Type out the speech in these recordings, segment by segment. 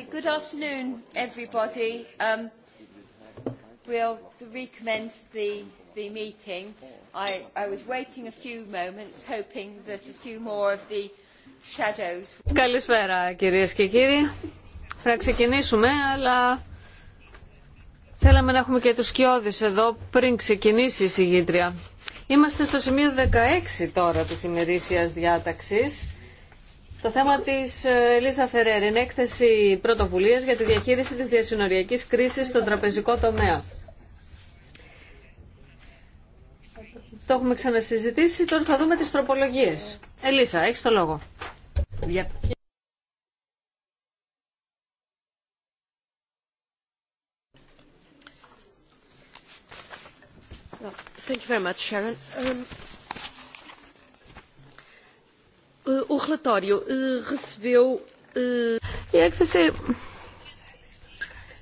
Good afternoon, everybody. Um, we'll recommence the, the meeting. I, I was waiting a few moments, hoping that a few more of the shadows... Καλησπέρα, κυρίες και κύριοι. Θα ξεκινήσουμε, αλλά θέλαμε να έχουμε και τους σκιώδεις εδώ πριν ξεκινήσει η συγγήτρια. Είμαστε στο σημείο 16 τώρα της ημερήσιας διάταξης το θέμα τη ε, Ελίζα Φεραίρ είναι έκθεση Πρωτοβουλία για τη διαχείριση της διασυνοριακή κρίσης στον τραπεζικό τομέα. Το έχουμε ξανασυζητήσει, τώρα θα δούμε τις τροπολογίες. Ελίζα, έχεις το λόγο. Thank you very much, Sharon. Um, Eh, eh, η έκθεση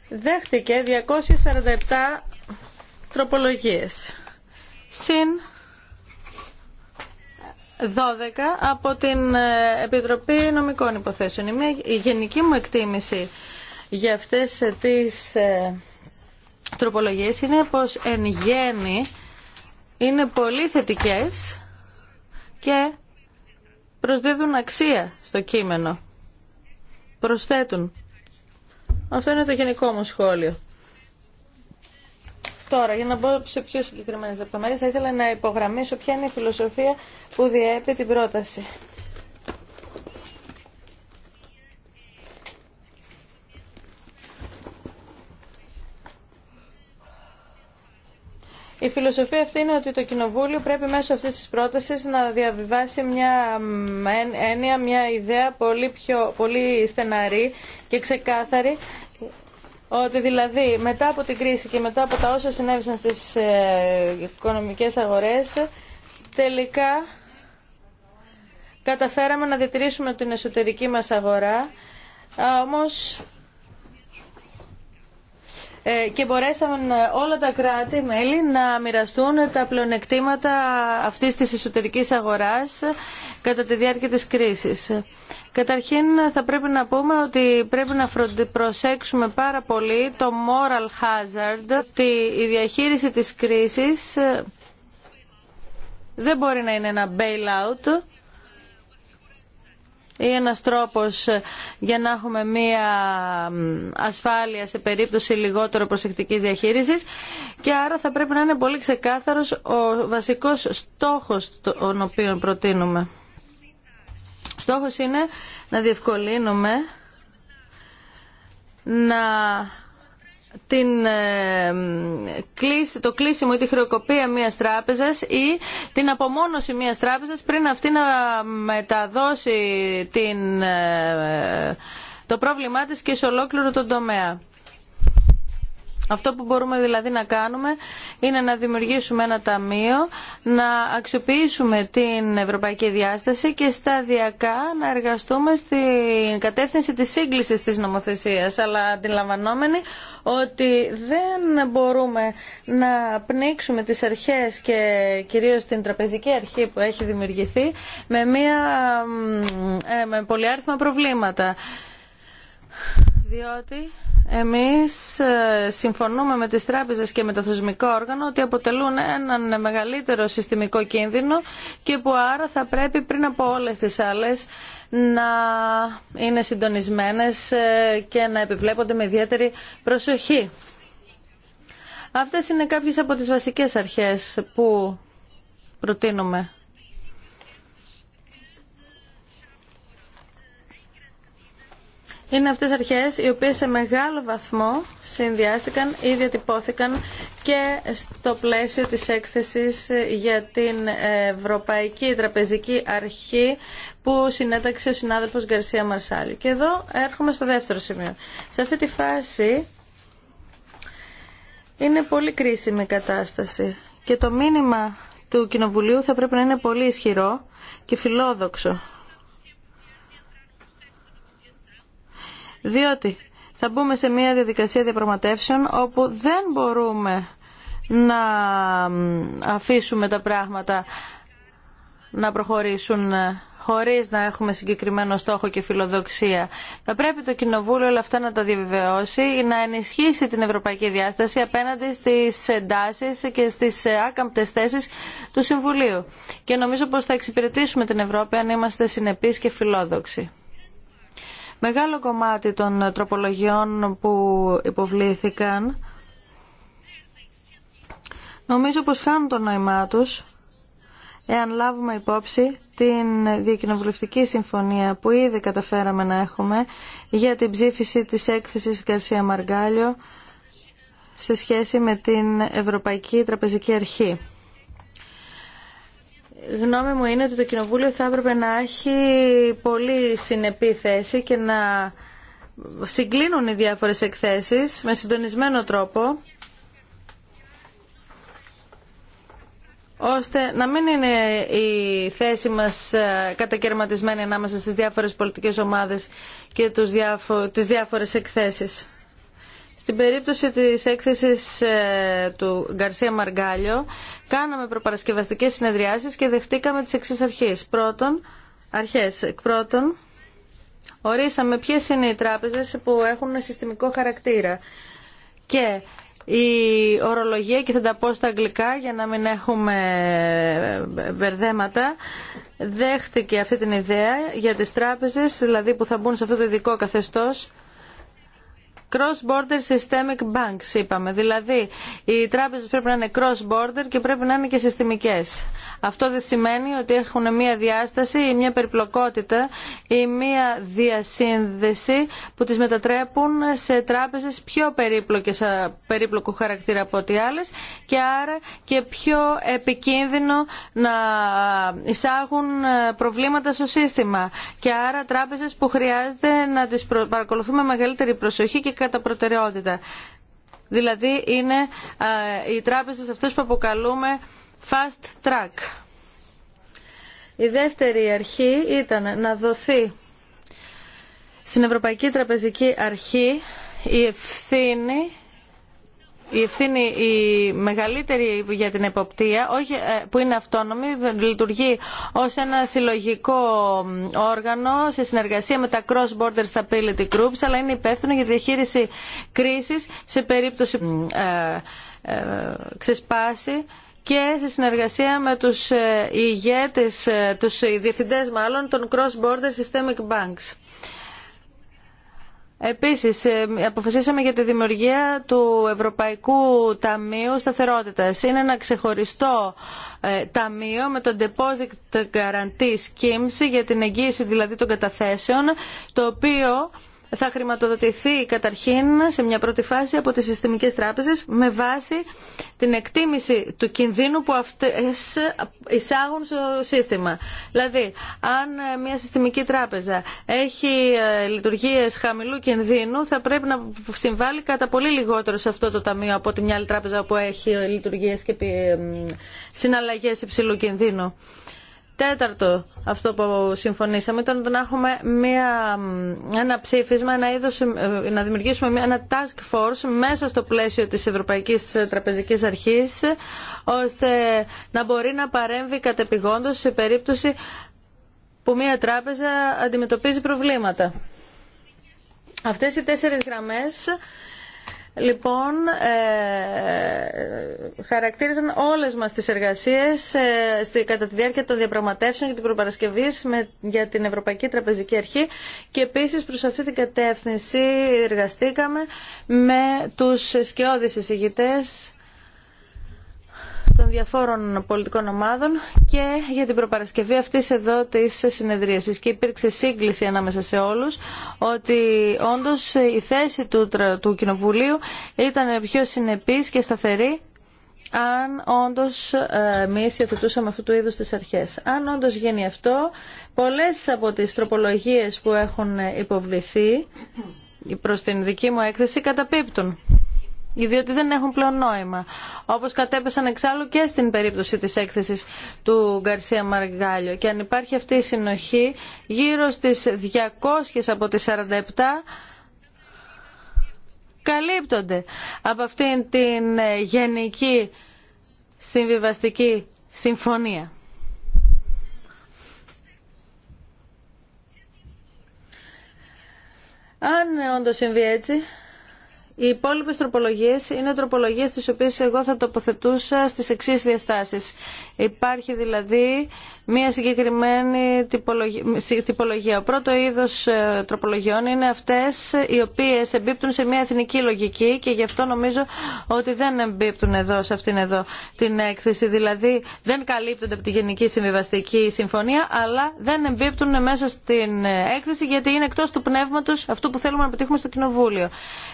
δέχτηκε 247 τροπολογίες, συν 12 από την ε, Επιτροπή Νομικών Υποθέσεων. Η γενική μου εκτίμηση για αυτές ε, τις ε, τροπολογίες είναι πως εν γέννη είναι πολύ θετικές και προσδίδουν αξία στο κείμενο. Προσθέτουν. Αυτό είναι το γενικό μου σχόλιο. Τώρα, για να μπω σε πιο συγκεκριμένε λεπτομέρειε, θα ήθελα να υπογραμμίσω ποια είναι η φιλοσοφία που διέπει την πρόταση. Η φιλοσοφία αυτή είναι ότι το Κοινοβούλιο πρέπει μέσω αυτής της πρότασης να διαβιβάσει μια έννοια, μια ιδέα πολύ, πιο, πολύ στεναρή και ξεκάθαρη ότι δηλαδή μετά από την κρίση και μετά από τα όσα συνέβησαν στις ε, οικονομικές αγορές τελικά καταφέραμε να διατηρήσουμε την εσωτερική μας αγορά όμως ε, και μπορέσαμε όλα τα κράτη-μέλη να μοιραστούν τα πλεονεκτήματα αυτής της εσωτερικής αγοράς ε, κατά τη διάρκεια της κρίσης. Καταρχήν θα πρέπει να πούμε ότι πρέπει να προσέξουμε πάρα πολύ το moral hazard, ότι η διαχείριση της κρίσης ε, δεν μπορεί να είναι ένα bailout, ή ένας τρόπος ε, για να έχουμε μία ασφάλεια σε περίπτωση λιγότερο προσεκτικής διαχείρισης και άρα θα πρέπει να είναι πολύ ξεκάθαρος ο βασικός στόχος τον οποίο προτείνουμε. Στόχος είναι να διευκολύνουμε να την, ε, το κλείσιμο ή τη χρεοκοπία μιας τράπεζας ή την απομόνωση μιας τράπεζας πριν αυτή να μεταδώσει την, ε, το πρόβλημά της και σε ολόκληρο τον τομέα. Αυτό που μπορούμε δηλαδή να κάνουμε είναι να δημιουργήσουμε ένα ταμείο, να αξιοποιήσουμε την ευρωπαϊκή διάσταση και σταδιακά να εργαστούμε στην κατεύθυνση της σύγκλησης της νομοθεσίας. Αλλά αντιλαμβανόμενοι ότι δεν μπορούμε να πνίξουμε τις αρχές και κυρίως την τραπεζική αρχή που έχει δημιουργηθεί με, μια, ε, με πολυάριθμα προβλήματα. Διότι εμείς ε, συμφωνούμε με τις τράπεζες και με το θεσμικό όργανο ότι αποτελούν έναν μεγαλύτερο συστημικό κίνδυνο και που άρα θα πρέπει πριν από όλες τις άλλες να είναι συντονισμένες ε, και να επιβλέπονται με ιδιαίτερη προσοχή. Αυτές είναι κάποιες από τις βασικές αρχές που προτείνουμε. είναι αυτές αρχές οι οποίες σε μεγάλο βαθμό συνδυάστηκαν ή διατυπώθηκαν και στο πλαίσιο της έκθεσης για την Ευρωπαϊκή Τραπεζική Αρχή που συνέταξε ο συνάδελφος Γκαρσία Μαρσάλη. Και εδώ έρχομαι στο δεύτερο σημείο. Σε αυτή τη φάση είναι πολύ κρίσιμη η κατάσταση και το μήνυμα του Κοινοβουλίου θα πρέπει να είναι πολύ ισχυρό και φιλόδοξο διότι θα μπούμε σε μια διαδικασία διαπραγματεύσεων όπου δεν μπορούμε να αφήσουμε τα πράγματα να προχωρήσουν ε, χωρίς να έχουμε συγκεκριμένο στόχο και φιλοδοξία. Θα πρέπει το Κοινοβούλιο όλα αυτά να τα διαβεβαιώσει, να ενισχύσει την ευρωπαϊκή διάσταση απέναντι στις εντάσεις και στις ε, άκαμπτες θέσεις του Συμβουλίου. Και νομίζω πως θα εξυπηρετήσουμε την Ευρώπη αν είμαστε συνεπείς και φιλόδοξοι. Μεγάλο κομμάτι των τροπολογιών που υποβλήθηκαν νομίζω πως χάνουν το νόημά τους εάν λάβουμε υπόψη την διακοινοβουλευτική συμφωνία που ήδη καταφέραμε να έχουμε για την ψήφιση της έκθεσης Γκαρσία Μαργκάλιο σε σχέση με την Ευρωπαϊκή Τραπεζική Αρχή γνώμη μου είναι ότι το Κοινοβούλιο θα έπρεπε να έχει πολύ συνεπή θέση και να συγκλίνουν οι διάφορες εκθέσεις με συντονισμένο τρόπο ώστε να μην είναι η θέση μας ε, κατακαιρματισμένη ανάμεσα στις διάφορες πολιτικές ομάδες και τους τις διάφορες εκθέσεις. Στην περίπτωση της έκθεσης ε, του Γκαρσία Μαργκάλιο, κάναμε προπαρασκευαστικές συνεδριάσεις και δεχτήκαμε τις εξής αρχές. Πρώτον, αρχές. Πρώτον, ορίσαμε ποιες είναι οι τράπεζες που έχουν συστημικό χαρακτήρα. Και η ορολογία, και θα τα πω στα αγγλικά για να μην έχουμε ε, μπερδέματα, δέχτηκε αυτή την ιδέα για τις τράπεζες, δηλαδή που θα μπουν σε αυτό το ειδικό καθεστώς, Cross-border systemic banks είπαμε, δηλαδή οι τράπεζες πρέπει να είναι cross-border και πρέπει να είναι και συστημικές. Αυτό δεν σημαίνει ότι έχουν μία διάσταση ή μία περιπλοκότητα ή μία διασύνδεση που τις μετατρέπουν σε τράπεζες πιο περίπλοκες, περίπλοκου χαρακτήρα από ό,τι άλλες και άρα και πιο επικίνδυνο να εισάγουν ε, προβλήματα στο σύστημα και άρα τράπεζες που χρειάζεται να τις παρακολουθούμε μεγαλύτερη προσοχή και κατά προτεραιότητα. Δηλαδή είναι οι τράπεζες αυτές που αποκαλούμε fast track. Η δεύτερη αρχή ήταν να δοθεί στην Ευρωπαϊκή Τραπεζική Αρχή η ευθύνη η ευθύνη η μεγαλύτερη για την εποπτεία όχι, ε, που είναι αυτόνομη λειτουργεί ως ένα συλλογικό όργανο σε συνεργασία με τα cross border stability groups αλλά είναι υπεύθυνο για διαχείριση κρίσης σε περίπτωση ε, ε ξεσπάσει και σε συνεργασία με τους ε, ηγέτες, τους διευθυντές μάλλον των cross border systemic banks. Επίσης, ε, αποφασίσαμε για τη δημιουργία του Ευρωπαϊκού Ταμείου Σταθερότητας. Είναι ένα ξεχωριστό ε, ταμείο με το Deposit Guarantee Scheme για την εγγύηση δηλαδή των καταθέσεων, το οποίο θα χρηματοδοτηθεί καταρχήν σε μια πρώτη φάση από τις συστημικές τράπεζες με βάση την εκτίμηση του κινδύνου που αυτές εισάγουν στο σύστημα. Δηλαδή, αν μια συστημική τράπεζα έχει ε, λειτουργίες χαμηλού κινδύνου, θα πρέπει να συμβάλλει κατά πολύ λιγότερο σε αυτό το ταμείο από ότι μια άλλη τράπεζα που έχει λειτουργίες και ε, συναλλαγές υψηλού κινδύνου. Τέταρτο, αυτό που συμφωνήσαμε ήταν να έχουμε μια, ένα ψήφισμα, ε, να δημιουργήσουμε μια, ένα task force μέσα στο πλαίσιο της Ευρωπαϊκής Τραπεζικής Αρχής, ώστε να μπορεί να παρέμβει κατεπηγόντως σε περίπτωση που μια τράπεζα αντιμετωπίζει προβλήματα. Αυτές οι τέσσερις γραμμές λοιπόν ε, χαρακτήριζαν όλες μας τις εργασίες ε, κατά τη διάρκεια των διαπραγματεύσεων και την προπαρασκευή για την Ευρωπαϊκή Τραπεζική Αρχή και επίσης προς αυτή την κατεύθυνση εργαστήκαμε με τους σκιώδεις εισηγητές των διαφόρων πολιτικών ομάδων και για την προπαρασκευή αυτής εδώ της συνεδρίασης και υπήρξε σύγκληση ανάμεσα σε όλους ότι όντω η θέση του, του Κοινοβουλίου ήταν πιο συνεπής και σταθερή αν όντω ε, εμεί υιοθετούσαμε αυτού του είδου τι αρχέ. Αν όντω γίνει αυτό, πολλέ από τι τροπολογίε που έχουν υποβληθεί προ την δική μου έκθεση καταπίπτουν διότι δεν έχουν πλέον νόημα. Όπως κατέπεσαν εξάλλου και στην περίπτωση της έκθεσης του Γκαρσία Μαργκάλιο. Και αν υπάρχει αυτή η συνοχή, γύρω στις 200 από τι 47 καλύπτονται από αυτήν την γενική συμβιβαστική συμφωνία. Αν όντως συμβεί έτσι, οι υπόλοιπε τροπολογίε είναι τροπολογίε τι οποίε εγώ θα τοποθετούσα στι εξή διαστάσει. Υπάρχει δηλαδή μία συγκεκριμένη τυπολογία. Ο πρώτο είδο ε, τροπολογιών είναι αυτέ οι οποίε εμπίπτουν σε μία εθνική λογική και γι' αυτό νομίζω ότι δεν εμπίπτουν εδώ σε αυτήν εδώ την έκθεση. Δηλαδή δεν καλύπτονται από τη Γενική Συμβιβαστική Συμφωνία αλλά δεν εμπίπτουν μέσα στην ε, έκθεση γιατί είναι εκτό του πνεύματο αυτού που θέλουμε να πετύχουμε στο Κοινοβούλιο.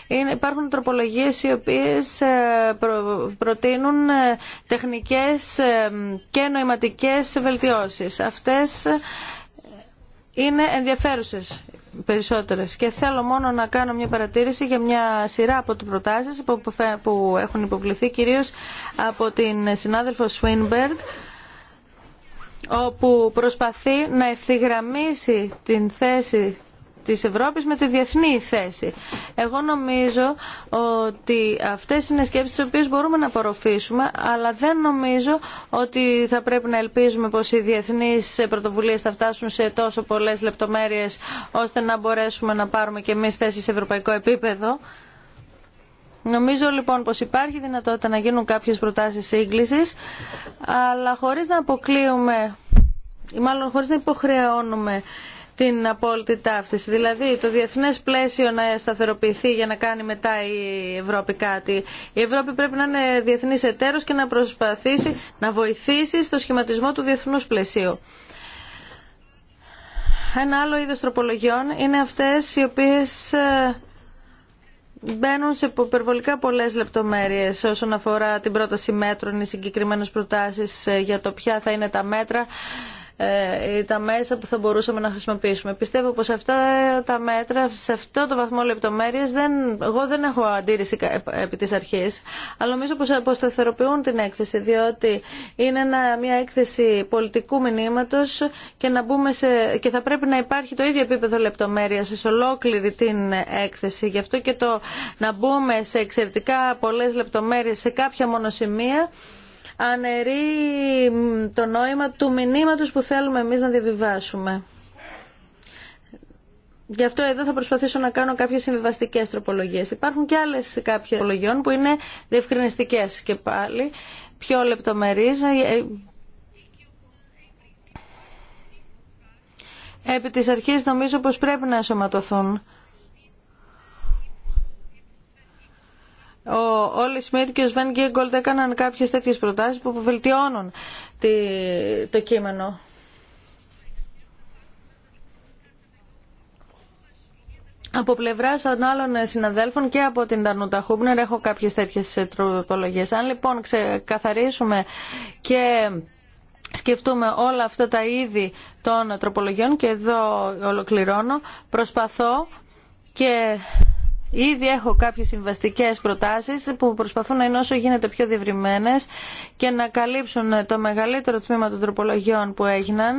Είναι, υπάρχουν τροπολογίες οι οποίες ε, προτείνουν ε, τεχνικές ε, και νοηματικέ βελτιώσει. Αυτές είναι ενδιαφέρουσε περισσότερες και θέλω μόνο να κάνω μια παρατήρηση για μια σειρά από τι προτάσει που έχουν υποβληθεί κυρίως από την συνάδελφο Σουίνμπεργκ όπου προσπαθεί να ευθυγραμμίσει την θέση της Ευρώπης με τη διεθνή θέση. Εγώ νομίζω ότι αυτές είναι σκέψεις τις οποίες μπορούμε να απορροφήσουμε, αλλά δεν νομίζω ότι θα πρέπει να ελπίζουμε πως οι διεθνείς πρωτοβουλίες θα φτάσουν σε τόσο πολλές λεπτομέρειες ώστε να μπορέσουμε να πάρουμε και εμείς θέση σε ευρωπαϊκό επίπεδο. Νομίζω λοιπόν πως υπάρχει δυνατότητα να γίνουν κάποιες προτάσεις σύγκλησης, αλλά χωρίς να αποκλείουμε ή μάλλον χωρίς να υποχρεώνουμε την απόλυτη ταύτιση. Δηλαδή το διεθνές πλαίσιο να σταθεροποιηθεί για να κάνει μετά η Ευρώπη κάτι. Η Ευρώπη πρέπει να είναι διεθνής εταίρο και να προσπαθήσει να βοηθήσει στο σχηματισμό του διεθνούς πλαισίου. Ένα άλλο είδος τροπολογιών είναι αυτές οι οποίες ε, μπαίνουν σε υπερβολικά πολλές λεπτομέρειες όσον αφορά την πρόταση μέτρων ή συγκεκριμένες προτάσεις ε, για το ποια θα είναι τα μέτρα ε, τα μέσα που θα μπορούσαμε να χρησιμοποιήσουμε. Πιστεύω πως αυτά τα μέτρα, σε αυτό το βαθμό λεπτομέρειας δεν, εγώ δεν έχω αντίρρηση επί της αρχής, αλλά νομίζω πως αποσταθεροποιούν την έκθεση, διότι είναι μια έκθεση πολιτικού μηνύματος και, να σε, και θα πρέπει να υπάρχει το ίδιο επίπεδο λεπτομέρειας σε ολόκληρη την έκθεση. Γι' αυτό και το να μπούμε σε εξαιρετικά πολλές λεπτομέρειες σε κάποια μονοσημεία, αναιρεί το νόημα του μηνύματος που θέλουμε εμείς να διαβιβάσουμε. Γι' αυτό εδώ θα προσπαθήσω να κάνω κάποιες συμβιβαστικέ τροπολογίες. Υπάρχουν και άλλες κάποιες τροπολογιών που είναι διευκρινιστικές και πάλι, πιο λεπτομερείς. Ε, ε, επί της αρχής νομίζω πως πρέπει να ενσωματωθούν Ο Όλη Σμιτ και ο Σβέν Γκίγκολτ έκαναν κάποιες τέτοιες προτάσεις που βελτιώνουν το κείμενο. Από πλευρά των άλλων συναδέλφων και από την Ταρνούτα Χούμπνερ έχω κάποιες τέτοιες τροπολογίες. Αν λοιπόν ξεκαθαρίσουμε και σκεφτούμε όλα αυτά τα είδη των τροπολογιών και εδώ ολοκληρώνω, προσπαθώ και Ήδη έχω κάποιες συμβαστικέ προτάσεις που προσπαθούν να είναι όσο γίνεται πιο διευρυμένες και να καλύψουν το μεγαλύτερο τμήμα των τροπολογιών που έγιναν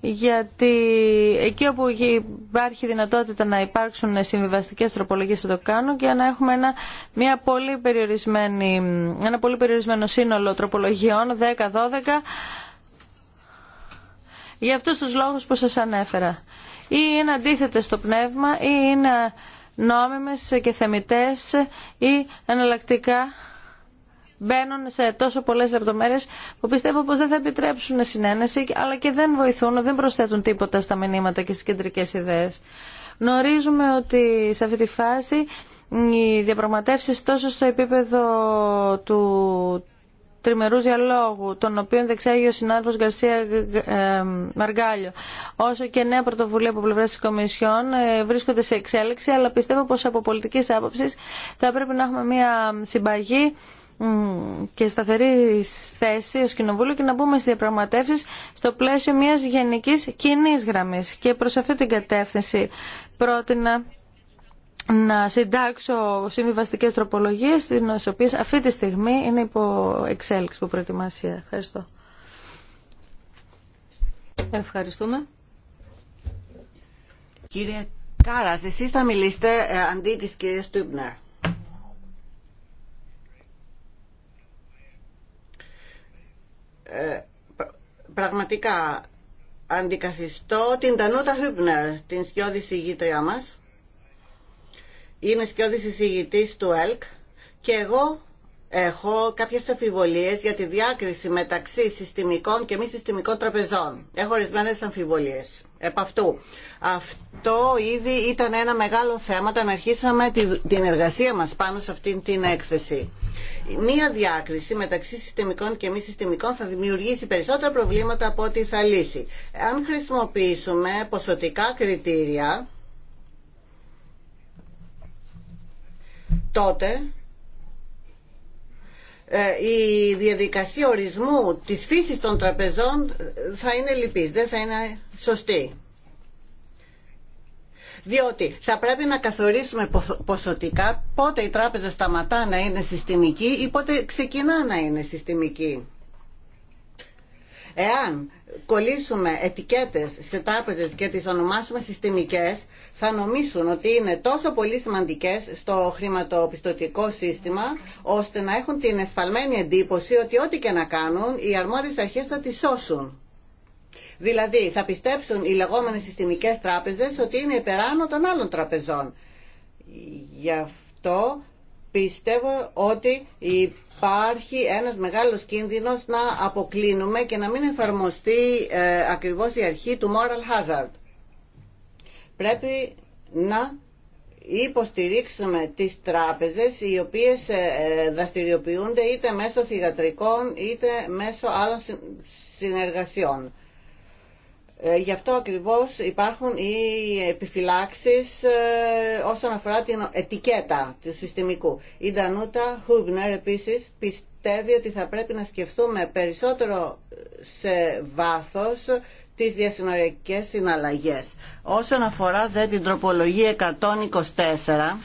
γιατί εκεί όπου υπάρχει δυνατότητα να υπάρξουν συμβιβαστικέ τροπολογίε θα το κάνω και να έχουμε ένα, μια πολύ περιορισμένη, ένα πολύ περιορισμένο σύνολο τροπολογιών, 10-12, για αυτούς τους λόγους που σας ανέφερα. Ή είναι αντίθετες στο πνεύμα ή είναι νόμιμες και θεμητές ή εναλλακτικά μπαίνουν σε τόσο πολλές λεπτομέρειε που πιστεύω πως δεν θα επιτρέψουν συνένεση, αλλά και δεν βοηθούν, δεν προσθέτουν τίποτα στα μηνύματα και στις κεντρικές ιδέες. Γνωρίζουμε ότι σε αυτή τη φάση οι διαπραγματεύσεις τόσο στο επίπεδο του τριμερούς διαλόγου, τον οποίο δεξάγει ο συνάδελφος Γκαρσία ε, ε, Μαργάλιο, όσο και νέα πρωτοβουλία από πλευρά τη Κομισιόν ε, βρίσκονται σε εξέλιξη, αλλά πιστεύω πως από πολιτική άποψη θα πρέπει να έχουμε μια συμπαγή και σταθερή θέση ως Κοινοβούλιο και να μπούμε στις διαπραγματεύσεις στο πλαίσιο μιας γενικής κοινή γραμμής. Και προς αυτή την κατεύθυνση πρότεινα να συντάξω συμβιβαστικέ τροπολογίε, τι οποίε αυτή τη στιγμή είναι υπό εξέλιξη, υπό προετοιμασία. Ευχαριστώ. Ευχαριστούμε. Κύριε Κάρα, εσεί θα μιλήσετε ε, αντί τη κυρία Τούμπνερ. Ε, πραγματικά αντικαθιστώ την Τανούτα Χούμπνερ, την σκιώδη συγγήτριά μας είμαι σκιώδης εισηγητής του ΕΛΚ και εγώ έχω κάποιες αμφιβολίες για τη διάκριση μεταξύ συστημικών και μη συστημικών τραπεζών. Έχω ορισμένε αμφιβολίες επ' αυτού. Αυτό ήδη ήταν ένα μεγάλο θέμα όταν αρχίσαμε την εργασία μας πάνω σε αυτήν την έκθεση. Μία διάκριση μεταξύ συστημικών και μη συστημικών θα δημιουργήσει περισσότερα προβλήματα από ό,τι θα λύσει. Αν χρησιμοποιήσουμε ποσοτικά κριτήρια, τότε ε, η διαδικασία ορισμού της φύσης των τραπεζών ε, θα είναι λυπής, δεν θα είναι σωστή. Διότι θα πρέπει να καθορίσουμε ποσοτικά πότε η τράπεζα σταματά να είναι συστημική ή πότε ξεκινά να είναι συστημική. Εάν κολλήσουμε ετικέτες σε τράπεζες και τις ονομάσουμε συστημικές, θα νομίσουν ότι είναι τόσο πολύ σημαντικές στο χρηματοπιστωτικό σύστημα ώστε να έχουν την εσφαλμένη εντύπωση ότι ό,τι και να κάνουν οι αρμόδιες αρχές θα τις σώσουν. Δηλαδή θα πιστέψουν οι λεγόμενες συστημικές τράπεζες ότι είναι υπεράνω των άλλων τραπεζών. Γι' αυτό πιστεύω ότι υπάρχει ένας μεγάλος κίνδυνος να αποκλίνουμε και να μην εφαρμοστεί ε, ακριβώς η αρχή του moral hazard πρέπει να υποστηρίξουμε τις τράπεζες οι οποίες ε, δραστηριοποιούνται είτε μέσω θηγατρικών είτε μέσω άλλων συνεργασιών. Ε, γι' αυτό ακριβώς υπάρχουν οι επιφυλάξεις ε, όσον αφορά την ετικέτα του συστημικού. Η Ντανούτα Χούμπνερ επίσης πιστεύει ότι θα πρέπει να σκεφτούμε περισσότερο σε βάθος τις διασυνοριακές συναλλαγές. Όσον αφορά δε την τροπολογία 124,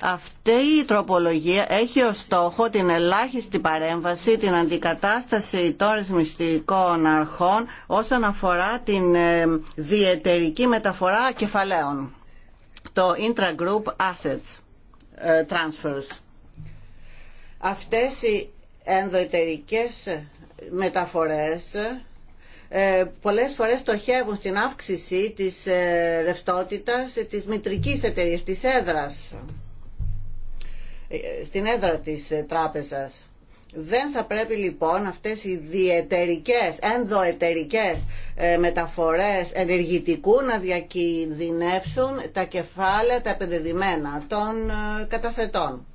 αυτή η τροπολογία έχει ως στόχο την ελάχιστη παρέμβαση, την αντικατάσταση των μυστικών αρχών όσον αφορά την ε, διετερική μεταφορά κεφαλαίων, το Intra Group assets ε, transfers. Αυτές οι ενδοετερικές μεταφορές ε, πολλές φορές στοχεύουν στην αύξηση της ε, ρευστότητας της μητρικής εταιρείας, της έδρας, ε, στην έδρα της τράπεζας. Δεν θα πρέπει λοιπόν αυτές οι διετερικές, ενδοετερικές μεταφορές ενεργητικού να διακινδυνεύσουν τα κεφάλαια, τα επενδυμένα των καταθετών.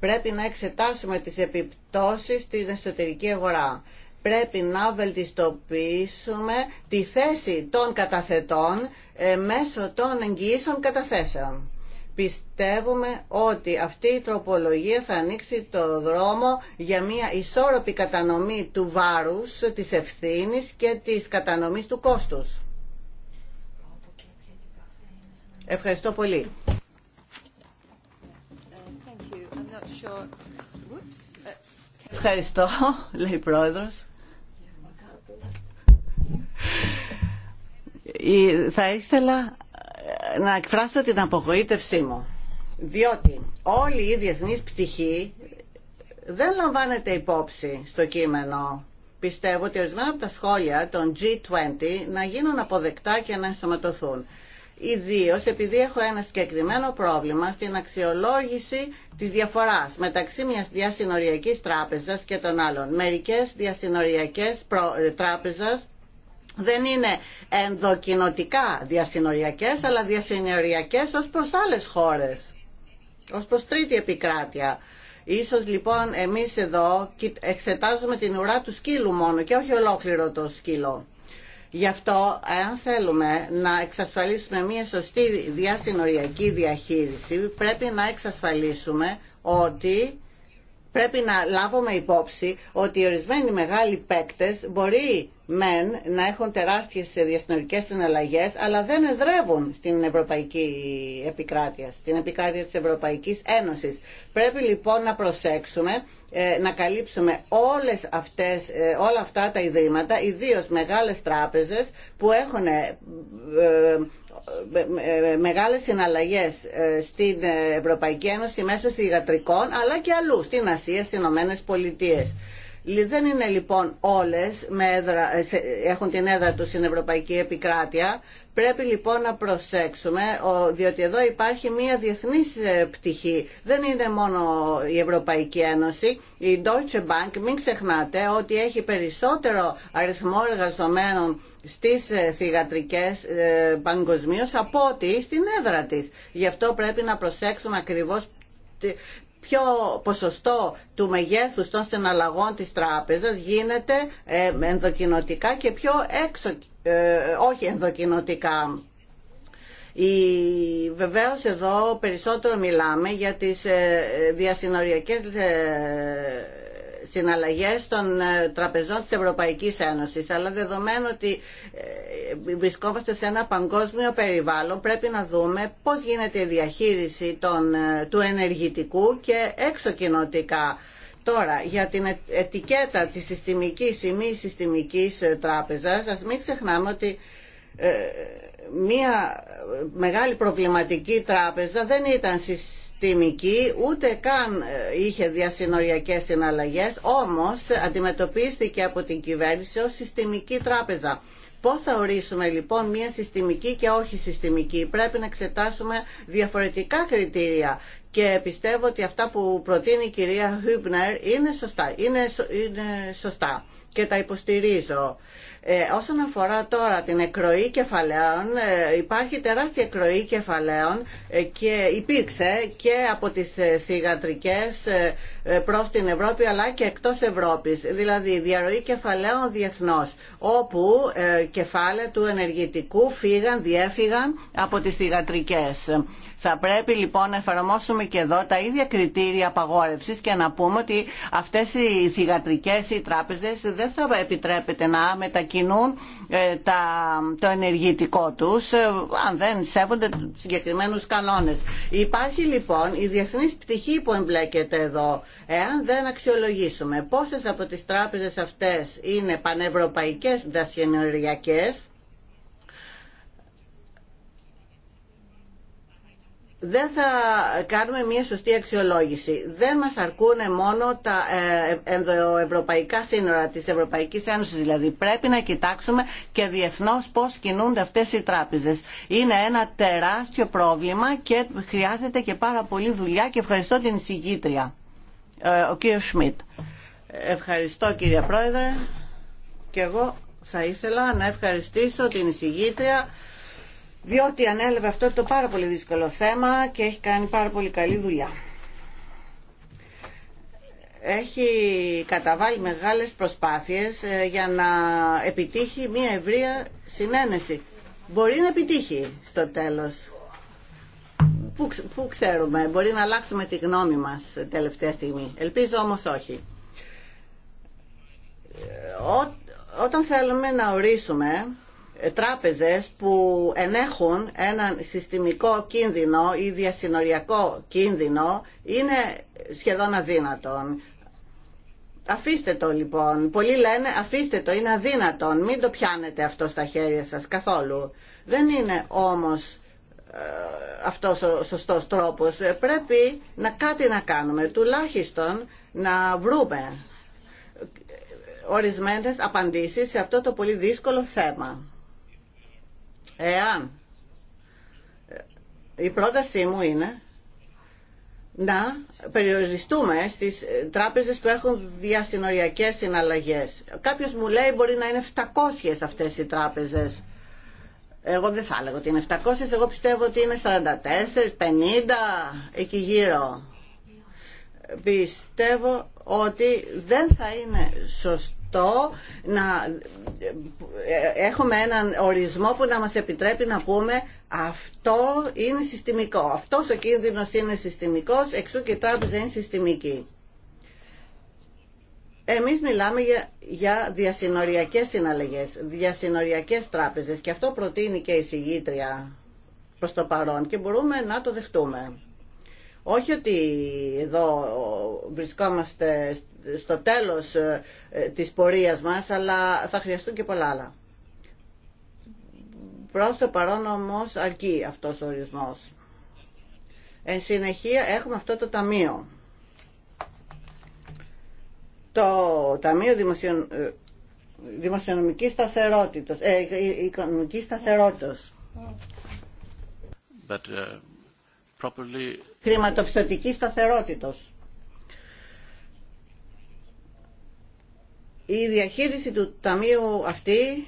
Πρέπει να εξετάσουμε τις επιπτώσεις στην εσωτερική αγορά πρέπει να βελτιστοποιήσουμε τη θέση των καταθετών ε, μέσω των εγγυήσεων καταθέσεων. Πιστεύουμε ότι αυτή η τροπολογία θα ανοίξει το δρόμο για μια ισόρροπη κατανομή του βάρους, της ευθύνης και της κατανομής του κόστους. Ευχαριστώ πολύ. Ευχαριστώ, λέει η Πρόεδρος. Θα ήθελα να εκφράσω την απογοήτευσή μου, διότι όλη η διεθνής πτυχή δεν λαμβάνεται υπόψη στο κείμενο. Πιστεύω ότι ορισμένα από τα σχόλια των G20 να γίνουν αποδεκτά και να ενσωματωθούν. Ιδίω επειδή έχω ένα συγκεκριμένο πρόβλημα στην αξιολόγηση της διαφοράς μεταξύ μιας διασυνοριακής τράπεζας και των άλλων. Μερικές διασυνοριακές ε, τράπεζας δεν είναι ενδοκινοτικά διασυνοριακές, αλλά διασυνοριακές ως προς άλλες χώρες, ως προς τρίτη επικράτεια. Ίσως λοιπόν εμείς εδώ εξετάζουμε την ουρά του σκύλου μόνο και όχι ολόκληρο το σκύλο. Γι' αυτό, αν θέλουμε να εξασφαλίσουμε μια σωστή διασυνοριακή διαχείριση, πρέπει να εξασφαλίσουμε ότι πρέπει να λάβουμε υπόψη ότι οι ορισμένοι μεγάλοι παίκτε μπορεί μεν να έχουν τεράστιες διασυνορικές συναλλαγές, αλλά δεν εδρεύουν στην ευρωπαϊκή επικράτεια, στην επικράτεια της Ευρωπαϊκής Ένωσης. Πρέπει λοιπόν να προσέξουμε ε, να καλύψουμε όλες αυτές, ε, όλα αυτά τα ιδρύματα, ιδίως μεγάλες τράπεζες που έχουν ε, μεγάλες συναλλαγές ε, στην Ευρωπαϊκή Ένωση μέσω θηγατρικών αλλά και αλλού, στην Ασία, στις Ηνωμένες Πολιτείες. Δεν είναι λοιπόν όλες με ε, έχουν την έδρα του στην Ευρωπαϊκή Επικράτεια. Πρέπει λοιπόν να προσέξουμε, διότι εδώ υπάρχει μία διεθνής ε, πτυχή. Δεν είναι μόνο η Ευρωπαϊκή Ένωση. Η Deutsche Bank, μην ξεχνάτε, ότι έχει περισσότερο αριθμό εργαζομένων στις ε, θηγατρικές παγκοσμίω από ό,τι στην έδρα της. Γι' αυτό πρέπει να προσέξουμε ακριβώς ποιο ποσοστό του μεγέθους των συναλλαγών της τράπεζας γίνεται ε, ενδοκινοτικά και πιο έξω, ε, όχι ενδοκινοτικά. Η, βεβαίως εδώ περισσότερο μιλάμε για τις ε, διασυνοριακές ε, συναλλαγές των ε, τραπεζών της Ευρωπαϊκής Ένωσης. Αλλά δεδομένου ότι ε, βρισκόμαστε σε ένα παγκόσμιο περιβάλλον πρέπει να δούμε πώς γίνεται η διαχείριση των, ε, του ενεργητικού και εξοκοινωτικά. Τώρα, για την ετικέτα της συστημικής ή μη συστημικής τράπεζας, ας μην ξεχνάμε ότι μία μεγάλη προβληματική τράπεζα δεν ήταν ούτε καν ε, είχε διασυνοριακές συναλλαγές, όμως αντιμετωπίστηκε από την κυβέρνηση ως συστημική τράπεζα. Πώς θα ορίσουμε λοιπόν μία συστημική και όχι συστημική. Πρέπει να εξετάσουμε διαφορετικά κριτήρια και πιστεύω ότι αυτά που προτείνει η κυρία Χούμπνερ είναι σωστά. Είναι, είναι σωστά και τα υποστηρίζω. Ε, όσον αφορά τώρα την εκροή κεφαλαίων, ε, υπάρχει τεράστια εκροή κεφαλαίων ε, και υπήρξε και από τις θηγατρικές προς την Ευρώπη αλλά και εκτός Ευρώπης. Δηλαδή διαρροή κεφαλαίων διεθνώς, όπου κεφάλαια του ενεργητικού φύγαν, διέφυγαν από τις θηγατρικές. Θα πρέπει λοιπόν να εφαρμόσουμε και εδώ τα ίδια κριτήρια απαγόρευσης και να πούμε ότι αυτές οι θηγατρικές, ή τράπεζες δεν θα επιτρέπεται να μετακινούν ε, τα, το ενεργητικό τους ε, αν δεν σέβονται συγκεκριμένους κανόνες. Υπάρχει λοιπόν η διεθνή πτυχή που εμπλέκεται εδώ. Εάν δεν αξιολογήσουμε πόσες από τις τράπεζες αυτές είναι πανευρωπαϊκές δασιενεργειακές. δεν θα κάνουμε μια σωστή αξιολόγηση. Δεν μας αρκούν μόνο τα ε, ε, ευρωπαϊκά σύνορα της Ευρωπαϊκής Ένωσης. Δηλαδή πρέπει να κοιτάξουμε και διεθνώς πώς κινούνται αυτές οι τράπεζες. Είναι ένα τεράστιο πρόβλημα και χρειάζεται και πάρα πολύ δουλειά και ευχαριστώ την εισηγήτρια, ε, ο κύριος Σμιτ. Ευχαριστώ κύριε Πρόεδρε και εγώ θα ήθελα να ευχαριστήσω την εισηγήτρια διότι ανέλαβε αυτό το πάρα πολύ δύσκολο θέμα και έχει κάνει πάρα πολύ καλή δουλειά. Έχει καταβάλει μεγάλες προσπάθειες ε, για να επιτύχει μια ευρεία συνένεση. Μπορεί να επιτύχει στο τέλος. Πού, ξέρουμε, μπορεί να αλλάξουμε τη γνώμη μας τελευταία στιγμή. Ελπίζω όμως όχι. Ε, ό, όταν θέλουμε να ορίσουμε τράπεζες που ενέχουν έναν συστημικό κίνδυνο ή διασυνοριακό κίνδυνο είναι σχεδόν αδύνατον. Αφήστε το λοιπόν. Πολλοί λένε αφήστε το, είναι αδύνατον. Μην το πιάνετε αυτό στα χέρια σας καθόλου. Δεν είναι όμως ε, αυτός ο σωστός τρόπος. Ε, πρέπει να κάτι να κάνουμε. Τουλάχιστον να βρούμε ορισμένες απαντήσεις σε αυτό το πολύ δύσκολο θέμα. Εάν ε, η πρότασή μου είναι να περιοριστούμε στις ε, τράπεζες που έχουν διασυνοριακές συναλλαγές. Κάποιος μου λέει μπορεί να είναι 700 αυτές οι τράπεζες. Εγώ δεν θα έλεγα ότι είναι 700, εγώ πιστεύω ότι είναι 44, 50, εκεί γύρω. Πιστεύω ότι δεν θα είναι σωστό να ε, έχουμε έναν ορισμό που να μας επιτρέπει να πούμε αυτό είναι συστημικό, αυτός ο κίνδυνος είναι συστημικός, εξού και η τράπεζα είναι συστημική. Εμείς μιλάμε για, για διασυνοριακές συναλλαγές, διασυνοριακές τράπεζες και αυτό προτείνει και η συγγήτρια προς το παρόν και μπορούμε να το δεχτούμε. Όχι ότι εδώ βρισκόμαστε στο τέλος ε, της πορείας μας, αλλά θα χρειαστούν και πολλά άλλα. Προς το παρόν όμως αρκεί αυτός ο ορισμός. Εν συνεχεία έχουμε αυτό το ταμείο. Το Ταμείο Δημοσιο... Ε, Δημοσιονομικής Σταθερότητας, ε, ε, Οικονομικής Σταθερότητας. But, uh, properly... Σταθερότητας. η διαχείριση του ταμείου αυτή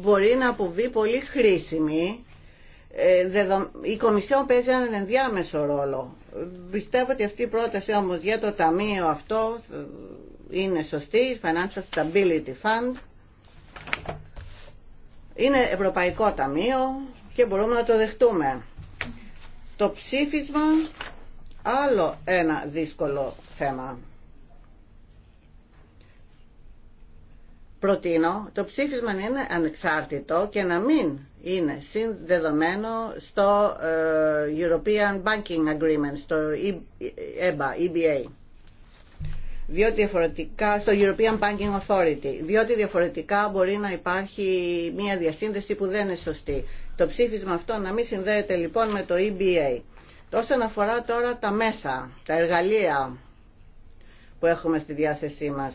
μπορεί να αποβεί πολύ χρήσιμη. Ε, η Κομισιόν παίζει έναν ενδιάμεσο ρόλο. Πιστεύω ότι αυτή η πρόταση όμως για το ταμείο αυτό ε, είναι σωστή, Financial Stability Fund. Είναι ευρωπαϊκό ταμείο και μπορούμε να το δεχτούμε. Το ψήφισμα, άλλο ένα δύσκολο θέμα προτείνω το ψήφισμα να είναι ανεξάρτητο και να μην είναι συνδεδομένο στο ε, European Banking Agreement, στο EBA, e EBA. Διότι διαφορετικά, στο European Banking Authority, διότι διαφορετικά μπορεί να υπάρχει μια διασύνδεση που δεν είναι σωστή. Το ψήφισμα αυτό να μην συνδέεται λοιπόν με το EBA. Όσον αφορά τώρα τα μέσα, τα εργαλεία που έχουμε στη διάθεσή μας,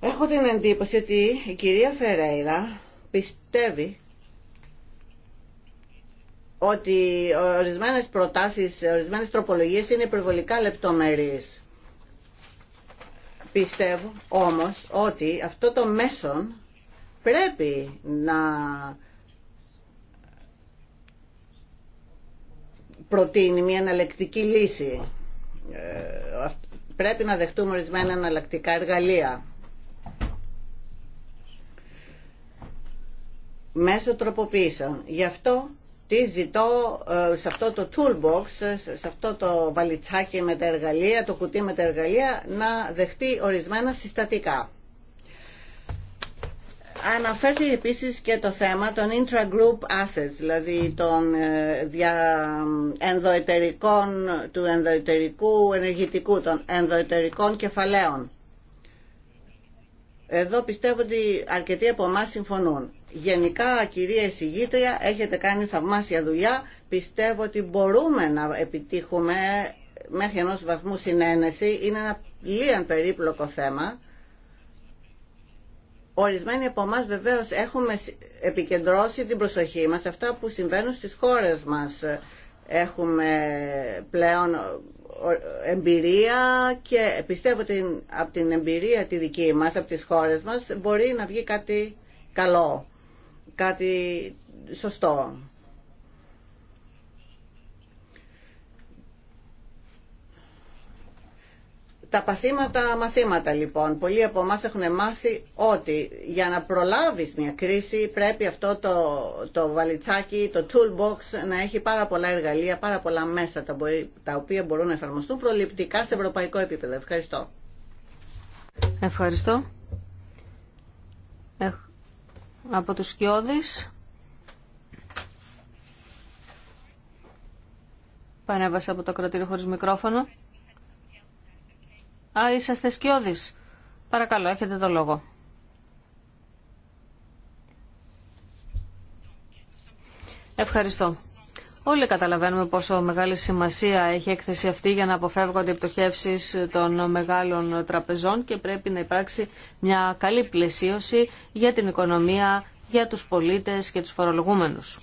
Έχω την εντύπωση ότι η κυρία Φερέιρα πιστεύει ότι ορισμένες προτάσεις, ορισμένες τροπολογίες είναι υπερβολικά λεπτομερείς. Πιστεύω όμως ότι αυτό το μέσον πρέπει να προτείνει μια εναλλακτική λύση. Ε, πρέπει να δεχτούμε ορισμένα εναλλακτικά εργαλεία. μέσω τροποποίησεων. Γι' αυτό τι ζητώ ε, σε αυτό το toolbox, ε, σε αυτό το βαλιτσάκι με τα εργαλεία, το κουτί με τα εργαλεία, να δεχτεί ορισμένα συστατικά. Αναφέρθηκε επίσης και το θέμα των intra-group assets, δηλαδή των ε, ενδοετερικών, του ενδοετερικού ενεργητικού, των ενδοετερικών κεφαλαίων. Εδώ πιστεύω ότι αρκετοί από εμά συμφωνούν. Γενικά, κυρία εισηγήτρια, έχετε κάνει θαυμάσια δουλειά. Πιστεύω ότι μπορούμε να επιτύχουμε μέχρι ενός βαθμού συνένεση. Είναι ένα λίγαν περίπλοκο θέμα. Ορισμένοι από εμά βεβαίω έχουμε επικεντρώσει την προσοχή μας σε αυτά που συμβαίνουν στις χώρες μας. Έχουμε πλέον εμπειρία και πιστεύω ότι από την εμπειρία τη δική μας, από τις χώρες μας, μπορεί να βγει κάτι καλό κάτι σωστό. Τα πασίματα μαθήματα λοιπόν. Πολλοί από εμά έχουν μάθει ότι για να προλάβεις μια κρίση πρέπει αυτό το, το βαλιτσάκι, το toolbox να έχει πάρα πολλά εργαλεία, πάρα πολλά μέσα τα, οποία μπορούν να εφαρμοστούν προληπτικά σε ευρωπαϊκό επίπεδο. Ευχαριστώ. Ευχαριστώ από τους σκιώδης. Πανέβασα από το κρατήριο χωρίς μικρόφωνο. Α, είσαστε Σκιώδης. Παρακαλώ, έχετε το λόγο. Ευχαριστώ. Όλοι καταλαβαίνουμε πόσο μεγάλη σημασία έχει η έκθεση αυτή για να αποφεύγονται οι πτωχεύσεις των μεγάλων τραπεζών και πρέπει να υπάρξει μια καλή πλαισίωση για την οικονομία, για τους πολίτες και τους φορολογούμενους.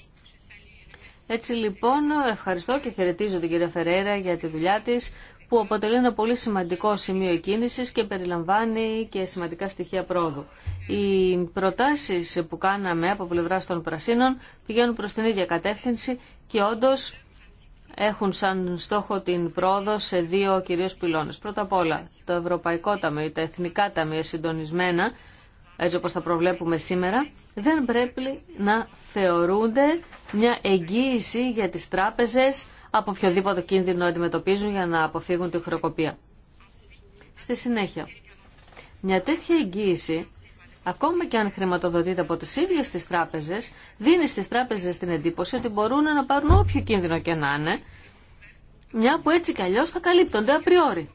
Έτσι λοιπόν ευχαριστώ και χαιρετίζω την κυρία Φερέρα για τη δουλειά της που αποτελεί ένα πολύ σημαντικό σημείο κίνησης και περιλαμβάνει και σημαντικά στοιχεία πρόοδου. Οι προτάσεις που κάναμε από πλευρά των Πρασίνων πηγαίνουν προς την ίδια κατεύθυνση και όντως έχουν σαν στόχο την πρόοδο σε δύο κυρίως πυλώνες. Πρώτα απ' όλα το Ευρωπαϊκό Ταμείο, τα Εθνικά Ταμεία συντονισμένα, έτσι όπως τα προβλέπουμε σήμερα, δεν πρέπει να θεωρούνται μια εγγύηση για τις τράπεζες από οποιοδήποτε κίνδυνο αντιμετωπίζουν για να αποφύγουν τη χροκοπία. Στη συνέχεια, μια τέτοια εγγύηση, ακόμα και αν χρηματοδοτείται από τις ίδιες τις τράπεζες, δίνει στις τράπεζες την εντύπωση ότι μπορούν να πάρουν όποιο κίνδυνο και να είναι, μια που έτσι κι θα καλύπτονται απριόρι.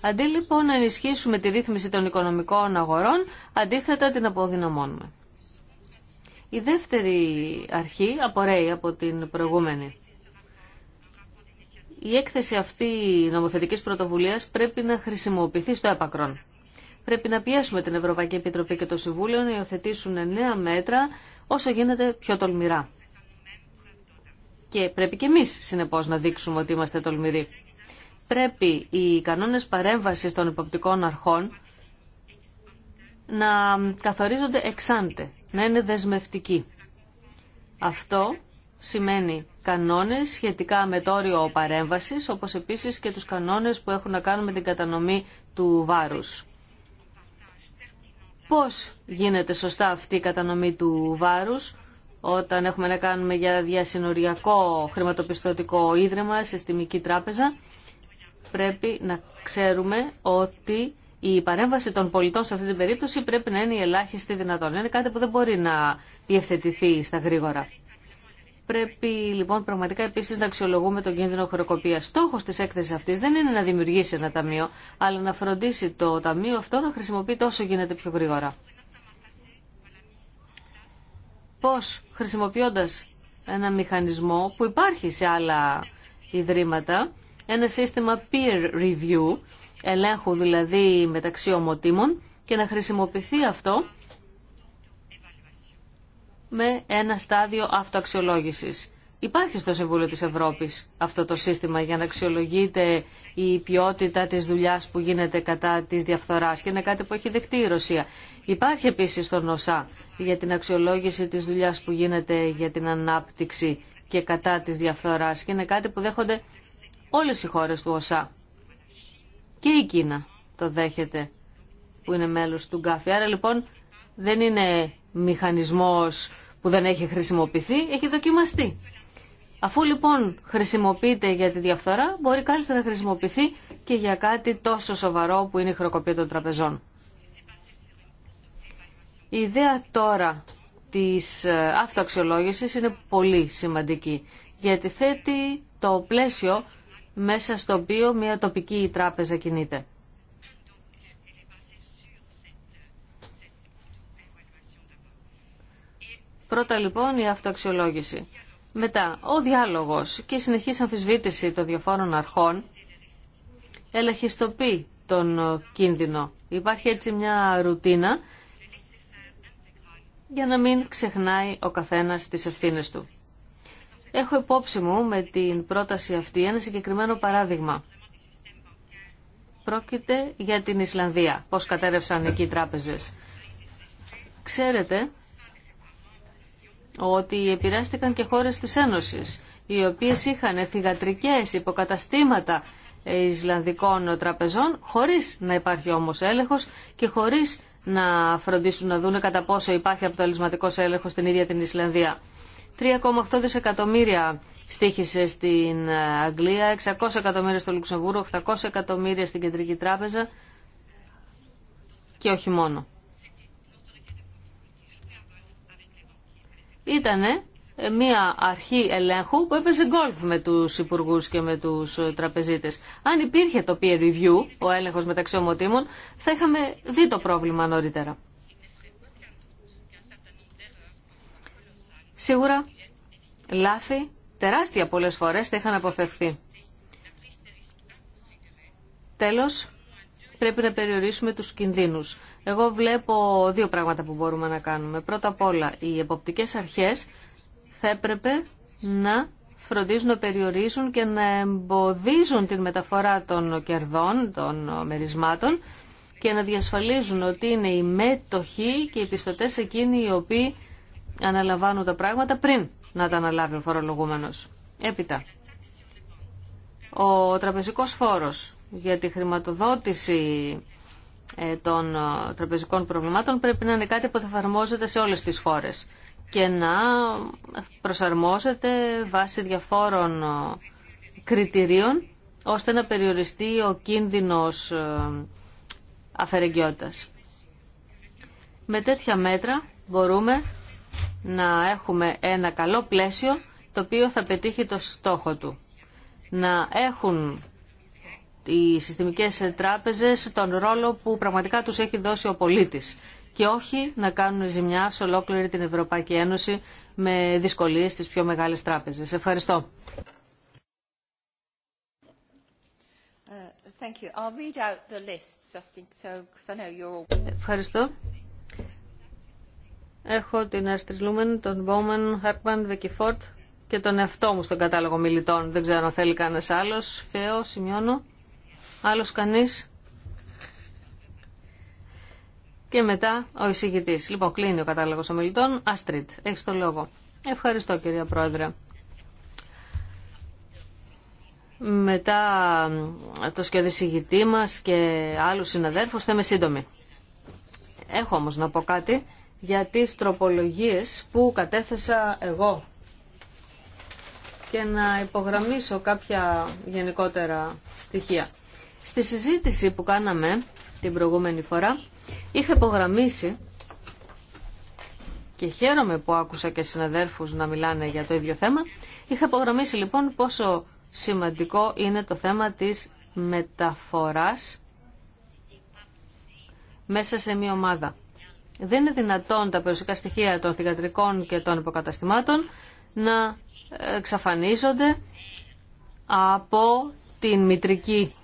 Αντί λοιπόν να ενισχύσουμε τη ρύθμιση των οικονομικών αγορών, αντίθετα την αποδυναμώνουμε. Η δεύτερη αρχή απορρέει από την προηγούμενη. Η έκθεση αυτή νομοθετικής πρωτοβουλίας πρέπει να χρησιμοποιηθεί στο έπακρον. Πρέπει να πιέσουμε την Ευρωπαϊκή Επιτροπή και το Συμβούλιο να υιοθετήσουν νέα μέτρα όσο γίνεται πιο τολμηρά. Και πρέπει και εμείς, συνεπώς, να δείξουμε ότι είμαστε τολμηροί. Πρέπει οι κανόνες παρέμβασης των υποπτικών αρχών να καθορίζονται εξάντε, να είναι δεσμευτικοί. Αυτό σημαίνει κανόνες σχετικά με το όριο παρέμβασης, όπως επίσης και τους κανόνες που έχουν να κάνουν με την κατανομή του βάρους. Πώς γίνεται σωστά αυτή η κατανομή του βάρους όταν έχουμε να κάνουμε για διασυνοριακό χρηματοπιστωτικό ίδρυμα, συστημική τράπεζα, πρέπει να ξέρουμε ότι η παρέμβαση των πολιτών σε αυτή την περίπτωση πρέπει να είναι η ελάχιστη δυνατόν. Είναι κάτι που δεν μπορεί να διευθετηθεί στα γρήγορα. Πρέπει λοιπόν πραγματικά επίση να αξιολογούμε τον κίνδυνο χρεοκοπία. Στόχο τη έκθεση αυτή δεν είναι να δημιουργήσει ένα ταμείο, αλλά να φροντίσει το ταμείο αυτό να χρησιμοποιείται όσο γίνεται πιο γρήγορα. Πώ χρησιμοποιώντα ένα μηχανισμό που υπάρχει σε άλλα ιδρύματα, ένα σύστημα peer review, ελέγχου δηλαδή μεταξύ ομοτήμων και να χρησιμοποιηθεί αυτό με ένα στάδιο αυτοαξιολόγησης. Υπάρχει στο Συμβούλιο της Ευρώπης αυτό το σύστημα για να αξιολογείται η ποιότητα της δουλειάς που γίνεται κατά της διαφθοράς και είναι κάτι που έχει δεχτεί η Ρωσία. Υπάρχει επίσης στον ΟΣΑ για την αξιολόγηση της δουλειάς που γίνεται για την ανάπτυξη και κατά της διαφθοράς και είναι κάτι που δέχονται όλες οι χώρες του ΟΣΑ. Και η Κίνα το δέχεται που είναι μέλος του ΓΚΑΦΙ. Άρα λοιπόν δεν είναι μηχανισμός που δεν έχει χρησιμοποιηθεί, έχει δοκιμαστεί. Αφού λοιπόν χρησιμοποιείται για τη διαφθορά, μπορεί κάλλιστα να χρησιμοποιηθεί και για κάτι τόσο σοβαρό που είναι η χροκοπία των τραπεζών. Η ιδέα τώρα της ε, αυτοαξιολόγησης είναι πολύ σημαντική, γιατί θέτει το πλαίσιο μέσα στο οποίο μια τοπική τράπεζα κινείται. Πρώτα λοιπόν η αυτοαξιολόγηση. Μετά ο διάλογος και η συνεχής αμφισβήτηση των διαφόρων αρχών ελαχιστοποιεί τον κίνδυνο. Υπάρχει έτσι μια ρουτίνα για να μην ξεχνάει ο καθένας τις ευθύνες του. Έχω υπόψη μου με την πρόταση αυτή ένα συγκεκριμένο παράδειγμα. Πρόκειται για την Ισλανδία, πώς κατέρευσαν εκεί οι τράπεζες. Ξέρετε ότι επηρεάστηκαν και χώρες της Ένωσης, οι οποίες είχαν θυγατρικές υποκαταστήματα Ισλανδικών τραπεζών, χωρίς να υπάρχει όμως έλεγχος και χωρίς να φροντίσουν να δούνε κατά πόσο υπάρχει αποτελεσματικός έλεγχος στην ίδια την Ισλανδία. 3,8 δισεκατομμύρια στήχησε στην Αγγλία, 600 εκατομμύρια στο Λουξεμβούργο, 800 εκατομμύρια στην Κεντρική Τράπεζα και όχι μόνο. ήτανε ε, μία αρχή ελέγχου που έπαιζε γκολφ με του υπουργού και με τους ε, τραπεζίτες. Αν υπήρχε το peer review, ο έλεγχος μεταξύ ομοτήμων, θα είχαμε δει το πρόβλημα νωρίτερα. Σίγουρα λάθη τεράστια πολλές φορές θα είχαν αποφευχθεί. Τέλος, πρέπει να περιορίσουμε τους κινδύνους. Εγώ βλέπω δύο πράγματα που μπορούμε να κάνουμε. Πρώτα απ' όλα, οι εποπτικές αρχές θα έπρεπε να φροντίζουν να περιορίζουν και να εμποδίζουν την μεταφορά των κερδών, των μερισμάτων και να διασφαλίζουν ότι είναι οι μέτοχοι και οι πιστωτές εκείνοι οι οποίοι αναλαμβάνουν τα πράγματα πριν να τα αναλάβει ο φορολογούμενος. Έπειτα, ο τραπεζικός φόρος για τη χρηματοδότηση ε, των ε, τραπεζικών προβλημάτων πρέπει να είναι κάτι που θα εφαρμόζεται σε όλες τις χώρες και να προσαρμόζεται βάσει διαφόρων ε, κριτηρίων ώστε να περιοριστεί ο κίνδυνος αφαιρεγγιότητας. Με τέτοια μέτρα μπορούμε να έχουμε ένα καλό πλαίσιο το οποίο θα πετύχει το στόχο του. Να έχουν οι συστημικές τράπεζες τον ρόλο που πραγματικά τους έχει δώσει ο πολίτης και όχι να κάνουν ζημιά σε ολόκληρη την Ευρωπαϊκή Ένωση με δυσκολίες στις πιο μεγάλες τράπεζες. Ευχαριστώ. Ευχαριστώ. Έχω την Άστρι Λούμεν, τον Μπόμεν, Χάρκμαν, Βεκιφόρτ και τον εαυτό μου στον κατάλογο μιλητών. Δεν ξέρω αν θέλει κανένα άλλο. Φέω, σημειώνω. Άλλος κανείς. Και μετά ο εισηγητής. Λοιπόν, κλείνει ο κατάλογος ομιλητών. Άστριτ, έχεις το λόγο. Ευχαριστώ κυρία Πρόεδρε. Μετά το σκιωδησηγητή μα και άλλους συναδέρφους θα είμαι σύντομη. Έχω όμως να πω κάτι για τις τροπολογίες που κατέθεσα εγώ και να υπογραμμίσω κάποια γενικότερα στοιχεία. Στη συζήτηση που κάναμε την προηγούμενη φορά είχα υπογραμμίσει και χαίρομαι που άκουσα και συναδέρφους να μιλάνε για το ίδιο θέμα. Είχα υπογραμμίσει λοιπόν πόσο σημαντικό είναι το θέμα της μεταφοράς μέσα σε μία ομάδα. Δεν είναι δυνατόν τα περιουσιακά στοιχεία των θηγατρικών και των υποκαταστημάτων να εξαφανίζονται από την μητρική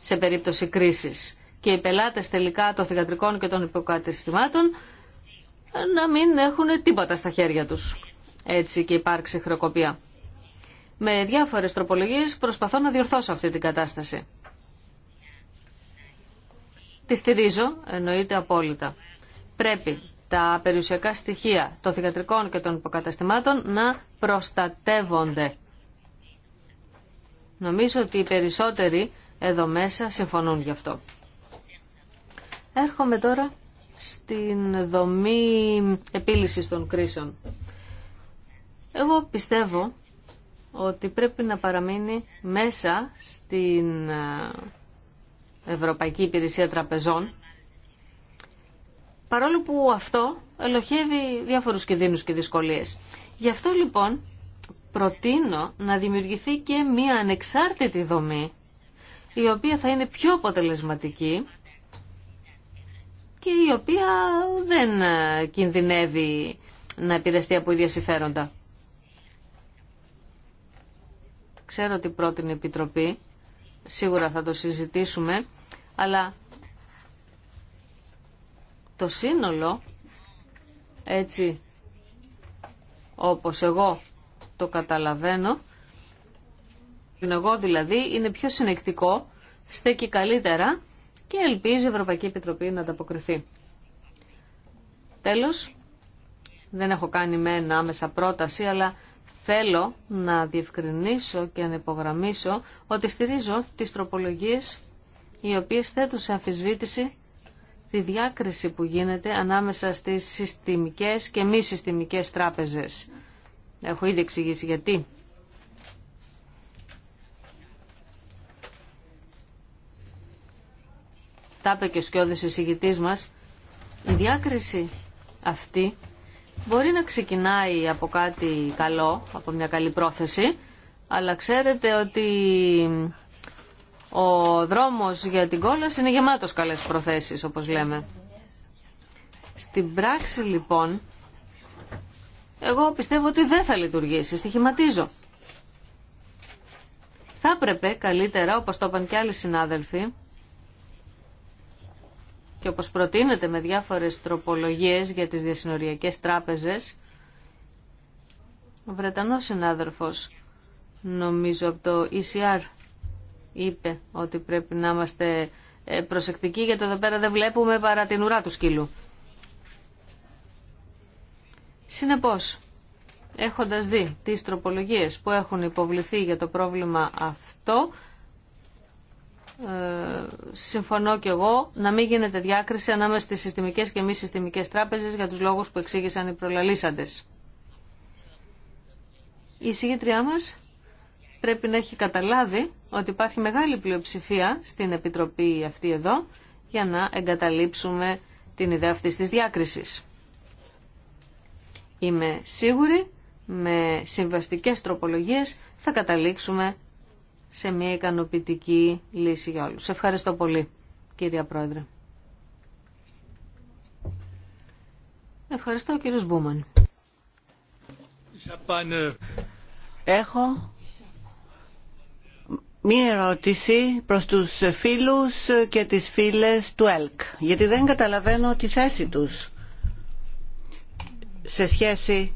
σε περίπτωση κρίσης και οι πελάτες τελικά των θηγατρικών και των υποκατεστημάτων ε, να μην έχουν τίποτα στα χέρια τους. Έτσι και υπάρξει χρεοκοπία. Με διάφορες τροπολογίες προσπαθώ να διορθώσω αυτή την κατάσταση. Τη στηρίζω, εννοείται απόλυτα. Πρέπει τα περιουσιακά στοιχεία των θηγατρικών και των υποκαταστημάτων να προστατεύονται. Νομίζω ότι οι περισσότεροι εδώ μέσα συμφωνούν γι' αυτό. Έρχομαι τώρα στην δομή επίλυσης των κρίσεων. Εγώ πιστεύω ότι πρέπει να παραμείνει μέσα στην ε, Ευρωπαϊκή Υπηρεσία Τραπεζών, παρόλο που αυτό ελοχεύει διάφορους κινδύνους και δυσκολίες. Γι' αυτό λοιπόν προτείνω να δημιουργηθεί και μία ανεξάρτητη δομή η οποία θα είναι πιο αποτελεσματική και η οποία δεν ε, κινδυνεύει να επηρεαστεί από ίδια συμφέροντα. Ξέρω ότι πρώτη Επιτροπή, σίγουρα θα το συζητήσουμε, αλλά το σύνολο, έτσι όπως εγώ το καταλαβαίνω, εγώ δηλαδή είναι πιο συνεκτικό, στέκει καλύτερα και ελπίζει η Ευρωπαϊκή Επιτροπή να ανταποκριθεί. Τέλος, δεν έχω κάνει με ένα άμεσα πρόταση, αλλά θέλω να διευκρινίσω και να υπογραμμίσω ότι στηρίζω τις τροπολογίες οι οποίες θέτουν σε αμφισβήτηση τη διάκριση που γίνεται ανάμεσα στις συστημικές και μη συστημικές τράπεζες. Έχω ήδη εξηγήσει γιατί τα είπε και ο Σκιώδης εισηγητής μας, η διάκριση αυτή μπορεί να ξεκινάει από κάτι καλό, από μια καλή πρόθεση, αλλά ξέρετε ότι ο δρόμος για την κόλαση είναι γεμάτος καλές προθέσεις, όπως λέμε. Στην πράξη λοιπόν, εγώ πιστεύω ότι δεν θα λειτουργήσει, στοιχηματίζω. Θα έπρεπε καλύτερα, όπως το είπαν και άλλοι συνάδελφοι, και όπως προτείνεται με διάφορες τροπολογίες για τις διασυνοριακές τράπεζες, ο Βρετανός συνάδελφος, νομίζω από το ECR, είπε ότι πρέπει να είμαστε ε, προσεκτικοί γιατί εδώ πέρα δεν βλέπουμε παρά την ουρά του σκύλου. Συνεπώς, έχοντας δει τις τροπολογίες που έχουν υποβληθεί για το πρόβλημα αυτό, ε, συμφωνώ κι εγώ να μην γίνεται διάκριση ανάμεσα στις συστημικές και μη συστημικές τράπεζες για τους λόγους που εξήγησαν οι προλαλήσαντες. Η συγγετριά μας πρέπει να έχει καταλάβει ότι υπάρχει μεγάλη πλειοψηφία στην Επιτροπή αυτή εδώ για να εγκαταλείψουμε την ιδέα αυτής της διάκρισης. Είμαι σίγουρη με συμβαστικές τροπολογίες θα καταλήξουμε σε μια ικανοποιητική λύση για όλους. ευχαριστώ πολύ, κυρία Πρόεδρε. Ευχαριστώ, κύριος Μπούμαν. Έχω μία ερώτηση προς τους φίλους και τις φίλες του ΕΛΚ, γιατί δεν καταλαβαίνω τη θέση τους σε σχέση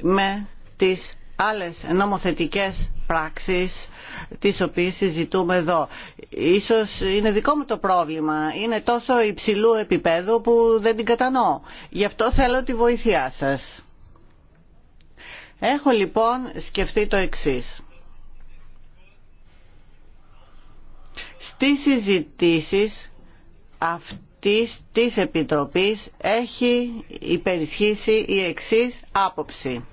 με τις άλλες νομοθετικές πράξεις τις οποίες συζητούμε εδώ. Ίσως είναι δικό μου το πρόβλημα. Είναι τόσο υψηλού επίπεδου που δεν την κατανοώ. Γι' αυτό θέλω τη βοήθειά σας. Έχω λοιπόν σκεφτεί το εξής. Στις συζητήσεις αυτής της Επιτροπής έχει υπερισχύσει η εξής άποψη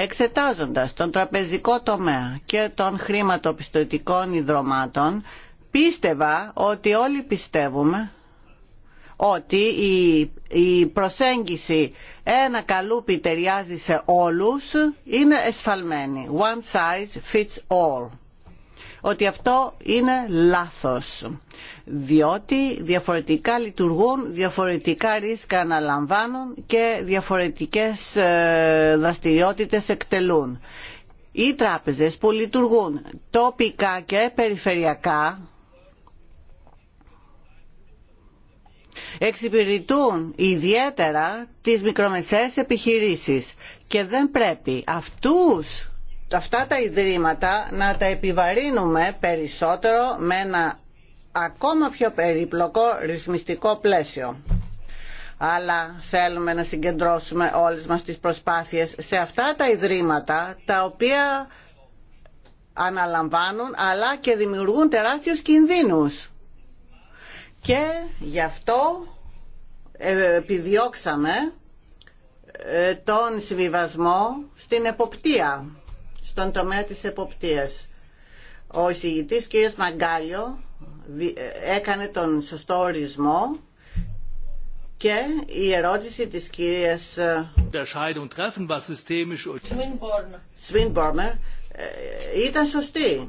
εξετάζοντας τον τραπεζικό τομέα και των χρηματοπιστωτικών ιδρωμάτων πίστευα ότι όλοι πιστεύουμε ότι η, η προσέγγιση ένα καλούπι ταιριάζει σε όλους είναι εσφαλμένη. One size fits all. Ότι αυτό είναι λάθος διότι διαφορετικά λειτουργούν, διαφορετικά ρίσκα αναλαμβάνουν και διαφορετικές ε, δραστηριότητες εκτελούν. Οι τράπεζες που λειτουργούν τοπικά και περιφερειακά εξυπηρετούν ιδιαίτερα τις μικρομεσαίες επιχειρήσεις και δεν πρέπει αυτούς αυτά τα ιδρύματα να τα επιβαρύνουμε περισσότερο με ένα ακόμα πιο περίπλοκο ρυθμιστικό πλαίσιο. Αλλά θέλουμε να συγκεντρώσουμε όλες μας τις προσπάθειες σε αυτά τα ιδρύματα τα οποία αναλαμβάνουν αλλά και δημιουργούν τεράστιους κινδύνους. Και γι' αυτό ε, επιδιώξαμε ε, τον συμβιβασμό στην εποπτεία, στον τομέα της εποπτείας. Ο εισηγητής κ. Μαγκάλιο έκανε τον σωστό ορισμό και η ερώτηση της κυρίας Σβίνμπορμερ ε, ήταν σωστή ε,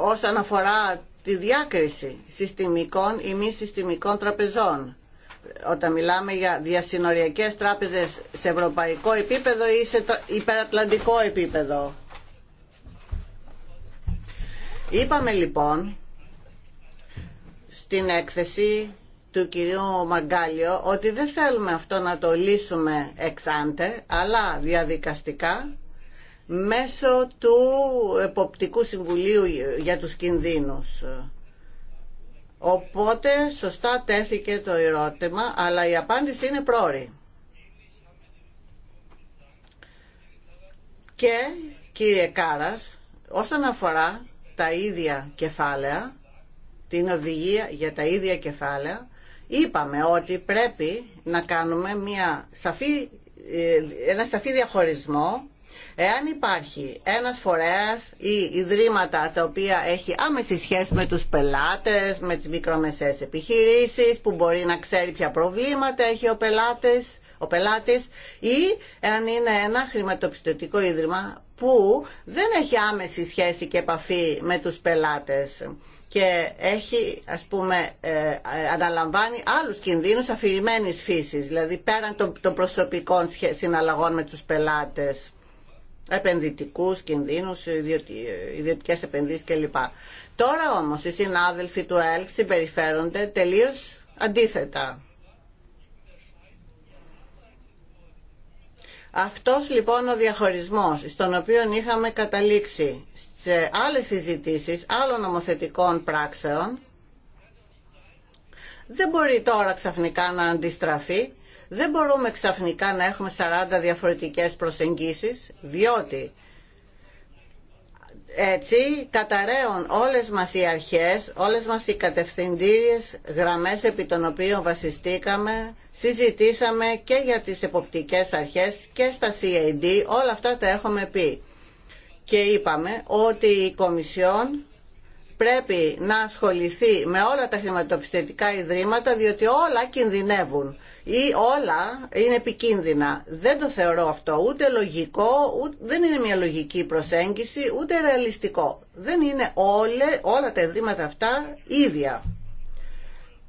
όσον αφορά τη διάκριση συστημικών ή μη συστημικών τραπεζών όταν μιλάμε για διασυνοριακές τράπεζες σε ευρωπαϊκό επίπεδο ή σε υπερατλαντικό επίπεδο. Είπαμε λοιπόν στην έκθεση του κυρίου Μαγκάλιο ότι δεν θέλουμε αυτό να το λύσουμε εξάντε, αλλά διαδικαστικά μέσω του Εποπτικού Συμβουλίου για τους Κινδύνους. Οπότε σωστά τέθηκε το ερώτημα, αλλά η απάντηση είναι πρόρη. Και κύριε Κάρας, όσον αφορά τα ίδια κεφάλαια, την οδηγία για τα ίδια κεφάλαια, είπαμε ότι πρέπει να κάνουμε μια σαφή, ε, ένα σαφή διαχωρισμό Εάν υπάρχει ένας φορέας ή ιδρύματα τα οποία έχει άμεση σχέση με τους πελάτες, με τις μικρομεσαίες επιχειρήσεις, που μπορεί να ξέρει ποια προβλήματα έχει ο πελάτης, ο πελάτης ή εάν είναι ένα χρηματοπιστωτικό ίδρυμα που δεν έχει άμεση σχέση και επαφή με τους πελάτες και έχει, ας πούμε, ε, αναλαμβάνει άλλους κινδύνους αφηρημένης φύσης, δηλαδή πέραν των, προσωπικών συναλλαγών με τους πελάτες, επενδυτικούς κινδύνους, ιδιωτικές επενδύσεις κλπ. Τώρα όμως οι συνάδελφοι του ΕΛΚ συμπεριφέρονται τελείως αντίθετα. Αυτός λοιπόν ο διαχωρισμός στον οποίο είχαμε καταλήξει σε άλλες συζητήσεις άλλων νομοθετικών πράξεων δεν μπορεί τώρα ξαφνικά να αντιστραφεί, δεν μπορούμε ξαφνικά να έχουμε 40 διαφορετικές προσεγγίσεις, διότι έτσι καταραίουν όλες μας οι αρχές, όλες μας οι κατευθυντήριες γραμμές επί των οποίων βασιστήκαμε, συζητήσαμε και για τις εποπτικές αρχές και στα CAD, όλα αυτά τα έχουμε πει και είπαμε ότι η Κομισιόν πρέπει να ασχοληθεί με όλα τα χρηματοπιστωτικά ιδρύματα διότι όλα κινδυνεύουν ή όλα είναι επικίνδυνα. Δεν το θεωρώ αυτό ούτε λογικό, ούτε, δεν είναι μια λογική προσέγγιση, ούτε ρεαλιστικό. Δεν είναι όλε, όλα τα ιδρύματα αυτά ίδια.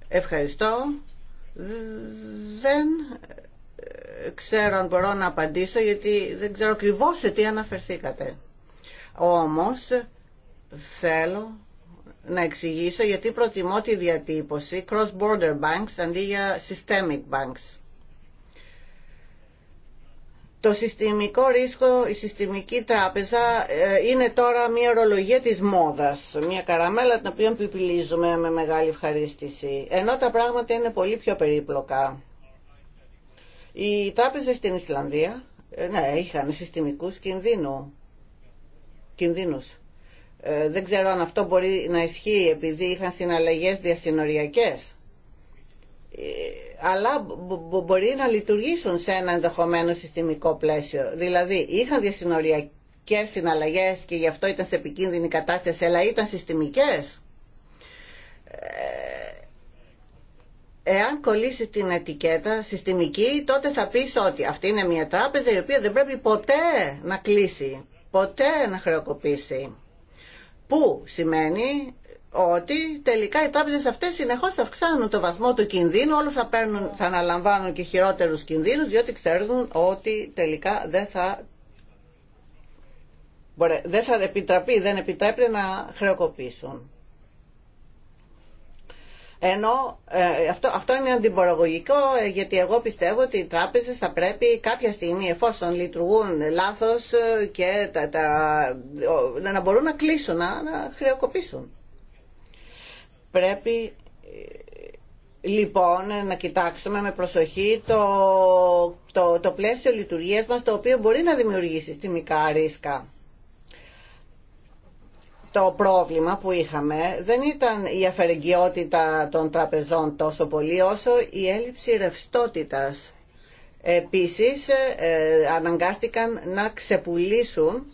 Ευχαριστώ. Δεν ε, ξέρω αν μπορώ να απαντήσω γιατί δεν ξέρω ακριβώς σε τι αναφερθήκατε. Όμως θέλω να εξηγήσω γιατί προτιμώ τη διατύπωση cross-border banks αντί για systemic banks. Το συστημικό ρίσκο, η συστημική τράπεζα ε, είναι τώρα μια ορολογία της μόδας, μια καραμέλα την οποία επιπλήζουμε με μεγάλη ευχαρίστηση, ενώ τα πράγματα είναι πολύ πιο περίπλοκα. Οι τράπεζες στην Ισλανδία, ε, ναι, είχαν συστημικούς κινδύνου ε, δεν ξέρω αν αυτό μπορεί να ισχύει επειδή είχαν συναλλαγέ διαστηνοριακέ, Ε, αλλά μπορεί να λειτουργήσουν σε ένα ενδεχομένο συστημικό πλαίσιο. Δηλαδή είχαν διασυνοριακές συναλλαγές και γι' αυτό ήταν σε επικίνδυνη κατάσταση, αλλά ήταν συστημικέ. Ε, εάν κολλήσει την ετικέτα συστημική, τότε θα πεις ότι αυτή είναι μια τράπεζα η οποία δεν πρέπει ποτέ να κλείσει ποτέ να χρεοκοπήσει. Που σημαίνει ότι τελικά οι τράπεζες αυτές συνεχώς θα αυξάνουν το βαθμό του κινδύνου, όλοι θα, θα αναλαμβάνουν και χειρότερους κινδύνους, διότι ξέρουν ότι τελικά δεν θα, δεν θα επιτραπεί, δεν επιτρέπεται να χρεοκοπήσουν. Ενώ ε, αυτό, αυτό είναι αντιποραγωγικό ε, γιατί εγώ πιστεύω ότι οι τράπεζες θα πρέπει κάποια στιγμή εφόσον λειτουργούν λάθος ε, και να μπορούν να κλείσουν, να, να χρεοκοπήσουν. Πρέπει λοιπόν να κοιτάξουμε με προσοχή το, το, το πλαίσιο λειτουργίας μας το οποίο μπορεί να δημιουργήσει συστημικά ρίσκα το πρόβλημα που είχαμε δεν ήταν η αφαιρεγγιότητα των τραπεζών τόσο πολύ όσο η έλλειψη ρευστότητας. Επίσης ε, αναγκάστηκαν να ξεπουλήσουν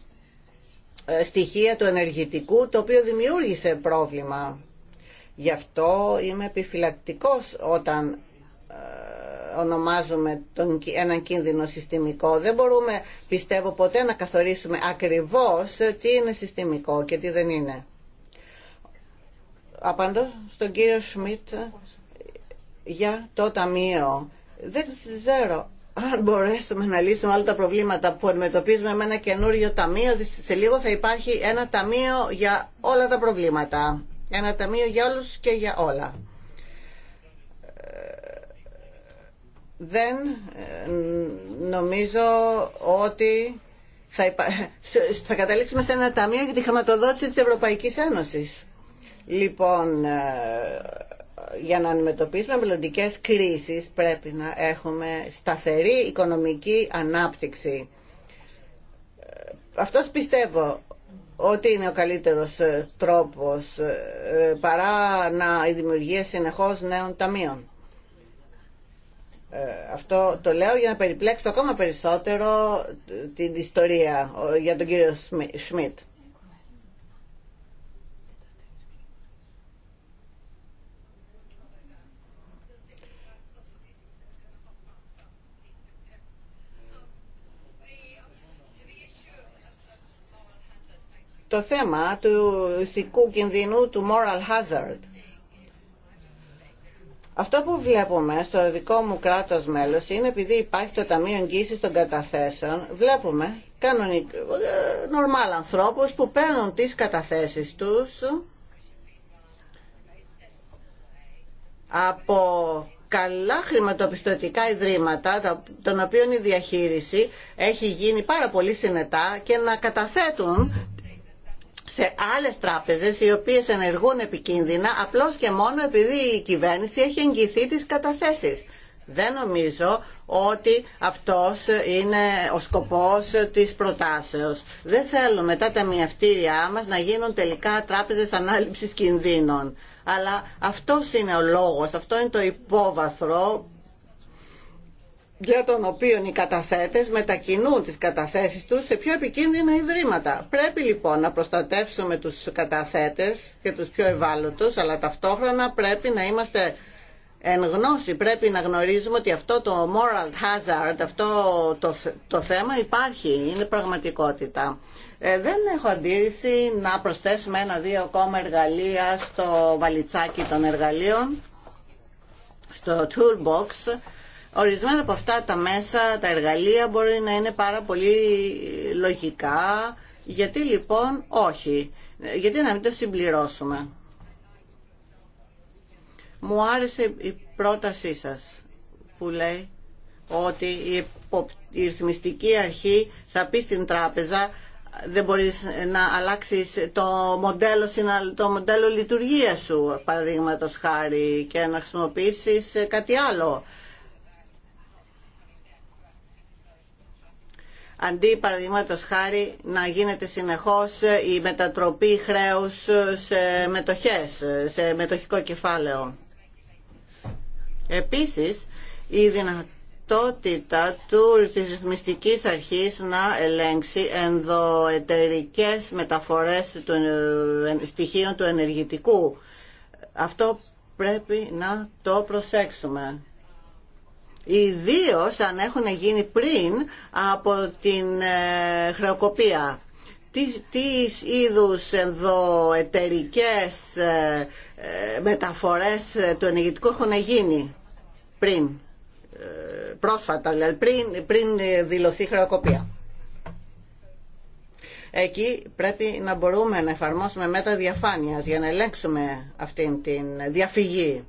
ε, στοιχεία του ενεργητικού το οποίο δημιούργησε πρόβλημα. Γι' αυτό είμαι επιφυλακτικός όταν ε, ονομάζουμε τον, έναν κίνδυνο συστημικό. Δεν μπορούμε, πιστεύω, ποτέ να καθορίσουμε ακριβώς τι είναι συστημικό και τι δεν είναι. Απάντω στον κύριο Σμιτ για το Ταμείο. Δεν ξέρω αν μπορέσουμε να λύσουμε όλα τα προβλήματα που αντιμετωπίζουμε με ένα καινούριο ταμείο. Σε λίγο θα υπάρχει ένα ταμείο για όλα τα προβλήματα. Ένα ταμείο για όλους και για όλα. δεν ε, νομίζω ότι θα, θα καταλήξουμε σε ένα ταμείο για τη χρηματοδότηση της Ευρωπαϊκής Ένωσης. Λοιπόν, ε, για να αντιμετωπίσουμε μελλοντικέ κρίσεις πρέπει να έχουμε σταθερή οικονομική ανάπτυξη. Ε, αυτός πιστεύω ότι είναι ο καλύτερος τρόπος παρά να η δημιουργία συνεχώς νέων ταμείων. Ε, αυτό το λέω για να περιπλέξω ακόμα περισσότερο την ιστορία για τον κύριο Σμιτ. Το θέμα του ηθικού κινδυνού του moral hazard αυτό που βλέπουμε στο δικό μου κράτος μέλος είναι επειδή υπάρχει το Ταμείο Εγγύησης των Καταθέσεων, βλέπουμε νορμάλ ανθρώπους που παίρνουν τις καταθέσεις τους από καλά χρηματοπιστωτικά ιδρύματα, των οποίων η διαχείριση έχει γίνει πάρα πολύ συνετά και να καταθέτουν σε άλλες τράπεζες οι οποίες ενεργούν επικίνδυνα απλώς και μόνο επειδή η κυβέρνηση έχει εγγυηθεί τις καταθέσεις. Δεν νομίζω ότι αυτός είναι ο σκοπός της προτάσεως. Δεν θέλουμε τα ταμιαυτήριά μας να γίνουν τελικά τράπεζες ανάληψης κινδύνων. Αλλά αυτός είναι ο λόγος, αυτό είναι το υπόβαθρο για τον οποίο οι καταθέτες μετακινούν τις καταθέσεις τους σε πιο επικίνδυνα ιδρύματα. Πρέπει λοιπόν να προστατεύσουμε τους καταθέτες και τους πιο ευάλωτους, αλλά ταυτόχρονα πρέπει να είμαστε εν γνώση, πρέπει να γνωρίζουμε ότι αυτό το moral hazard, αυτό το, θέμα υπάρχει, είναι πραγματικότητα. Ε, δεν έχω αντίρρηση να προσθέσουμε ένα-δύο ακόμα εργαλεία στο βαλιτσάκι των εργαλείων, στο toolbox, Ορισμένα από αυτά τα μέσα, τα εργαλεία μπορεί να είναι πάρα πολύ λογικά. Γιατί λοιπόν όχι. Γιατί να μην το συμπληρώσουμε. Μου άρεσε η πρότασή σας που λέει ότι η ρυθμιστική αρχή θα πει στην τράπεζα δεν μπορείς να αλλάξεις το μοντέλο, το μοντέλο λειτουργίας σου, παραδείγματος χάρη, και να χρησιμοποιήσεις κάτι άλλο. αντί παραδείγματος χάρη να γίνεται συνεχώς η μετατροπή χρέους σε μετοχές, σε μετοχικό κεφάλαιο. Επίσης, η δυνατότητα του, της ρυθμιστικής αρχής να ελέγξει ενδοετερικές μεταφορές των ε, στοιχείων του ενεργητικού. Αυτό πρέπει να το προσέξουμε ιδίω αν έχουν γίνει πριν από την ε, χρεοκοπία. Τι, τις είδους μεταφορέ ε, ε, μεταφορές του ενεργητικού έχουν γίνει πριν, πρόσφατα, δηλαδή πριν, πριν δηλωθεί χρεοκοπία. Εκεί πρέπει να μπορούμε να εφαρμόσουμε μέτρα διαφάνειας για να ελέγξουμε αυτήν την διαφυγή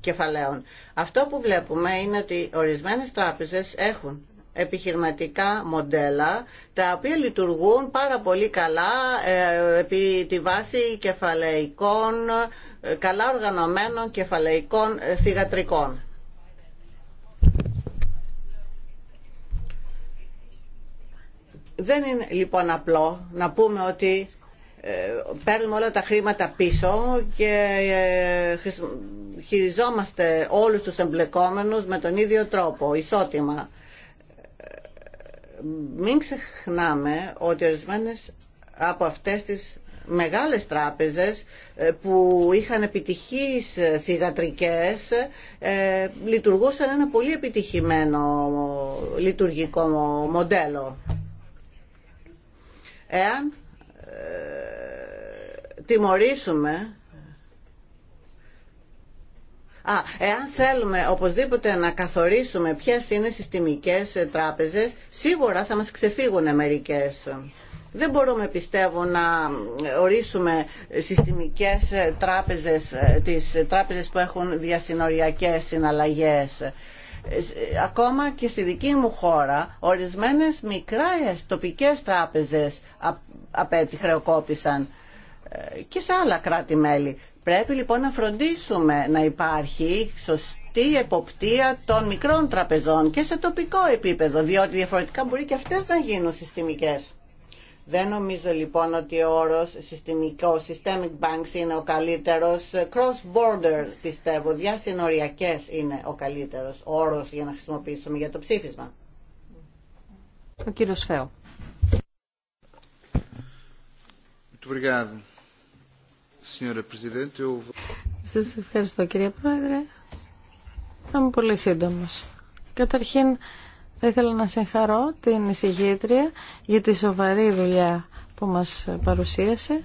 κεφαλαίων. Αυτό που βλέπουμε είναι ότι ορισμένες τράπεζες έχουν επιχειρηματικά μοντέλα τα οποία λειτουργούν πάρα πολύ καλά ε, επί τη βάση κεφαλαϊκών, ε, καλά οργανωμένων κεφαλαϊκών ε, θυγατρικών. Δεν είναι λοιπόν απλό να πούμε ότι ε, παίρνουμε όλα τα χρήματα πίσω και ε, χειριζόμαστε όλους τους εμπλεκόμενους με τον ίδιο τρόπο, ισότιμα. Ε, μην ξεχνάμε ότι ορισμένε από αυτές τις μεγάλες τράπεζες που είχαν επιτυχείς σιγατρικές λειτουργούσαν ένα πολύ επιτυχημένο λειτουργικό μοντέλο. Εάν τιμωρήσουμε Α, εάν θέλουμε οπωσδήποτε να καθορίσουμε ποιες είναι συστημικές ε, τράπεζες, σίγουρα θα μας ξεφύγουν μερικές. Δεν μπορούμε, πιστεύω, να ε, ορίσουμε συστημικές ε, τράπεζες, τις τράπεζες που έχουν διασυνοριακές συναλλαγές. Ακόμα και στη δική μου χώρα, ορισμένες μικρές τοπικές τράπεζες απέτυχε, χρεοκόπησαν. Ε, και σε άλλα κράτη-μέλη. Πρέπει λοιπόν να φροντίσουμε να υπάρχει σωστή εποπτεία των μικρών τραπεζών και σε τοπικό επίπεδο, διότι διαφορετικά μπορεί και αυτές να γίνουν συστημικές. Δεν νομίζω λοιπόν ότι ο όρος συστημικό, systemic banks είναι ο καλύτερος, cross-border πιστεύω, διασυνοριακές είναι ο καλύτερος όρος για να χρησιμοποιήσουμε για το ψήφισμα. Ο κύριος Φέο. Σας ευχαριστώ κύριε Πρόεδρε. Θα είμαι πολύ σύντομος. Καταρχήν θα ήθελα να συγχαρώ την εισηγήτρια για τη σοβαρή δουλειά που μας παρουσίασε.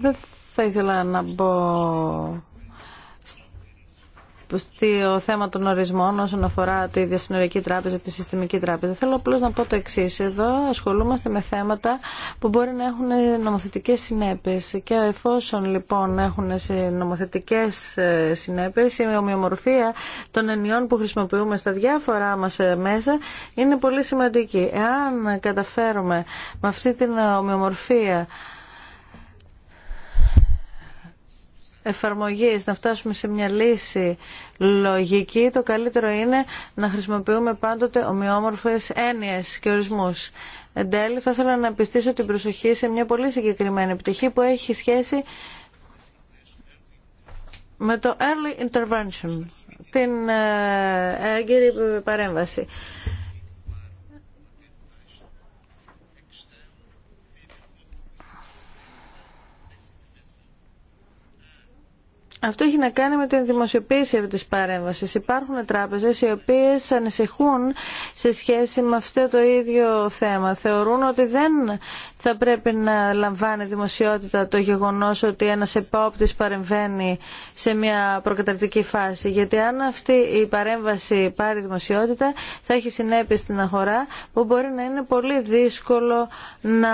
Δεν θα ήθελα να μπω στο θέμα των ορισμών όσον αφορά τη διασυνορική τράπεζα, τη συστημική τράπεζα. Θέλω απλώ να πω το εξή. Εδώ ασχολούμαστε με θέματα που μπορεί να έχουν νομοθετικέ συνέπειε. Και εφόσον λοιπόν έχουν νομοθετικέ ε, συνέπειε, η ομοιομορφία των ενιών που χρησιμοποιούμε στα διάφορά μα ε, μέσα είναι πολύ σημαντική. Εάν καταφέρουμε με αυτή την ομοιομορφία εφαρμογής, να φτάσουμε σε μια λύση λογική, το καλύτερο είναι να χρησιμοποιούμε πάντοτε ομοιόμορφες έννοιες και ορισμούς. Εν τέλει, θα ήθελα να επιστήσω την προσοχή σε μια πολύ συγκεκριμένη πτυχή που έχει σχέση με το early intervention, την ε, έγκυρη παρέμβαση. Αυτό έχει να κάνει με την δημοσιοποίηση της παρέμβασης. Υπάρχουν τράπεζες οι οποίες ανησυχούν σε σχέση με αυτό το ίδιο θέμα. Θεωρούν ότι δεν θα πρέπει να λαμβάνει δημοσιότητα το γεγονός ότι ένας επόπτης παρεμβαίνει σε μια προκαταρτική φάση. Γιατί αν αυτή η παρέμβαση πάρει δημοσιότητα θα έχει συνέπειες στην αγορά που μπορεί να είναι πολύ δύσκολο να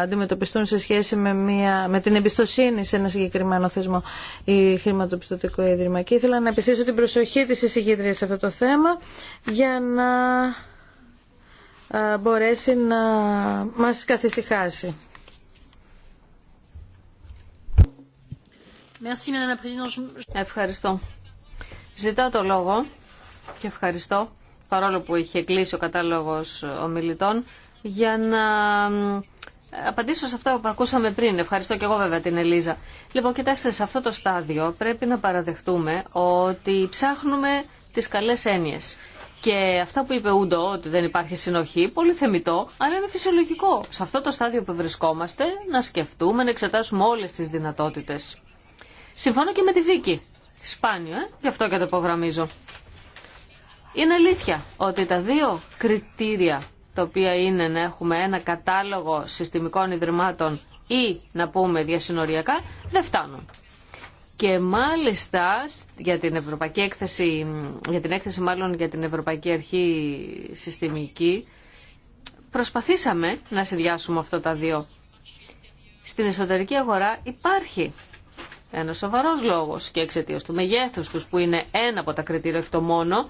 αντιμετωπιστούν σε σχέση με, μια, με την εμπιστοσύνη σε ένα συγκεκριμένο μόνο θεσμό η χρηματοπιστωτικό ίδρυμα. Και ήθελα να επιστήσω την προσοχή της εισηγήτριας σε αυτό το θέμα για να μπορέσει να μας καθησυχάσει. Ευχαριστώ. Ζητάω το λόγο και ευχαριστώ, παρόλο που είχε κλείσει ο κατάλογος ομιλητών, για να απαντήσω σε αυτά που ακούσαμε πριν. Ευχαριστώ και εγώ βέβαια την Ελίζα. Λοιπόν, κοιτάξτε, σε αυτό το στάδιο πρέπει να παραδεχτούμε ότι ψάχνουμε τις καλές έννοιες. Και αυτά που είπε Ούντο, ότι δεν υπάρχει συνοχή, πολύ θεμητό, αλλά είναι φυσιολογικό. Σε αυτό το στάδιο που βρισκόμαστε, να σκεφτούμε, να εξετάσουμε όλες τις δυνατότητες. Συμφωνώ και με τη Βίκη. Σπάνιο, ε? γι' αυτό και το υπογραμμίζω. Είναι αλήθεια ότι τα δύο κριτήρια τα οποία είναι να έχουμε ένα κατάλογο συστημικών ιδρυμάτων ή να πούμε διασυνοριακά, δεν φτάνουν. Και μάλιστα για την Ευρωπαϊκή Έκθεση, για την έκθεση μάλλον για την Ευρωπαϊκή Αρχή Συστημική, προσπαθήσαμε να συνδυάσουμε αυτά τα δύο. Στην εσωτερική αγορά υπάρχει ένα σοβαρός λόγος και εξαιτία του μεγέθους τους που είναι ένα από τα κριτήρια, όχι το μόνο,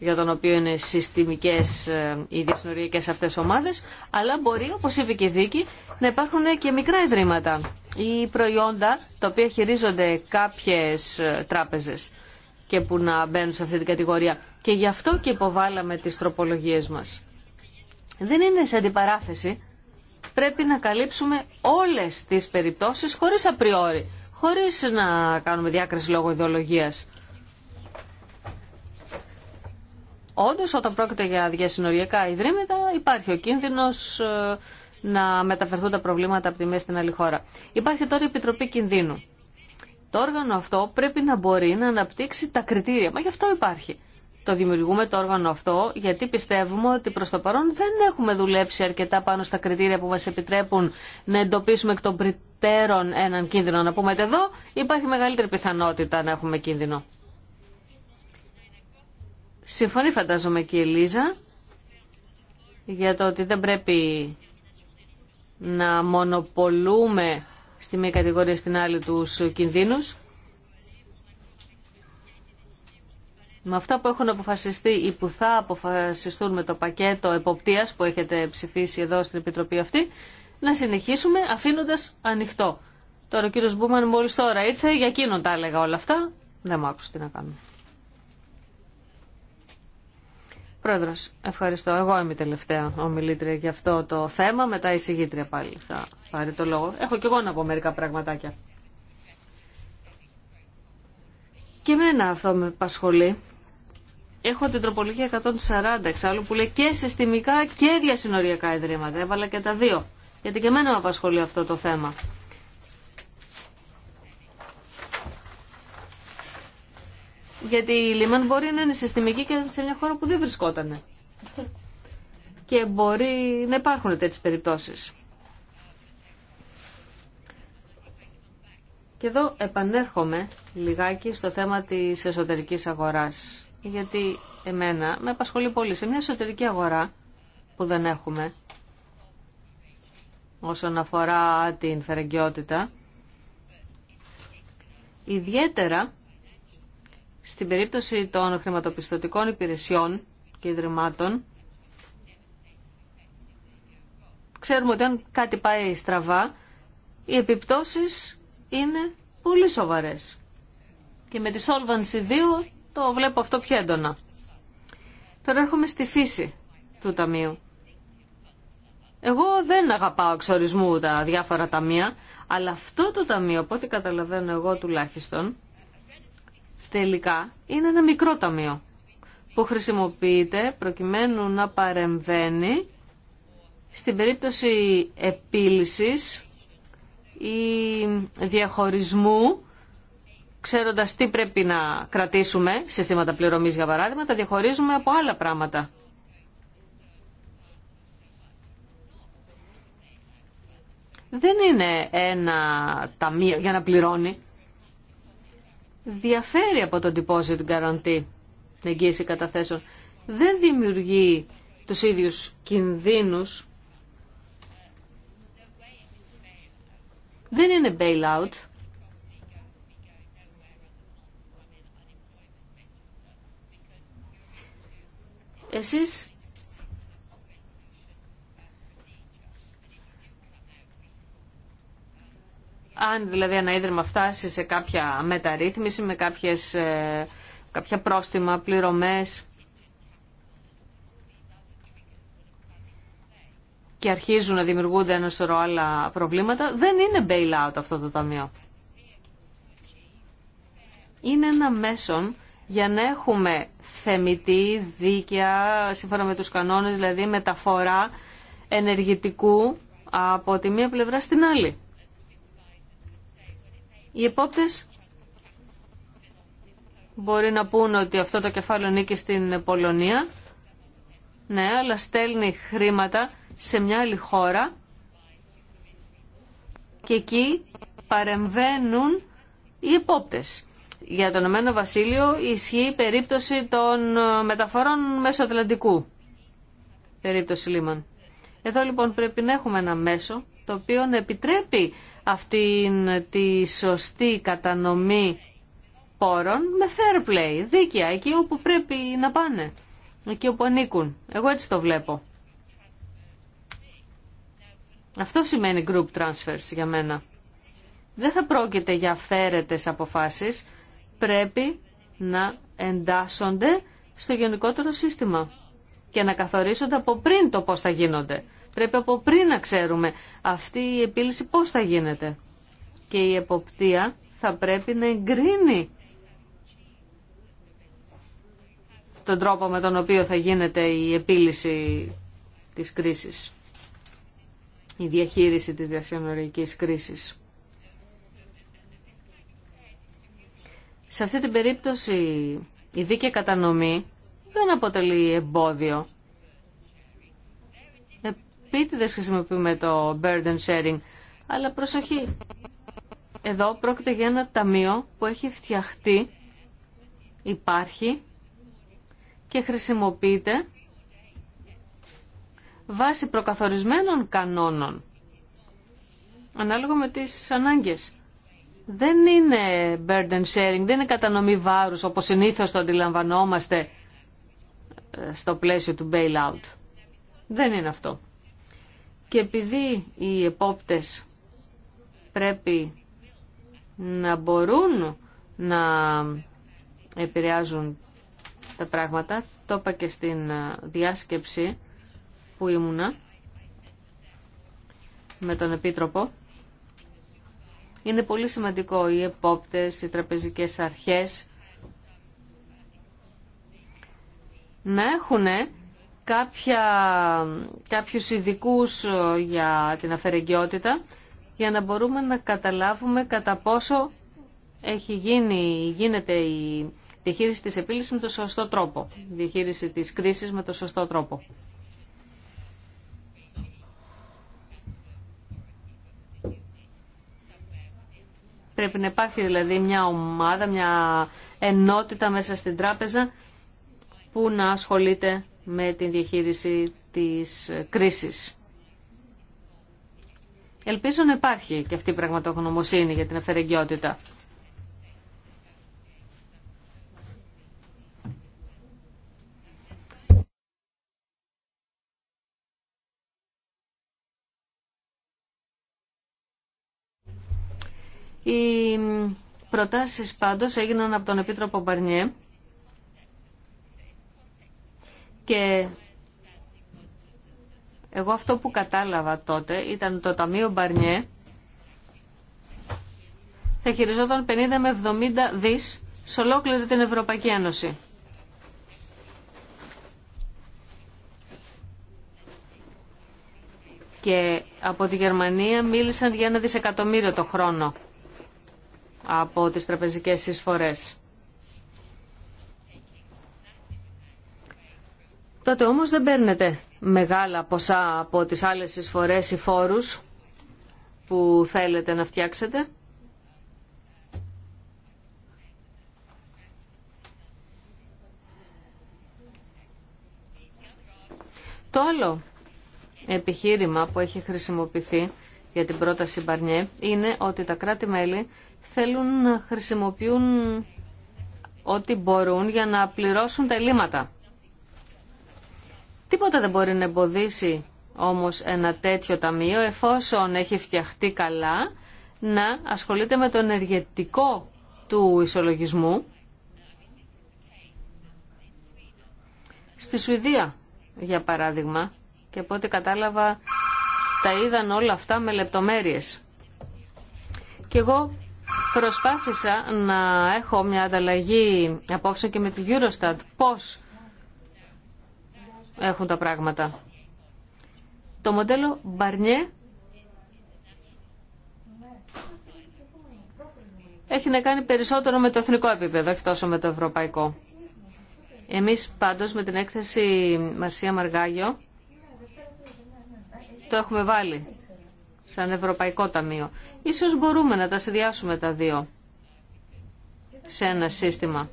για τον οποίο είναι συστημικές ε, οι αυτές αυτέ ομάδε, αλλά μπορεί, όπω είπε και η Βίκη, να υπάρχουν και μικρά ιδρύματα ή προϊόντα τα οποία χειρίζονται κάποιες ε, τράπεζες και που να μπαίνουν σε αυτή την κατηγορία. Και γι' αυτό και υποβάλαμε τις τροπολογίες μα. Δεν είναι σε αντιπαράθεση. Πρέπει να καλύψουμε όλες τι περιπτώσει χωρί απριόρι, χωρίς να κάνουμε διάκριση λόγω ιδεολογία. Όντω, όταν πρόκειται για διασυνοριακά ιδρύματα, υπάρχει ο κίνδυνο ε, να μεταφερθούν τα προβλήματα από τη μέση στην άλλη χώρα. Υπάρχει τώρα η Επιτροπή Κινδύνου. Το όργανο αυτό πρέπει να μπορεί να αναπτύξει τα κριτήρια. Μα γι' αυτό υπάρχει. Το δημιουργούμε το όργανο αυτό γιατί πιστεύουμε ότι προς το παρόν δεν έχουμε δουλέψει αρκετά πάνω στα κριτήρια που μας επιτρέπουν να εντοπίσουμε εκ των πριτέρων έναν κίνδυνο. Να πούμε ότι εδώ υπάρχει μεγαλύτερη πιθανότητα να έχουμε κίνδυνο. Συμφωνεί φαντάζομαι και η Ελίζα για το ότι δεν πρέπει να μονοπολούμε στη μία κατηγορία στην άλλη τους κινδύνους. Με αυτά που έχουν αποφασιστεί ή που θα αποφασιστούν με το πακέτο εποπτείας που έχετε ψηφίσει εδώ στην Επιτροπή αυτή, να συνεχίσουμε αφήνοντας ανοιχτό. Τώρα ο κύριος Μπούμαν μόλις τώρα ήρθε, για εκείνον τα έλεγα όλα αυτά. Δεν μου άκουσε τι να κάνουμε. Πρόεδρο, ευχαριστώ. Εγώ είμαι η τελευταία ομιλήτρια για αυτό το θέμα. Μετά η συγγήτρια πάλι θα πάρει το λόγο. Έχω και εγώ να πω μερικά πραγματάκια. Και εμένα αυτό με απασχολεί. Έχω την τροπολογία 140 εξάλλου που λέει και συστημικά και διασυνοριακά ιδρύματα. Έβαλα και τα δύο. Γιατί και εμένα με απασχολεί αυτό το θέμα. Γιατί η Λίμαν μπορεί να είναι συστημική και σε μια χώρα που δεν βρισκόταν. Και μπορεί να υπάρχουν τέτοιες περιπτώσεις. Και εδώ επανέρχομαι λιγάκι στο θέμα της εσωτερικής αγοράς. Γιατί εμένα με απασχολεί πολύ. Σε μια εσωτερική αγορά που δεν έχουμε όσον αφορά την φερεγκιότητα. ιδιαίτερα στην περίπτωση των χρηματοπιστωτικών υπηρεσιών και ιδρυμάτων, ξέρουμε ότι αν κάτι πάει στραβά, οι επιπτώσεις είναι πολύ σοβαρές. Και με τη Solvency 2 το βλέπω αυτό πιο έντονα. Τώρα έρχομαι στη φύση του ταμείου. Εγώ δεν αγαπάω εξορισμού τα διάφορα ταμεία, αλλά αυτό το ταμείο, από ό,τι καταλαβαίνω εγώ τουλάχιστον, τελικά είναι ένα μικρό ταμείο που χρησιμοποιείται προκειμένου να παρεμβαίνει στην περίπτωση επίλυσης ή διαχωρισμού ξέροντας τι πρέπει να κρατήσουμε, συστήματα πληρωμής για παράδειγμα, τα διαχωρίζουμε από άλλα πράγματα. Δεν είναι ένα ταμείο για να πληρώνει διαφέρει από τον deposit guarantee, με εγγύηση καταθέσεων. Δεν δημιουργεί τους ίδιους κινδύνους. Δεν είναι bailout. Εσείς Αν δηλαδή ένα ίδρυμα φτάσει σε κάποια μεταρρύθμιση με κάποιες, ε, κάποια πρόστιμα, πληρωμές και αρχίζουν να δημιουργούνται ένα σωρό άλλα προβλήματα, δεν είναι bailout αυτό το ταμείο. Είναι ένα μέσον για να έχουμε θεμητή, δίκαια, σύμφωνα με τους κανόνες, δηλαδή μεταφορά ενεργητικού από τη μία πλευρά στην άλλη. Οι επόπτες μπορεί να πούν ότι αυτό το κεφάλαιο νίκη στην Πολωνία, ναι, αλλά στέλνει χρήματα σε μια άλλη χώρα και εκεί παρεμβαίνουν οι επόπτες. Για το ομένο Βασίλειο ισχύει η περίπτωση των ε, μεταφορών μέσω Ατλαντικού. Περίπτωση Λίμαν. Εδώ λοιπόν πρέπει να έχουμε ένα μέσο το οποίο να επιτρέπει ...αυτή τη σωστή κατανομή πόρων με fair play, δίκαια, εκεί όπου πρέπει να πάνε, εκεί όπου ανήκουν. Εγώ έτσι το βλέπω. Αυτό σημαίνει group transfers για μένα. Δεν θα πρόκειται για φέρετες αποφάσεις, πρέπει να εντάσσονται στο γενικότερο σύστημα και να καθορίσονται από πριν το πώς θα γίνονται. Πρέπει από πριν να ξέρουμε αυτή η επίλυση πώς θα γίνεται. Και η εποπτεία θα πρέπει να εγκρίνει τον τρόπο με τον οποίο θα γίνεται η επίλυση της κρίσης, η διαχείριση της διασυνοριακής κρίσης. Σε αυτή την περίπτωση η δίκαιη κατανομή δεν αποτελεί εμπόδιο. Επίτηδες χρησιμοποιούμε το burden sharing, αλλά προσοχή. Εδώ πρόκειται για ένα ταμείο που έχει φτιαχτεί, υπάρχει και χρησιμοποιείται βάσει προκαθορισμένων κανόνων, ανάλογα με τις ανάγκες. Δεν είναι burden sharing, δεν είναι κατανομή βάρους όπως συνήθως το αντιλαμβανόμαστε στο πλαίσιο του bailout. Δεν είναι αυτό. Και επειδή οι επόπτες πρέπει να μπορούν να επηρεάζουν τα πράγματα, το είπα και στην διάσκεψη που ήμουνα με τον Επίτροπο, είναι πολύ σημαντικό οι επόπτες, οι τραπεζικές αρχές να έχουν κάποια, κάποιους ειδικού ε, για την αφαιρεγκαιότητα για να μπορούμε να καταλάβουμε κατά πόσο έχει γίνει, γίνεται η διαχείριση της επίλυσης με το σωστό τρόπο, η διαχείριση της κρίσης με το σωστό τρόπο. Πρέπει να υπάρχει δηλαδή μια ομάδα, μια ενότητα μέσα στην τράπεζα που να ασχολείται με την διαχείριση της κρίσης. Ελπίζω να υπάρχει και αυτή η πραγματογνωμοσύνη για την αφαιρεγκιότητα. Οι προτάσεις πάντως έγιναν από τον Επίτροπο Μπαρνιέ και εγώ αυτό που κατάλαβα τότε ήταν το Ταμείο Μπαρνιέ θα χειριζόταν 50 με 70 δις σε ολόκληρη την Ευρωπαϊκή Ένωση. Και από τη Γερμανία μίλησαν για ένα δισεκατομμύριο το χρόνο από τις τραπεζικές εισφορές. τότε όμως δεν παίρνετε μεγάλα ποσά από τις άλλες εισφορές ή φόρους που θέλετε να φτιάξετε. Το άλλο επιχείρημα που έχει χρησιμοποιηθεί για την πρόταση Μπαρνιέ είναι ότι τα κράτη-μέλη θέλουν να χρησιμοποιούν ό,τι μπορούν για να πληρώσουν τα ελλείμματα. Τίποτα δεν μπορεί να εμποδίσει όμως ένα τέτοιο ταμείο εφόσον έχει φτιαχτεί καλά να ασχολείται με το ενεργετικό του ισολογισμού στη Σουηδία για παράδειγμα και από ό,τι κατάλαβα τα είδαν όλα αυτά με λεπτομέρειες και εγώ προσπάθησα να έχω μια ανταλλαγή απόψε και με τη Eurostat πώς έχουν τα πράγματα. Το μοντέλο Μπαρνιέ έχει να κάνει περισσότερο με το εθνικό επίπεδο, όχι τόσο με το ευρωπαϊκό. Εμείς πάντως με την έκθεση Μαρσία Μαργάγιο το έχουμε βάλει σαν Ευρωπαϊκό Ταμείο. Ίσως μπορούμε να τα συνδυάσουμε τα δύο σε ένα σύστημα.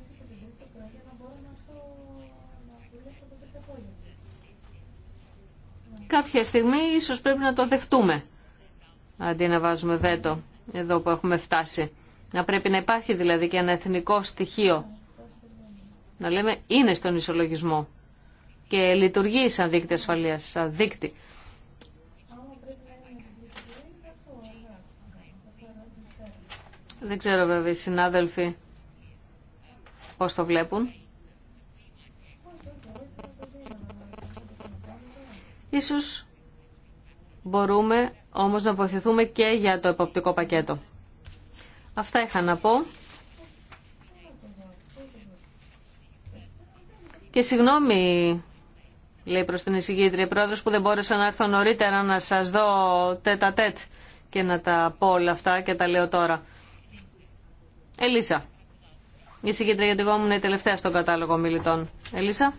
κάποια στιγμή ίσως πρέπει να το δεχτούμε αντί να βάζουμε βέτο εδώ που έχουμε φτάσει. Να πρέπει να υπάρχει δηλαδή και ένα εθνικό στοιχείο. Να λέμε είναι στον ισολογισμό και λειτουργεί σαν δίκτυο ασφαλείας, σαν δίκτυ. Δεν ξέρω βέβαια οι συνάδελφοι πώς το βλέπουν. Ίσως μπορούμε όμως να βοηθηθούμε και για το εποπτικό πακέτο. Αυτά είχα να πω. Και συγγνώμη, λέει προς την εισηγήτρια πρόεδρος, που δεν μπόρεσα να έρθω νωρίτερα να σας δω τέτα τέτ και να τα πω όλα αυτά και τα λέω τώρα. Ελίσα. Η εισηγήτρια γιατί εγώ ήμουν η τελευταία στον κατάλογο μιλητών. Ελίσα.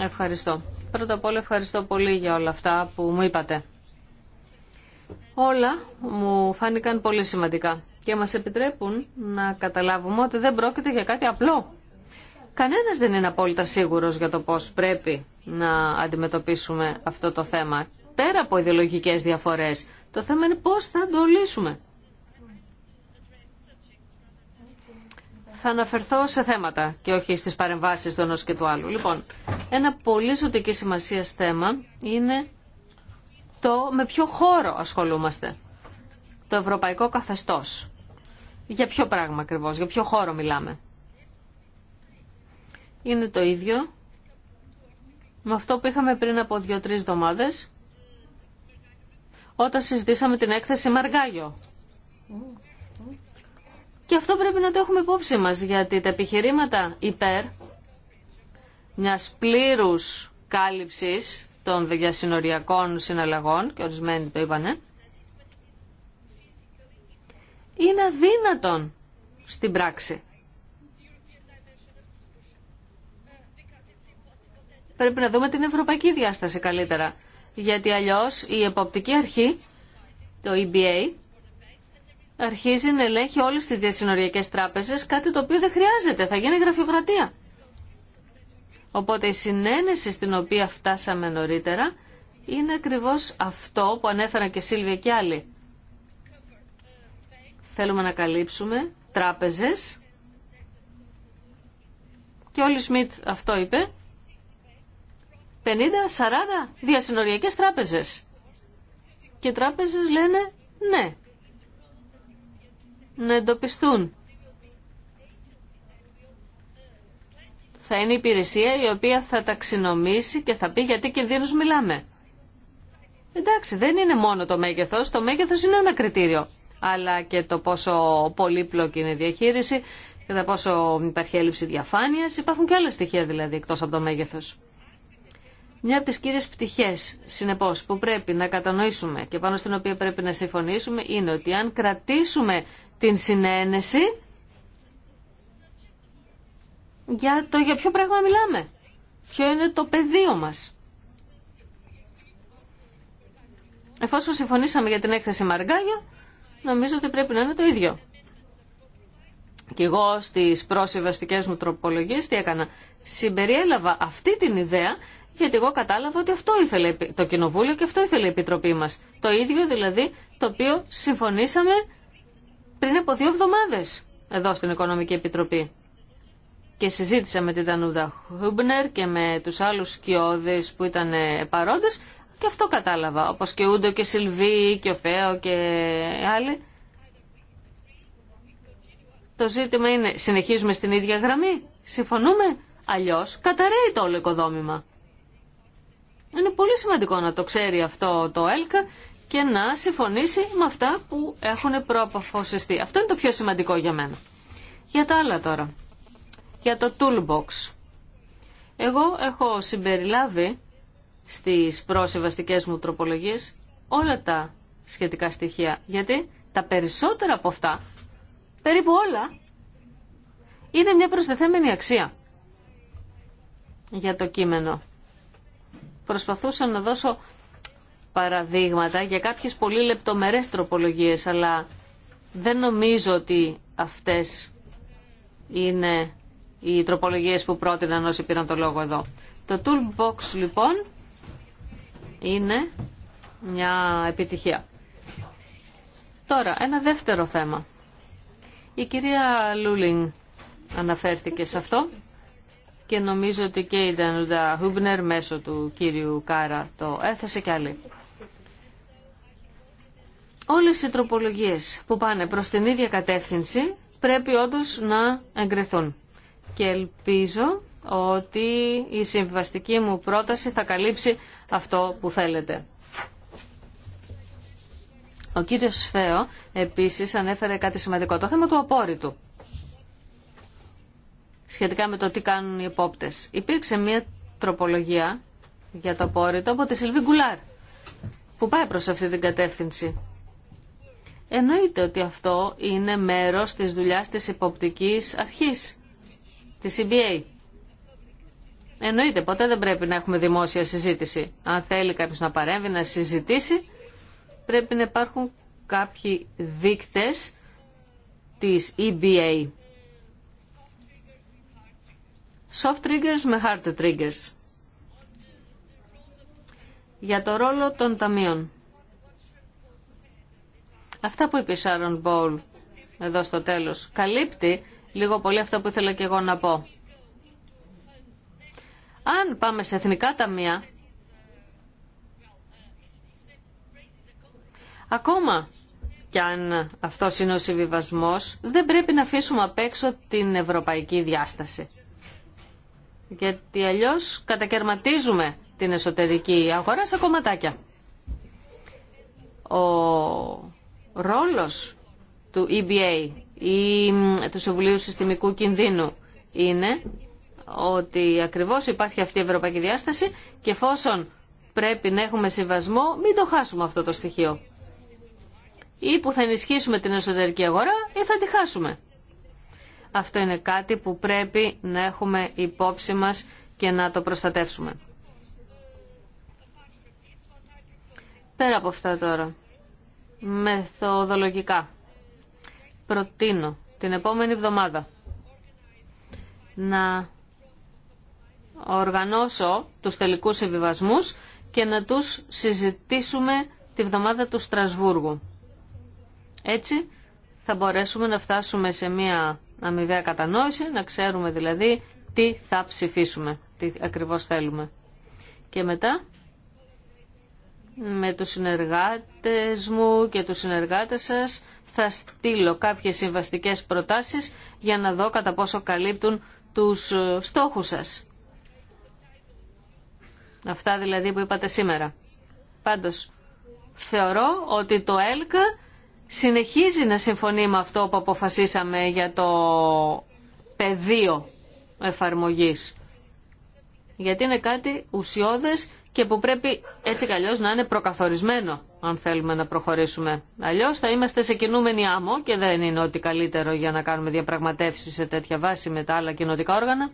Ευχαριστώ. Πρώτα απ' όλα ευχαριστώ πολύ για όλα αυτά που μου είπατε. Όλα μου φάνηκαν πολύ σημαντικά και μας επιτρέπουν να καταλάβουμε ότι δεν πρόκειται για κάτι απλό. Κανένας δεν είναι απόλυτα σίγουρος για το πώς πρέπει να αντιμετωπίσουμε αυτό το θέμα. Πέρα από ιδεολογικές διαφορές, το θέμα είναι πώς θα το λύσουμε. θα αναφερθώ σε θέματα και όχι στις παρεμβάσεις του ενός και του άλλου. Λοιπόν, ένα πολύ ζωτική σημασία θέμα είναι το με ποιο χώρο ασχολούμαστε. Το ευρωπαϊκό καθεστώς. Για ποιο πράγμα ακριβώ, για ποιο χώρο μιλάμε. Είναι το ίδιο με αυτό που είχαμε πριν από δύο-τρει εβδομάδε όταν συζητήσαμε την έκθεση Μαργάγιο και αυτό πρέπει να το έχουμε υπόψη μας, γιατί τα επιχειρήματα υπέρ μιας πλήρους κάλυψης των διασυνοριακών συναλλαγών, και ορισμένοι το είπανε, είναι αδύνατον στην πράξη. Πρέπει να δούμε την ευρωπαϊκή διάσταση καλύτερα, γιατί αλλιώς η εποπτική αρχή, το EBA, αρχίζει να ελέγχει όλες τις διασυνοριακές τράπεζες, κάτι το οποίο δεν χρειάζεται, θα γίνει γραφειοκρατία. Οπότε η συνένεση στην οποία φτάσαμε νωρίτερα είναι ακριβώς αυτό που ανέφεραν και Σίλβια και άλλοι. Θέλουμε να καλύψουμε τράπεζες και όλοι Σμιτ αυτό είπε 50-40 διασυνοριακές τράπεζες και οι τράπεζες λένε ναι να εντοπιστούν. Θα είναι η υπηρεσία η οποία θα ταξινομήσει και θα πει γιατί κινδύνους μιλάμε. Εντάξει, δεν είναι μόνο το μέγεθος, το μέγεθος είναι ένα κριτήριο, αλλά και το πόσο πολύπλοκη είναι η διαχείριση, κατά πόσο υπάρχει έλλειψη διαφάνειας, υπάρχουν και άλλα στοιχεία δηλαδή εκτός από το μέγεθος. Μια από τις κύριες πτυχές, συνεπώς, που πρέπει να κατανοήσουμε και πάνω στην οποία πρέπει να συμφωνήσουμε είναι ότι αν κρατήσουμε την συνένεση, για το για ποιο πράγμα μιλάμε, ποιο είναι το πεδίο μας. Εφόσον συμφωνήσαμε για την έκθεση Μαργκάγιο, νομίζω ότι πρέπει να είναι το ίδιο. Και εγώ στις προσεβαστικές μου τροπολογίες τι έκανα. Συμπεριέλαβα αυτή την ιδέα γιατί εγώ κατάλαβα ότι αυτό ήθελε το Κοινοβούλιο και αυτό ήθελε η Επιτροπή μας. Το ίδιο δηλαδή το οποίο συμφωνήσαμε πριν από δύο εβδομάδες εδώ στην Οικονομική Επιτροπή. Και συζήτησα με την Τανούδα Χούμπνερ και με τους άλλους σκιώδε που ήταν ε, παρόντες και αυτό κατάλαβα, όπως και Ούντο και Σιλβί και ο Φέο και άλλοι. Το ζήτημα είναι, συνεχίζουμε στην ίδια γραμμή, συμφωνούμε, αλλιώς καταραίει το όλο οικοδόμημα. Είναι πολύ σημαντικό να το ξέρει αυτό το ΕΛΚΑ και να συμφωνήσει με αυτά που έχουν προαποφασιστεί. Αυτό είναι το πιο σημαντικό για μένα. Για τα άλλα τώρα. Για το toolbox. Εγώ έχω συμπεριλάβει στις προσεβαστικές μου τροπολογίες όλα τα σχετικά στοιχεία. Γιατί τα περισσότερα από αυτά, περίπου όλα, είναι μια προσθεθέμενη αξία για το κείμενο προσπαθούσα να δώσω παραδείγματα για κάποιες πολύ λεπτομερές τροπολογίες, αλλά δεν νομίζω ότι αυτές είναι οι τροπολογίες που πρότειναν όσοι πήραν το λόγο εδώ. Το Toolbox λοιπόν είναι μια επιτυχία. Τώρα, ένα δεύτερο θέμα. Η κυρία Λούλινγκ αναφέρθηκε σε αυτό και νομίζω ότι και η Ντανούντα Χούμπνερ μέσω του κύριου Κάρα το έθεσε κι άλλοι. Όλες οι τροπολογίες που πάνε προς την ίδια κατεύθυνση πρέπει όντως να εγκρεθούν. Και ελπίζω ότι η συμβαστική μου πρόταση θα καλύψει αυτό που θέλετε. Ο κύριος Σφαίο επίσης ανέφερε κάτι σημαντικό, το θέμα του απόρριτου σχετικά με το τι κάνουν οι υπόπτε. Υπήρξε μια τροπολογία για το απόρριτο από τη Σιλβί Γκουλάρ που πάει προς αυτή την κατεύθυνση. Εννοείται ότι αυτό είναι μέρος της δουλειάς της εποπτικής αρχής, της CBA. Εννοείται, ποτέ δεν πρέπει να έχουμε δημόσια συζήτηση. Αν θέλει κάποιος να παρέμβει, να συζητήσει, πρέπει να υπάρχουν κάποιοι δείκτες της EBA soft triggers με hard triggers. Για το ρόλο των ταμείων. Αυτά που είπε η Sharon εδώ στο τέλος καλύπτει λίγο πολύ αυτό που ήθελα και εγώ να πω. Αν πάμε σε εθνικά ταμεία, ακόμα κι αν αυτό είναι ο συμβιβασμός, δεν πρέπει να αφήσουμε απ' έξω την ευρωπαϊκή διάσταση γιατί αλλιώς κατακαιρματίζουμε την εσωτερική αγορά σε κομματάκια. Ο ρόλος του EBA ή του Συμβουλίου Συστημικού Κινδύνου είναι ότι ακριβώς υπάρχει αυτή η ευρωπαϊκή διάσταση και εφόσον πρέπει να έχουμε συμβασμό μην το χάσουμε αυτό το στοιχείο. Ή που θα ενισχύσουμε την εσωτερική αγορά ή θα τη χάσουμε. Αυτό είναι κάτι που πρέπει να έχουμε υπόψη μας και να το προστατεύσουμε. Πέρα από αυτά τώρα, μεθοδολογικά, προτείνω την επόμενη εβδομάδα να οργανώσω τους τελικούς συμβιβασμούς και να τους συζητήσουμε τη βδομάδα του Στρασβούργου. Έτσι θα μπορέσουμε να φτάσουμε σε μια αμοιβαία κατανόηση, να ξέρουμε δηλαδή τι θα ψηφίσουμε, τι ακριβώς θέλουμε. Και μετά με τους συνεργάτες μου και τους συνεργάτες σας θα στείλω κάποιες συμβαστικές προτάσεις για να δω κατά πόσο καλύπτουν τους ε, στόχους σας. Αυτά δηλαδή που είπατε σήμερα. Πάντως, θεωρώ ότι το ΕΛΚΑ συνεχίζει να συμφωνεί με αυτό που αποφασίσαμε για το πεδίο εφαρμογής. Γιατί είναι κάτι ουσιώδες και που πρέπει έτσι κι να είναι προκαθορισμένο αν θέλουμε να προχωρήσουμε. Αλλιώς θα είμαστε σε κινούμενη άμμο και δεν είναι ότι καλύτερο για να κάνουμε διαπραγματεύσεις σε τέτοια βάση με τα άλλα κοινωτικά όργανα.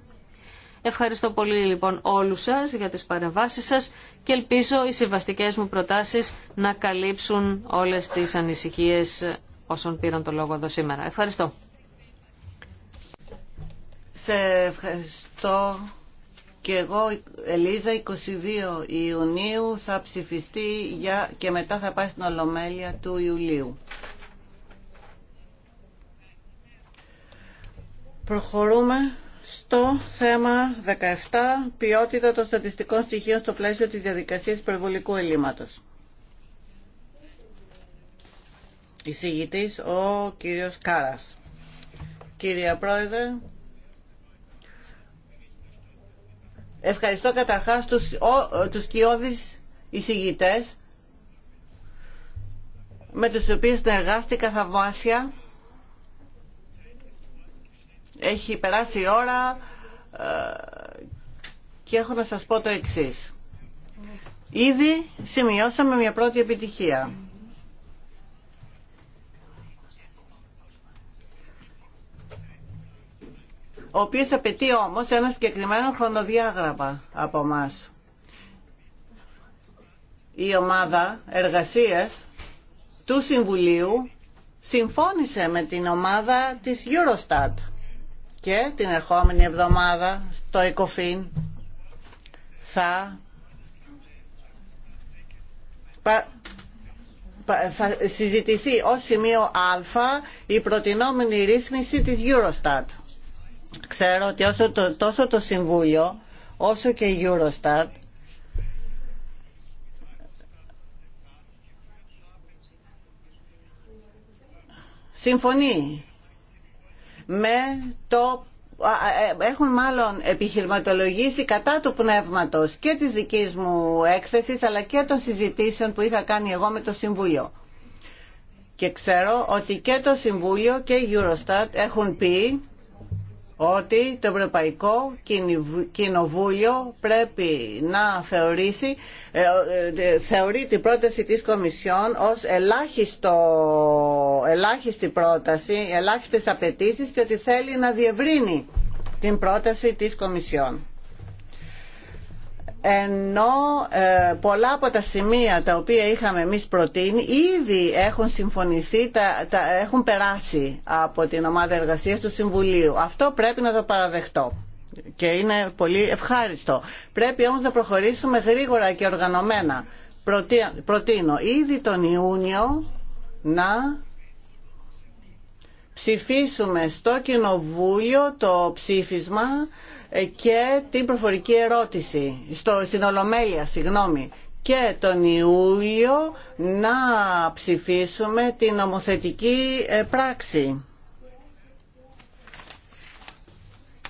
Ευχαριστώ πολύ λοιπόν όλους σας για τις παρεμβάσεις σας και ελπίζω οι συμβαστικές μου προτάσεις να καλύψουν όλες τις ανησυχίες όσων πήραν το λόγο εδώ σήμερα. Ευχαριστώ. Σε ευχαριστώ και εγώ Ελίζα 22 Ιουνίου θα ψηφιστεί για... και μετά θα πάει στην Ολομέλεια του Ιουλίου. Προχωρούμε στο θέμα 17 ποιότητα των στατιστικών στοιχείων στο πλαίσιο της διαδικασίας υπερβολικού ελλείμματος. Εισηγητής ο κύριος Κάρας. Κύριε Πρόεδρε, ευχαριστώ καταρχάς τους, ο, τους κοιόδης εισηγητές με τους οποίους συνεργάστηκα θαυμάσια έχει περάσει η ώρα ε, και έχω να σας πω το εξής. Ήδη σημειώσαμε μια πρώτη επιτυχία. ο οποίο απαιτεί όμως ένα συγκεκριμένο χρονοδιάγραμμα από μας. Η ομάδα εργασίας του Συμβουλίου συμφώνησε με την ομάδα της Eurostat και την ερχόμενη εβδομάδα στο ΕΚΟΦΗΝ θα, θα συζητηθεί ως σημείο α η προτινόμενη ρύθμιση της Eurostat. Ξέρω ότι όσο το, τόσο το Συμβούλιο όσο και η Eurostat συμφωνεί με το ε, έχουν μάλλον επιχειρηματολογήσει κατά του πνεύματος και της δικής μου έκθεσης αλλά και των συζητήσεων που είχα κάνει εγώ με το Συμβούλιο. Και ξέρω ότι και το Συμβούλιο και η Eurostat έχουν πει ότι το Ευρωπαϊκό Κοινοβούλιο πρέπει να θεωρήσει, ε, ε, ε, θεωρεί την πρόταση της Κομισιόν ως ελάχιστο, ελάχιστη πρόταση, ελάχιστες απαιτήσεις και ότι θέλει να διευρύνει την πρόταση της Κομισιόν ενώ ε, πολλά από τα σημεία τα οποία είχαμε εμείς προτείνει ήδη έχουν συμφωνηθεί, τα, έχουν περάσει από την ομάδα εργασίας του Συμβουλίου. Αυτό πρέπει να το παραδεχτώ και είναι πολύ ευχάριστο. Πρέπει όμως να προχωρήσουμε γρήγορα και οργανωμένα. Προτείνω ήδη τον Ιούνιο να ψηφίσουμε στο Κοινοβούλιο το ψήφισμα ε, και την προφορική ερώτηση στο, στην Ολομέλεια, συγγνώμη, και τον Ιούλιο να ψηφίσουμε την νομοθετική ε, πράξη.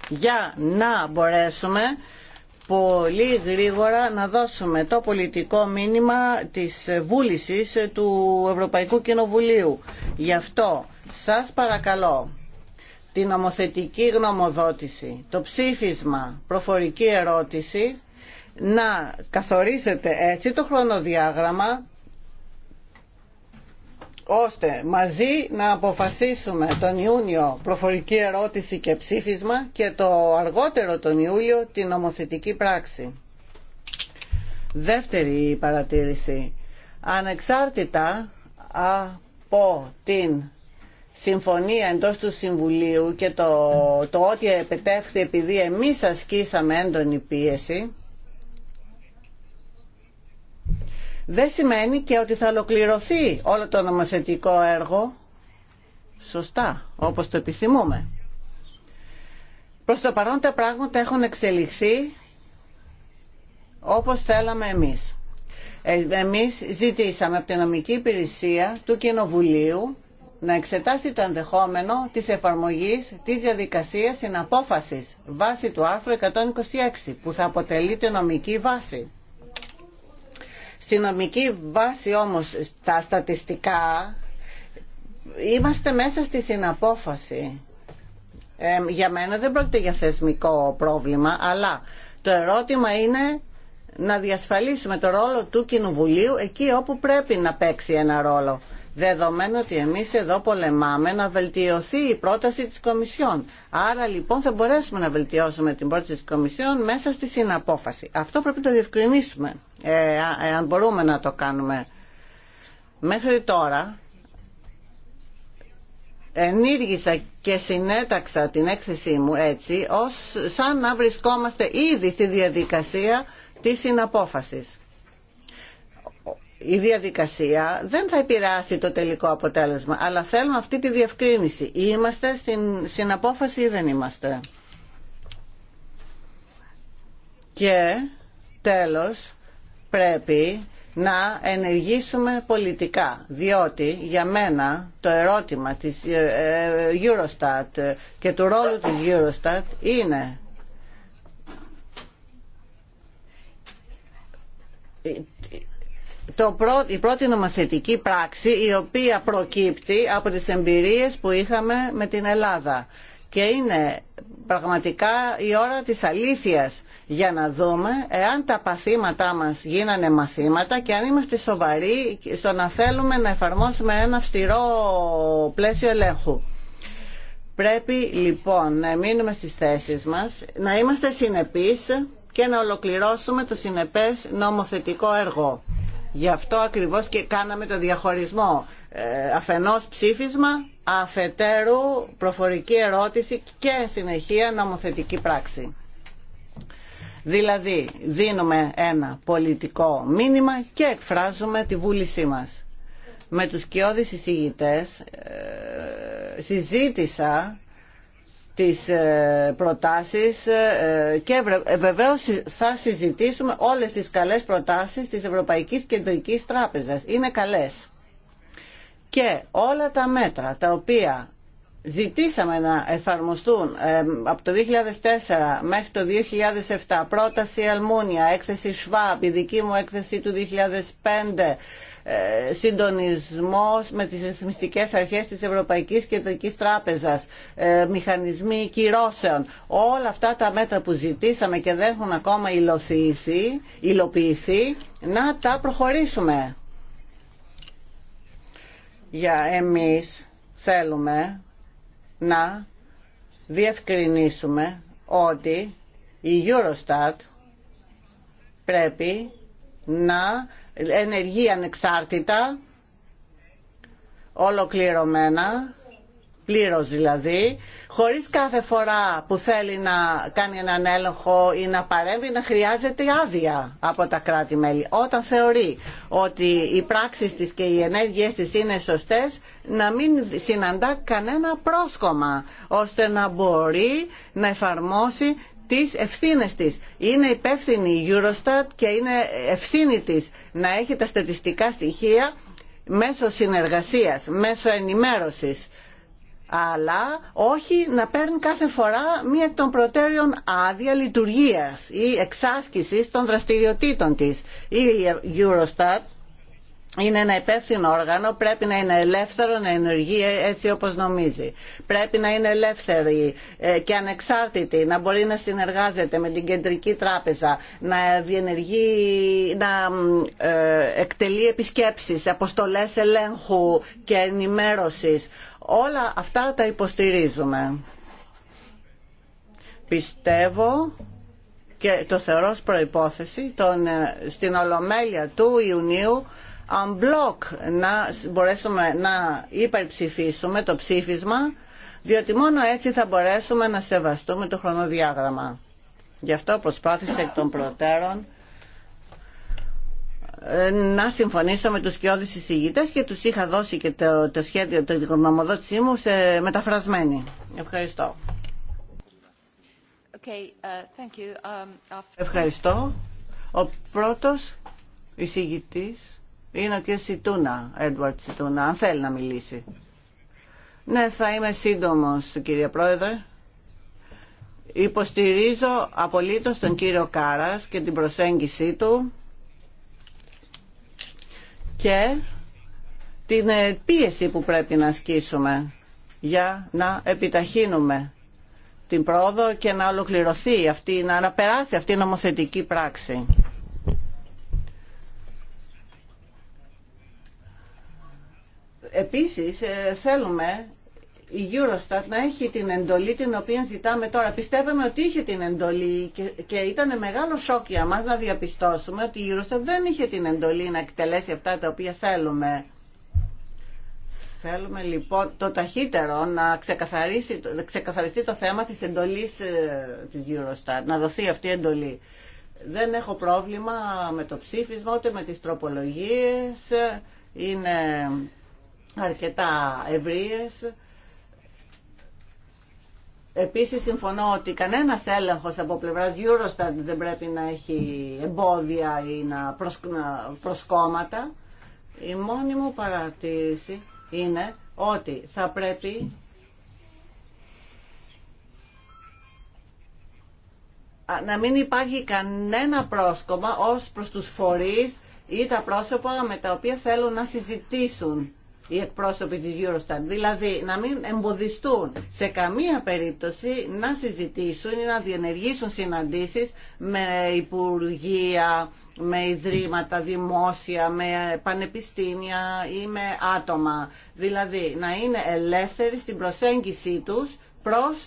Για να μπορέσουμε πολύ γρήγορα να δώσουμε το πολιτικό μήνυμα της βούλησης ε, του Ευρωπαϊκού Κοινοβουλίου. Γι' αυτό σας παρακαλώ την νομοθετική γνωμοδότηση, το ψήφισμα, προφορική ερώτηση, να καθορίσετε έτσι το χρονοδιάγραμμα ώστε μαζί να αποφασίσουμε τον Ιούνιο προφορική ερώτηση και ψήφισμα και το αργότερο τον Ιούλιο την νομοθετική πράξη. Δεύτερη παρατήρηση. Ανεξάρτητα από την συμφωνία εντός του Συμβουλίου και το, το ότι επιτεύχθη επειδή εμείς ασκήσαμε έντονη πίεση δεν σημαίνει και ότι θα ολοκληρωθεί όλο το νομοθετικό έργο σωστά, όπως το επιθυμούμε. Προς το παρόν τα πράγματα έχουν εξελιχθεί όπως θέλαμε εμείς. Ε, εμείς ζητήσαμε από την νομική υπηρεσία του Κοινοβουλίου να εξετάσει το ενδεχόμενο της εφαρμογής της διαδικασίας συναπόφασης βάσει του άρθρου 126 που θα αποτελεί την νομική βάση. Στη νομική βάση όμως τα στατιστικά είμαστε μέσα στη συναπόφαση. Ε, για μένα δεν πρόκειται για θεσμικό πρόβλημα, αλλά το ερώτημα είναι να διασφαλίσουμε το ρόλο του Κοινοβουλίου εκεί όπου πρέπει να παίξει ένα ρόλο. Δεδομένου ότι εμείς εδώ πολεμάμε να βελτιωθεί η πρόταση της Κομισιόν. Άρα λοιπόν θα μπορέσουμε να βελτιώσουμε την πρόταση της Κομισιόν μέσα στη συναπόφαση. Αυτό πρέπει να το διευκρινίσουμε, ε, ε, αν μπορούμε να το κάνουμε. Μέχρι τώρα ενήργησα και συνέταξα την έκθεσή μου έτσι, ως, σαν να βρισκόμαστε ήδη στη διαδικασία της συναπόφασης η διαδικασία δεν θα επηρεάσει το τελικό αποτέλεσμα. Αλλά θέλουμε αυτή τη διευκρίνηση. Είμαστε στην, συναπόφαση ή δεν είμαστε. Και τέλος πρέπει να ενεργήσουμε πολιτικά, διότι για μένα το ερώτημα της ε, ε, Eurostat και του ρόλου της Eurostat είναι το η πρώτη νομοθετική πράξη η οποία προκύπτει από τις εμπειρίες που είχαμε με την Ελλάδα. Και είναι πραγματικά η ώρα της αλήθειας για να δούμε εάν τα παθήματά μας γίνανε μαθήματα και αν είμαστε σοβαροί στο να θέλουμε να εφαρμόσουμε ένα αυστηρό πλαίσιο ελέγχου. Πρέπει λοιπόν να μείνουμε στις θέσεις μας, να είμαστε συνεπείς και να ολοκληρώσουμε το συνεπές νομοθετικό έργο. Γι' αυτό ακριβώς και κάναμε το διαχωρισμό ε, αφενός ψήφισμα, αφετέρου προφορική ερώτηση και συνεχεία νομοθετική πράξη. Δηλαδή δίνουμε ένα πολιτικό μήνυμα και εκφράζουμε τη βούλησή μας. Με τους κοιόδης εισηγητές ε, συζήτησα τις ε, προτάσεις ε, και ε, βεβαίως θα συζητήσουμε όλες τις καλές προτάσεις της Ευρωπαϊκής Κεντρικής Τράπεζας. Είναι καλές. Και όλα τα μέτρα τα οποία ζητήσαμε να εφαρμοστούν από το 2004 μέχρι το 2007 πρόταση Αλμούνια, έκθεση ΣΒΑΠ, η δική μου έκθεση του 2005, ε, συντονισμός με τις ρυθμιστικές αρχές της Ευρωπαϊκής Κεντρικής Τράπεζας, ε, μηχανισμοί κυρώσεων. Όλα αυτά τα μέτρα που ζητήσαμε και δεν έχουν ακόμα υλοποιηθεί, υλοποιήσει να τα προχωρήσουμε. Για εμείς θέλουμε να διευκρινίσουμε ότι η Eurostat πρέπει να ενεργεί ανεξάρτητα, ολοκληρωμένα Πλήρω δηλαδή, χωρίς κάθε φορά που θέλει να κάνει έναν έλεγχο ή να παρέμβει να χρειάζεται άδεια από τα κράτη-μέλη. Όταν θεωρεί ότι οι πράξει της και οι ενέργειέ της είναι σωστές, να μην συναντά κανένα πρόσκομα, ώστε να μπορεί να εφαρμόσει τις ευθύνες της. Είναι υπεύθυνη η Eurostat και είναι ευθύνη της να έχει τα στατιστικά στοιχεία μέσω συνεργασίας, μέσω ενημέρωσης αλλά όχι να παίρνει κάθε φορά μία των προτέρων άδεια λειτουργίας ή εξάσκησης των δραστηριοτήτων της. Η Eurostat είναι ένα υπεύθυνο όργανο, πρέπει να είναι ελεύθερο να ενεργεί έτσι όπως νομίζει. Πρέπει να είναι ελεύθερη ε, και ανεξάρτητη, να μπορεί να συνεργάζεται με την Κεντρική Τράπεζα, να διενεργεί, να ε, εκτελεί επισκέψεις, αποστολές ελέγχου και ενημέρωσης. Όλα αυτά τα υποστηρίζουμε. Πιστεύω και το θεωρώ ως προϋπόθεση τον, ε, στην Ολομέλεια του Ιουνίου μπλοκ να μπορέσουμε να υπερψηφίσουμε το ψήφισμα διότι μόνο έτσι θα μπορέσουμε να σεβαστούμε το χρονοδιάγραμμα. Γι' αυτό προσπάθησα εκ των προτέρων να συμφωνήσω με τους κοιόδης εισηγητές και τους είχα δώσει και το, το σχέδιο, το γνωμοδότησή μου σε μεταφρασμένη. Ευχαριστώ. Uh, thank you. Um, Ευχαριστώ. Ο πρώτος εισηγητής είναι ο κ. Σιτούνα, Έντουαρτ Σιτούνα, αν θέλει να μιλήσει. Ναι, θα είμαι σύντομος, κύριε Πρόεδρε. Υποστηρίζω απολύτως τον κύριο Κάρας και την προσέγγιση του και την ε, πίεση που πρέπει να ασκήσουμε για να επιταχύνουμε την πρόοδο και να ολοκληρωθεί αυτή, να αναπεράσει αυτή η νομοθετική πράξη. Επίσης ε, θέλουμε η Eurostat να έχει την εντολή την οποία ζητάμε τώρα. Πιστεύαμε ότι είχε την εντολή και, και ήταν μεγάλο σοκ για μας να διαπιστώσουμε ότι η Eurostat δεν είχε την εντολή να εκτελέσει αυτά τα οποία θέλουμε. Θέλουμε λοιπόν το ταχύτερο να ξεκαθαρίσει, ξεκαθαριστεί το θέμα της εντολής ε, της Eurostat, να δοθεί αυτή η εντολή. Δεν έχω πρόβλημα με το ψήφισμα, ούτε με τις τροπολογίες. Είναι αρκετά ευρείες Επίσης συμφωνώ ότι κανένας έλεγχος από πλευράς Eurostat δεν πρέπει να έχει εμπόδια ή να προσκόμματα. Η μόνη μου παρατήρηση είναι ότι θα πρέπει να μην υπάρχει κανένα πρόσκομα ως προς τους φορείς ή τα πρόσωπα με τα οποία θέλουν να συζητήσουν οι εκπρόσωποι της Eurostat. Δηλαδή να μην εμποδιστούν σε καμία περίπτωση να συζητήσουν ή να διενεργήσουν συναντήσεις με υπουργεία, με ιδρύματα δημόσια, με πανεπιστήμια ή με άτομα. Δηλαδή να είναι ελεύθεροι στην προσέγγιση τους προς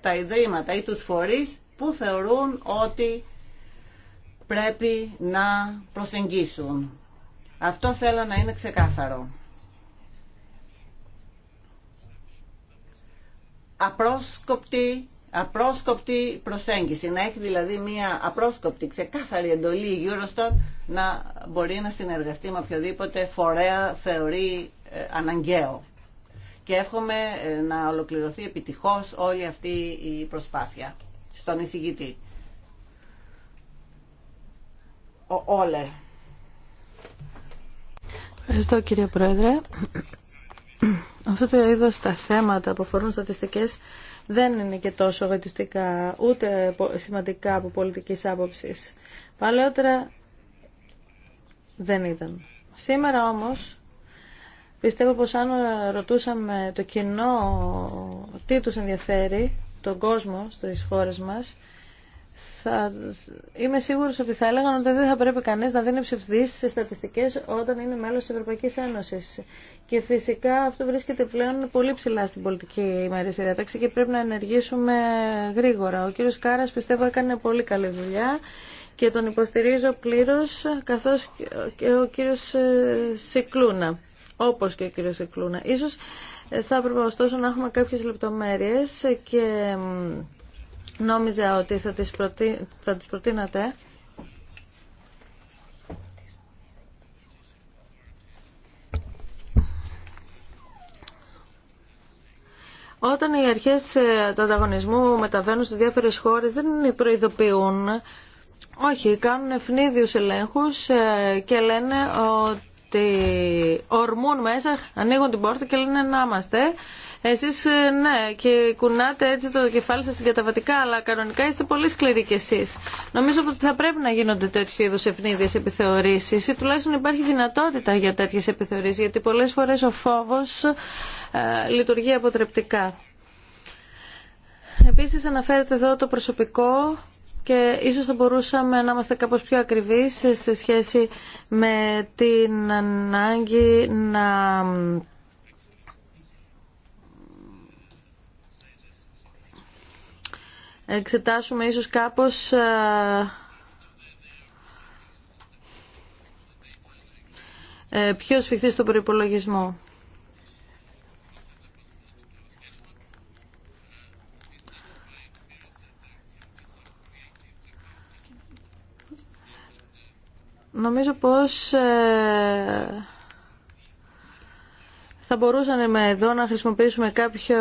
τα ιδρύματα ή τους φορείς που θεωρούν ότι πρέπει να προσεγγίσουν. Αυτό θέλω να είναι ξεκάθαρο. απρόσκοπτη, απρόσκοπτη προσέγγιση, να έχει δηλαδή μια απρόσκοπτη ξεκάθαρη εντολή η Eurostat να μπορεί να συνεργαστεί με οποιοδήποτε φορέα θεωρεί ε, αναγκαίο. Και εύχομαι ε, να ολοκληρωθεί επιτυχώς όλη αυτή η προσπάθεια στον εισηγητή. Ο Όλε. Ευχαριστώ κύριε Πρόεδρε αυτό το είδος τα θέματα που αφορούν στατιστικές δεν είναι και τόσο γοητευτικά ούτε σημαντικά από πολιτικής άποψης. Παλαιότερα δεν ήταν. Σήμερα όμως πιστεύω πως αν ρωτούσαμε το κοινό τι τους ενδιαφέρει, τον κόσμο στις χώρες μας, θα... είμαι σίγουρος ότι θα έλεγαν ότι δεν θα πρέπει κανεί να δίνει ψευδείς σε στατιστικές όταν είναι μέλο τη Ευρωπαϊκή Ένωση. Και φυσικά αυτό βρίσκεται πλέον πολύ ψηλά στην πολιτική ημερήσια διάταξη και πρέπει να ενεργήσουμε γρήγορα. Ο κύριος Κάρας πιστεύω έκανε πολύ καλή δουλειά και τον υποστηρίζω πλήρω καθώ και ο κύριο ε, Σικλούνα, όπως και ο κύριος Σικλούνα. Ίσως ε, θα έπρεπε ωστόσο να έχουμε κάποιες λεπτομέρειες και Νόμιζα ότι θα τις, προτείνατε. Όταν οι αρχές ε, του ανταγωνισμού μεταβαίνουν στις διάφορες χώρες δεν προειδοποιούν. Όχι, κάνουν ευνίδιους ελέγχους ε, και λένε ότι ορμούν μέσα, ανοίγουν την πόρτα και λένε να είμαστε. Εσεί ε, ναι και κουνάτε έτσι το κεφάλι σας συγκαταβατικά αλλά κανονικά είστε πολύ σκληροί κι εσείς. Νομίζω ότι θα πρέπει να γίνονται τέτοιου είδου ευνίδιε επιθεωρήσεις ή τουλάχιστον υπάρχει δυνατότητα για τέτοιες επιθεωρήσεις γιατί πολλές φορές ο φόβος ε, λειτουργεί αποτρεπτικά. Επίσης αναφέρεται εδώ το προσωπικό και ίσως θα μπορούσαμε να είμαστε κάπως πιο ακριβείς σε σχέση με την ανάγκη να εξετάσουμε ίσως κάπως ε, πιο σφιχτή στον προϋπολογισμό. Νομίζω πως ε, θα μπορούσαμε εδώ να χρησιμοποιήσουμε κάποιο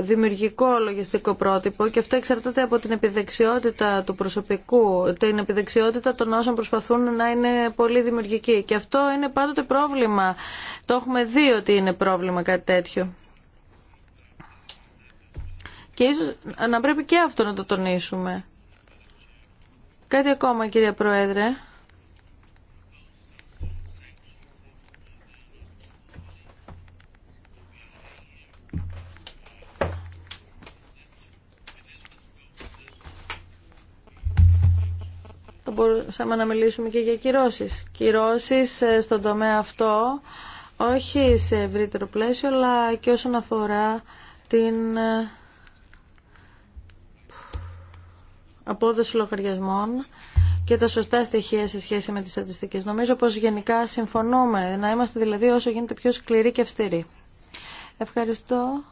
δημιουργικό λογιστικό πρότυπο και αυτό εξαρτάται από την επιδεξιότητα του προσωπικού, την επιδεξιότητα των όσων προσπαθούν να είναι πολύ δημιουργικοί. Και αυτό είναι πάντοτε πρόβλημα. Το έχουμε δει ότι είναι πρόβλημα κάτι τέτοιο. Και ίσως να πρέπει και αυτό να το τονίσουμε. Κάτι ακόμα κύριε Πρόεδρε. μπορούσαμε να μιλήσουμε και για κυρώσεις. Κυρώσεις ε, στον τομέα αυτό, όχι σε ευρύτερο πλαίσιο, αλλά και όσον αφορά την ε, απόδοση λογαριασμών και τα σωστά στοιχεία σε σχέση με τις στατιστικές. Νομίζω πως γενικά συμφωνούμε, να είμαστε δηλαδή όσο γίνεται πιο σκληροί και αυστηροί. Ευχαριστώ.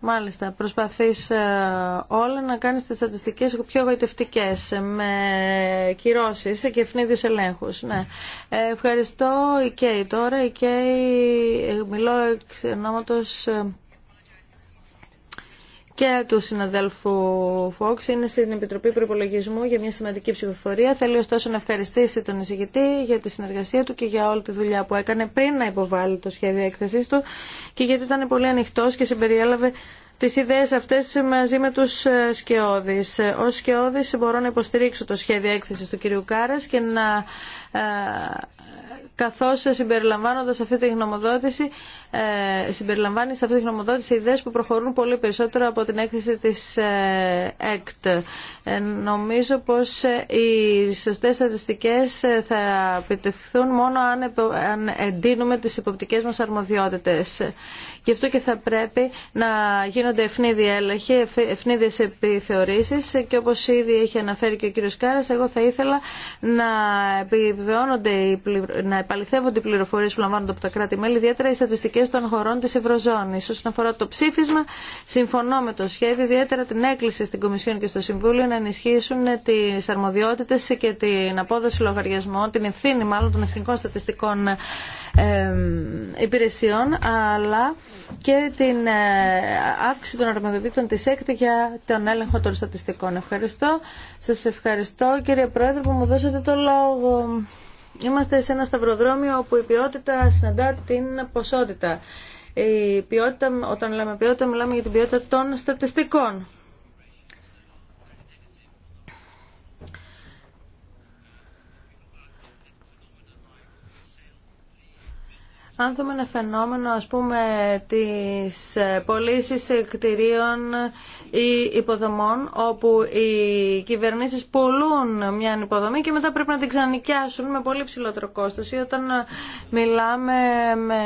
Μάλιστα, προσπαθείς ε, όλα να κάνεις τις στατιστικές πιο γοητευτικές με κυρώσεις και ευνίδιους ελέγχους. Ναι. Ε, ευχαριστώ η Κέι τώρα. Η Κέι ε, μιλώ εξ ονόματος και του συναδέλφου Φόξ. Είναι στην Επιτροπή Προπολογισμού για μια σημαντική ψηφοφορία. Θέλω ωστόσο να ευχαριστήσει τον εισηγητή για τη συνεργασία του και για όλη τη δουλειά που έκανε πριν να υποβάλει το σχέδιο έκθεσή του και γιατί ήταν πολύ ανοιχτό και συμπεριέλαβε τις ιδέες αυτές μαζί με τους ε, σκεώδεις. Ως μπορώ να υποστηρίξω το σχέδιο έκθεσης του κυρίου Κάρας και να ε, καθώς συμπεριλαμβάνοντας αυτή τη γνωμοδότηση, ε, συμπεριλαμβάνει σε αυτή τη γνωμοδότηση ιδέες που προχωρούν πολύ περισσότερο από την έκθεση της ε, ΕΚΤ. Ε, νομίζω πως οι σωστές στατιστικές θα επιτευχθούν μόνο αν, αν εντείνουμε τις υποπτικές μας αρμοδιότητες. Γι' αυτό και θα πρέπει να γίνονται ευνίδιοι έλεγχοι, ευνίδιε επιθεωρήσεις και όπω ήδη έχει αναφέρει και ο κύριος Κάρας, εγώ θα ήθελα να, επιβεβαιώνονται, να επαληθεύονται οι πληροφορίε που λαμβάνονται από τα κράτη-μέλη, ιδιαίτερα οι στατιστικέ των χωρών τη ευρωζώνη. Όσον αφορά το ψήφισμα, συμφωνώ με το σχέδιο, ιδιαίτερα την έκκληση στην Κομισιόν και στο Συμβούλιο να ενισχύσουν τι αρμοδιότητε και την απόδοση λογαριασμών, την ευθύνη μάλλον των εθνικών στατιστικών υπηρεσιών, αλλά και την ε, αύξηση των αρμοδιοτήτων της ΕΚΤ για τον έλεγχο των στατιστικών. Ευχαριστώ. Σας ευχαριστώ κύριε Πρόεδρε που μου δώσατε το λόγο. Είμαστε σε ένα σταυροδρόμιο όπου η ποιότητα συναντά την ποσότητα. Η ποιότητα, όταν λέμε ποιότητα, μιλάμε για την ποιότητα των στατιστικών. αν δούμε ένα φαινόμενο ας πούμε της ε, πωλήσει κτηρίων ή υποδομών όπου οι κυβερνήσεις πουλούν μια υποδομή και μετά πρέπει να την ξανικιάσουν με πολύ ψηλότερο κόστος ή όταν ε, μιλάμε με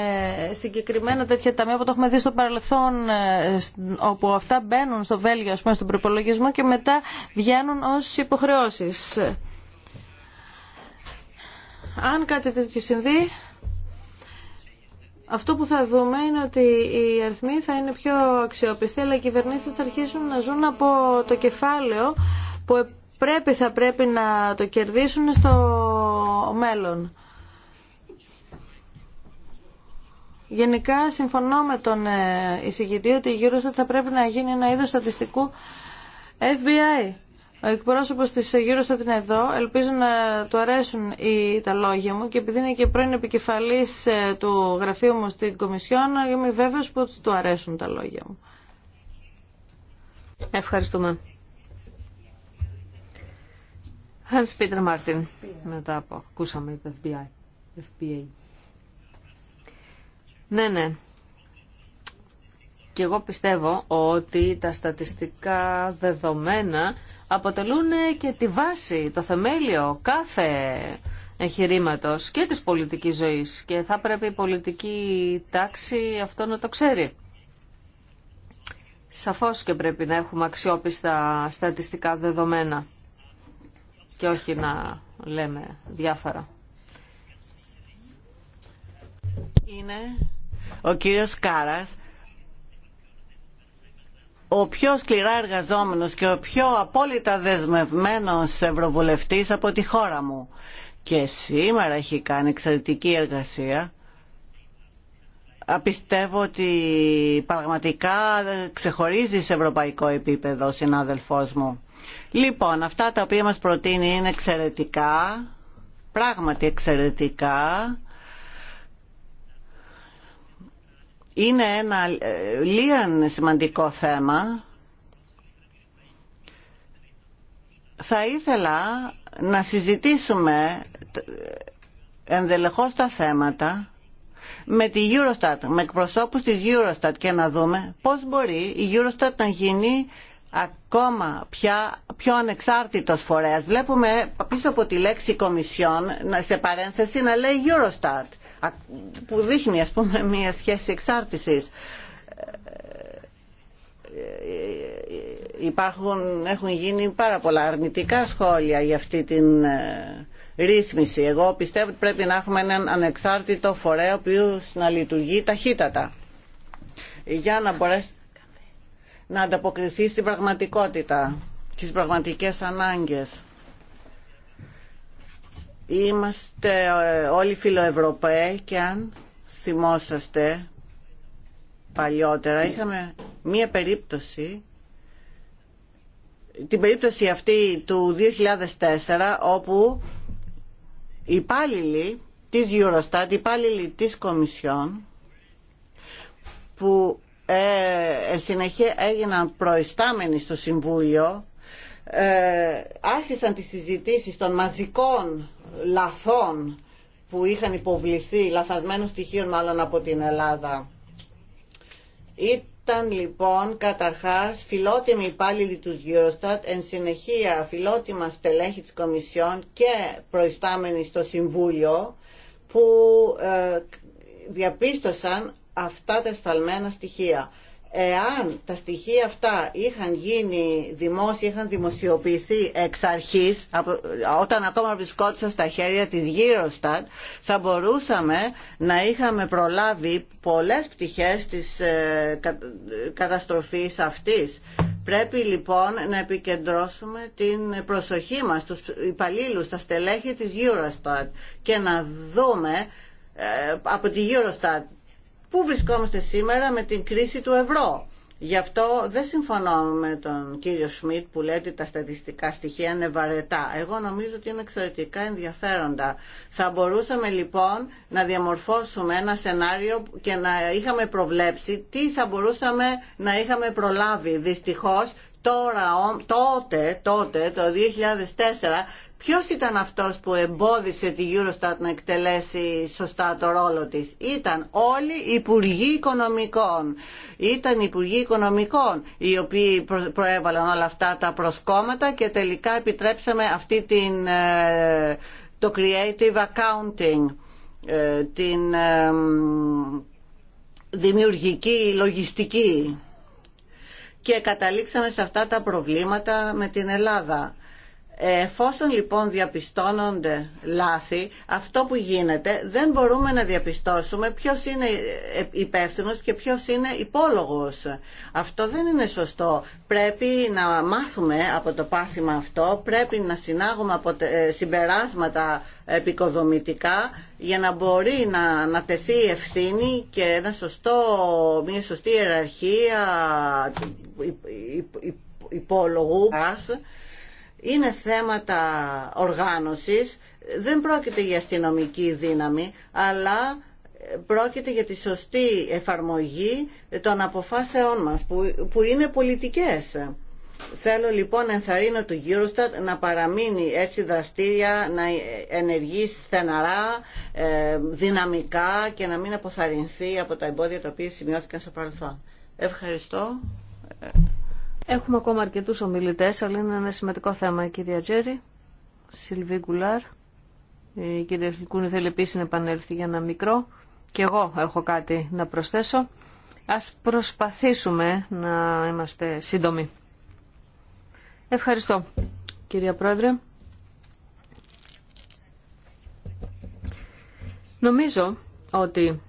συγκεκριμένα τέτοια ταμεία που το έχουμε δει στο παρελθόν ε, όπου αυτά μπαίνουν στο Βέλγιο ας πούμε στον προπολογισμό και μετά βγαίνουν ως υποχρεώσεις. Αν κάτι τέτοιο συμβεί, αυτό που θα δούμε είναι ότι οι αριθμοί θα είναι πιο αξιόπιστοι, αλλά οι κυβερνήσει θα αρχίσουν να ζουν από το κεφάλαιο που πρέπει, θα πρέπει να το κερδίσουν στο μέλλον. Γενικά συμφωνώ με τον ε, εισηγητή ότι η Eurostat θα πρέπει να γίνει ένα είδος στατιστικού FBI ο εκπρόσωπο της γύρω την εδώ. Ελπίζω να του αρέσουν οι, τα λόγια μου και επειδή είναι και πρώην επικεφαλής ε, του γραφείου μου στην Κομισιόν, είμαι βέβαιος που του αρέσουν τα λόγια μου. Ευχαριστούμε. Hans Peter Martin, μετά από ακούσαμε το FBI. FBA. Ναι, ναι, και εγώ πιστεύω ότι τα στατιστικά δεδομένα αποτελούν ε, και τη βάση, το θεμέλιο κάθε εγχειρήματο και της πολιτικής ζωής και θα πρέπει η πολιτική τάξη αυτό να το ξέρει. Σαφώς και πρέπει να έχουμε αξιόπιστα στατιστικά δεδομένα και όχι να λέμε διάφορα. Είναι ο κύριος Κάρας ο πιο σκληρά εργαζόμενος και ο πιο απόλυτα δεσμευμένος ευρωβουλευτής από τη χώρα μου. Και σήμερα έχει κάνει εξαιρετική εργασία. Απιστεύω ότι πραγματικά ξεχωρίζει σε ευρωπαϊκό επίπεδο ο συνάδελφός μου. Λοιπόν, αυτά τα οποία μας προτείνει είναι εξαιρετικά, πράγματι εξαιρετικά είναι ένα ε, λίγαν σημαντικό θέμα. Θα ήθελα να συζητήσουμε ε, ενδελεχώς τα θέματα με τη Eurostat, με εκπροσώπους της Eurostat και να δούμε πώς μπορεί η Eurostat να γίνει ακόμα πια πιο ανεξάρτητος φορέας. Βλέπουμε πίσω από τη λέξη Κομισιόν σε παρένθεση να λέει Eurostat που δείχνει ας πούμε μια σχέση εξάρτησης υπάρχουν, έχουν γίνει πάρα πολλά αρνητικά σχόλια για αυτή την ε, ρύθμιση. Εγώ πιστεύω ότι πρέπει να έχουμε έναν ανεξάρτητο φορέα ο οποίος να λειτουργεί ταχύτατα για να μπορέσει να ανταποκριθεί στην πραγματικότητα, στις πραγματικές ανάγκες. Είμαστε ε, όλοι φιλοευρωπαίοι και αν θυμόσαστε παλιότερα είχαμε μία περίπτωση την περίπτωση αυτή του 2004 όπου οι υπάλληλοι της Eurostat, οι υπάλληλοι της Κομισιόν που ε, συνεχεία έγιναν προϊστάμενοι στο Συμβούλιο ε, άρχισαν τις συζητήσεις των μαζικών λαθών που είχαν υποβληθεί, λαθασμένων στοιχείων μάλλον από την Ελλάδα. Ήταν λοιπόν καταρχάς φιλότιμη υπάλληλοι του Eurostat, εν συνεχεία φιλότιμα στελέχη της Κομισιόν και προϊστάμενοι στο Συμβούλιο που ε, διαπίστωσαν αυτά τα σφαλμένα στοιχεία εάν τα στοιχεία αυτά είχαν γίνει δημόσια, είχαν δημοσιοποιηθεί εξ αρχής, όταν ακόμα βρισκόντουσαν στα χέρια της Eurostat, θα μπορούσαμε να είχαμε προλάβει πολλές πτυχές της ε, καταστροφής αυτής. Πρέπει λοιπόν να επικεντρώσουμε την προσοχή μας στους υπαλλήλους, στα στελέχη της Eurostat και να δούμε ε, από τη Eurostat Πού βρισκόμαστε σήμερα με την κρίση του ευρώ. Γι' αυτό δεν συμφωνώ με τον κύριο Σμιτ που λέει ότι τα στατιστικά στοιχεία είναι βαρετά. Εγώ νομίζω ότι είναι εξαιρετικά ενδιαφέροντα. Θα μπορούσαμε λοιπόν να διαμορφώσουμε ένα σενάριο και να είχαμε προβλέψει τι θα μπορούσαμε να είχαμε προλάβει. Δυστυχώς τώρα, τότε, τότε, το 2004, Ποιος ήταν αυτός που εμπόδισε τη Eurostat να εκτελέσει σωστά το ρόλο της. Ήταν όλοι οι Υπουργοί Οικονομικών. Ήταν οι Υπουργοί Οικονομικών οι οποίοι προέβαλαν όλα αυτά τα προσκόμματα και τελικά επιτρέψαμε αυτή την, ε, το Creative Accounting, ε, την ε, δημιουργική λογιστική και καταλήξαμε σε αυτά τα προβλήματα με την Ελλάδα. Εφόσον λοιπόν διαπιστώνονται λάθη, αυτό που γίνεται δεν μπορούμε να διαπιστώσουμε ποιος είναι υπεύθυνος και ποιος είναι υπόλογος. Αυτό δεν είναι σωστό. Πρέπει να μάθουμε από το πάθημα αυτό, πρέπει να συνάγουμε από ε, συμπεράσματα επικοδομητικά για να μπορεί να, να τεθεί ευθύνη και ένα σωστό, μια σωστή ιεραρχία υπόλογου είναι θέματα οργάνωσης, δεν πρόκειται για αστυνομική δύναμη, αλλά πρόκειται για τη σωστή εφαρμογή των αποφάσεών μας, που, είναι πολιτικές. Θέλω λοιπόν ενθαρρύνω του Eurostat να παραμείνει έτσι δραστήρια, να ενεργεί στεναρά, ε, δυναμικά και να μην αποθαρρυνθεί από τα εμπόδια τα οποία σημειώθηκαν στο παρελθόν. Ευχαριστώ. Ε, Έχουμε ακόμα αρκετούς ομιλητές, αλλά είναι ένα σημαντικό θέμα. Η κυρία Τζέρι, Σιλβί Γκουλάρ, η κυρία Σιλκούνη θέλει επίσης να επανέλθει για ένα μικρό. Και εγώ έχω κάτι να προσθέσω. Ας προσπαθήσουμε να είμαστε σύντομοι. Ευχαριστώ, κυρία Πρόεδρε. Νομίζω ότι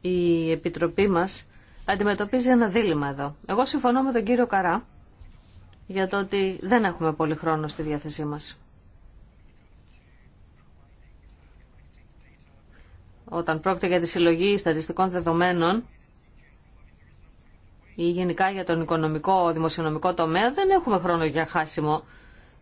η Επιτροπή μας αντιμετωπίζει ένα δίλημα εδώ. Εγώ συμφωνώ με τον κύριο Καρά για το ότι δεν έχουμε πολύ χρόνο στη διάθεσή μας. Όταν πρόκειται για τη συλλογή στατιστικών δεδομένων ή γενικά για τον οικονομικό, δημοσιονομικό τομέα, δεν έχουμε χρόνο για χάσιμο.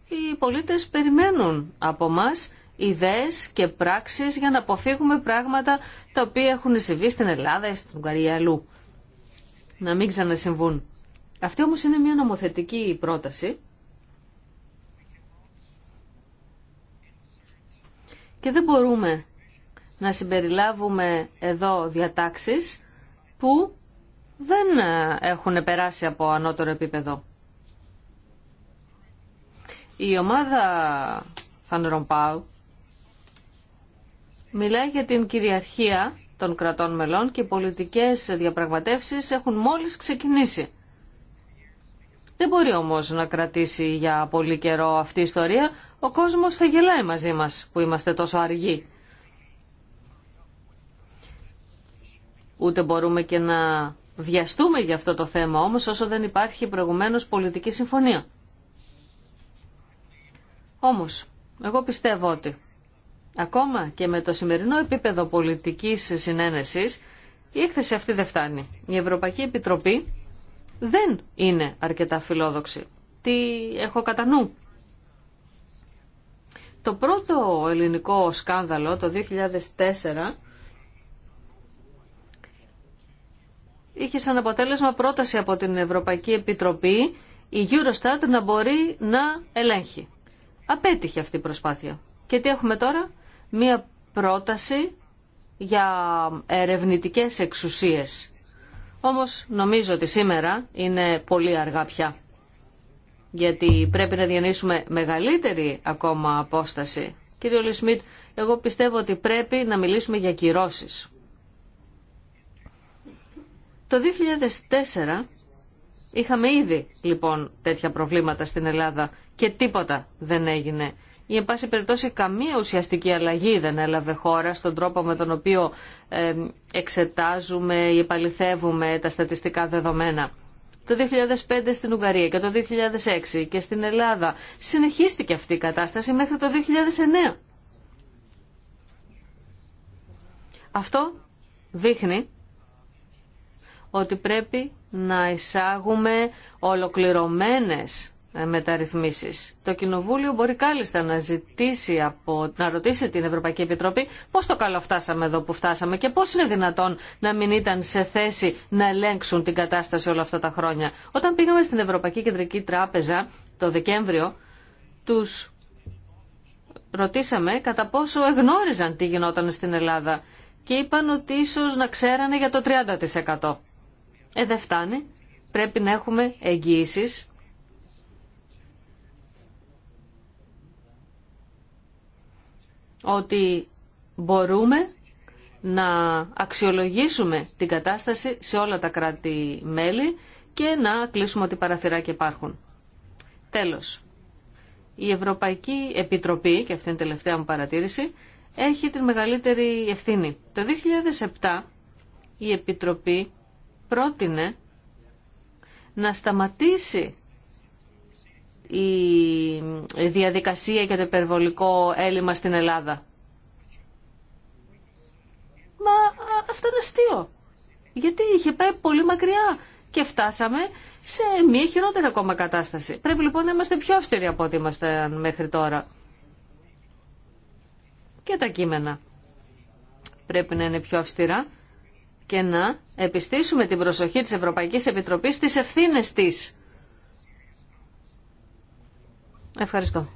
Οι πολίτες περιμένουν από μας ιδέες και πράξεις για να αποφύγουμε πράγματα τα οποία έχουν συμβεί στην Ελλάδα ή στην Ουγγαρία αλλού να μην ξανασυμβούν. Αυτή όμως είναι μια νομοθετική πρόταση και δεν μπορούμε να συμπεριλάβουμε εδώ διατάξεις που δεν έχουν περάσει από ανώτερο επίπεδο. Η ομάδα Φαν μιλάει για την κυριαρχία των κρατών μελών και οι πολιτικές διαπραγματεύσεις έχουν μόλις ξεκινήσει. Δεν μπορεί όμως να κρατήσει για πολύ καιρό αυτή η ιστορία. Ο κόσμος θα γελάει μαζί μας που είμαστε τόσο αργοί. Ούτε μπορούμε και να βιαστούμε για αυτό το θέμα όμως όσο δεν υπάρχει προηγουμένως πολιτική συμφωνία. Όμως, εγώ πιστεύω ότι Ακόμα και με το σημερινό επίπεδο πολιτικής συνένεσης, η έκθεση αυτή δεν φτάνει. Η Ευρωπαϊκή Επιτροπή δεν είναι αρκετά φιλόδοξη. Τι έχω κατά νου. Το πρώτο ελληνικό σκάνδαλο το 2004 είχε σαν αποτέλεσμα πρόταση από την Ευρωπαϊκή Επιτροπή η Eurostat να μπορεί να ελέγχει. Απέτυχε αυτή η προσπάθεια. Και τι έχουμε τώρα, μία πρόταση για ερευνητικές εξουσίες. Όμως νομίζω ότι σήμερα είναι πολύ αργά πια. Γιατί πρέπει να διανύσουμε μεγαλύτερη ακόμα απόσταση. Κύριε Λισμίτ, εγώ πιστεύω ότι πρέπει να μιλήσουμε για κυρώσεις. Το 2004 είχαμε ήδη λοιπόν τέτοια προβλήματα στην Ελλάδα και τίποτα δεν έγινε ή εν πάση περιπτώσει καμία ουσιαστική αλλαγή δεν έλαβε χώρα στον τρόπο με τον οποίο ε, εξετάζουμε ή επαληθεύουμε τα στατιστικά δεδομένα. Το 2005 στην Ουγγαρία και το 2006 και στην Ελλάδα συνεχίστηκε αυτή η κατάσταση μέχρι το 2009. Αυτό δείχνει ότι πρέπει να εισάγουμε ολοκληρωμένες ε, μεταρρυθμίσεις. Το Κοινοβούλιο μπορεί κάλλιστα να ζητήσει από, να ρωτήσει την Ευρωπαϊκή Επιτροπή πώς το καλό φτάσαμε εδώ που φτάσαμε και πώς είναι δυνατόν να μην ήταν σε θέση να ελέγξουν την κατάσταση όλα αυτά τα χρόνια. Όταν πήγαμε στην Ευρωπαϊκή Κεντρική Τράπεζα το Δεκέμβριο, τους ρωτήσαμε κατά πόσο εγνώριζαν τι γινόταν στην Ελλάδα και είπαν ότι ίσως να ξέρανε για το 30%. Ε, δεν φτάνει. Πρέπει να έχουμε εγγύησεις ότι μπορούμε να αξιολογήσουμε την κατάσταση σε όλα τα κράτη-μέλη και να κλείσουμε ότι παραθυράκια υπάρχουν. Τέλος, η Ευρωπαϊκή Επιτροπή, και αυτή είναι η τελευταία μου παρατήρηση, έχει την μεγαλύτερη ευθύνη. Το 2007 η Επιτροπή πρότεινε να σταματήσει η διαδικασία για το υπερβολικό έλλειμμα στην Ελλάδα. Μα αυτό είναι αστείο. Γιατί είχε πάει πολύ μακριά και φτάσαμε σε μια χειρότερη ακόμα κατάσταση. Πρέπει λοιπόν να είμαστε πιο αυστηροί από ό,τι είμαστε μέχρι τώρα. Και τα κείμενα πρέπει να είναι πιο αυστηρά και να επιστήσουμε την προσοχή της Ευρωπαϊκής Επιτροπής στις ευθύνες της Ευχαριστώ.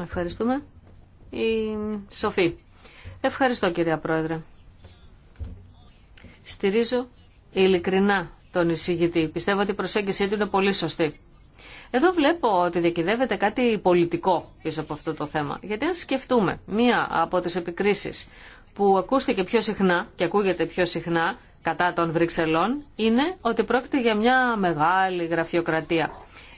Ευχαριστούμε. Η Σοφή. Ευχαριστώ κυρία Πρόεδρε. Στηρίζω ειλικρινά τον εισηγητή. Πιστεύω ότι η προσέγγιση του είναι πολύ σωστή. Εδώ βλέπω ότι διακυδεύεται κάτι πολιτικό πίσω από αυτό το θέμα. Γιατί αν σκεφτούμε μία από τις επικρίσεις που ακούστηκε πιο συχνά και ακούγεται πιο συχνά κατά των Βρυξελών είναι ότι πρόκειται για μια μεγάλη γραφειοκρατία.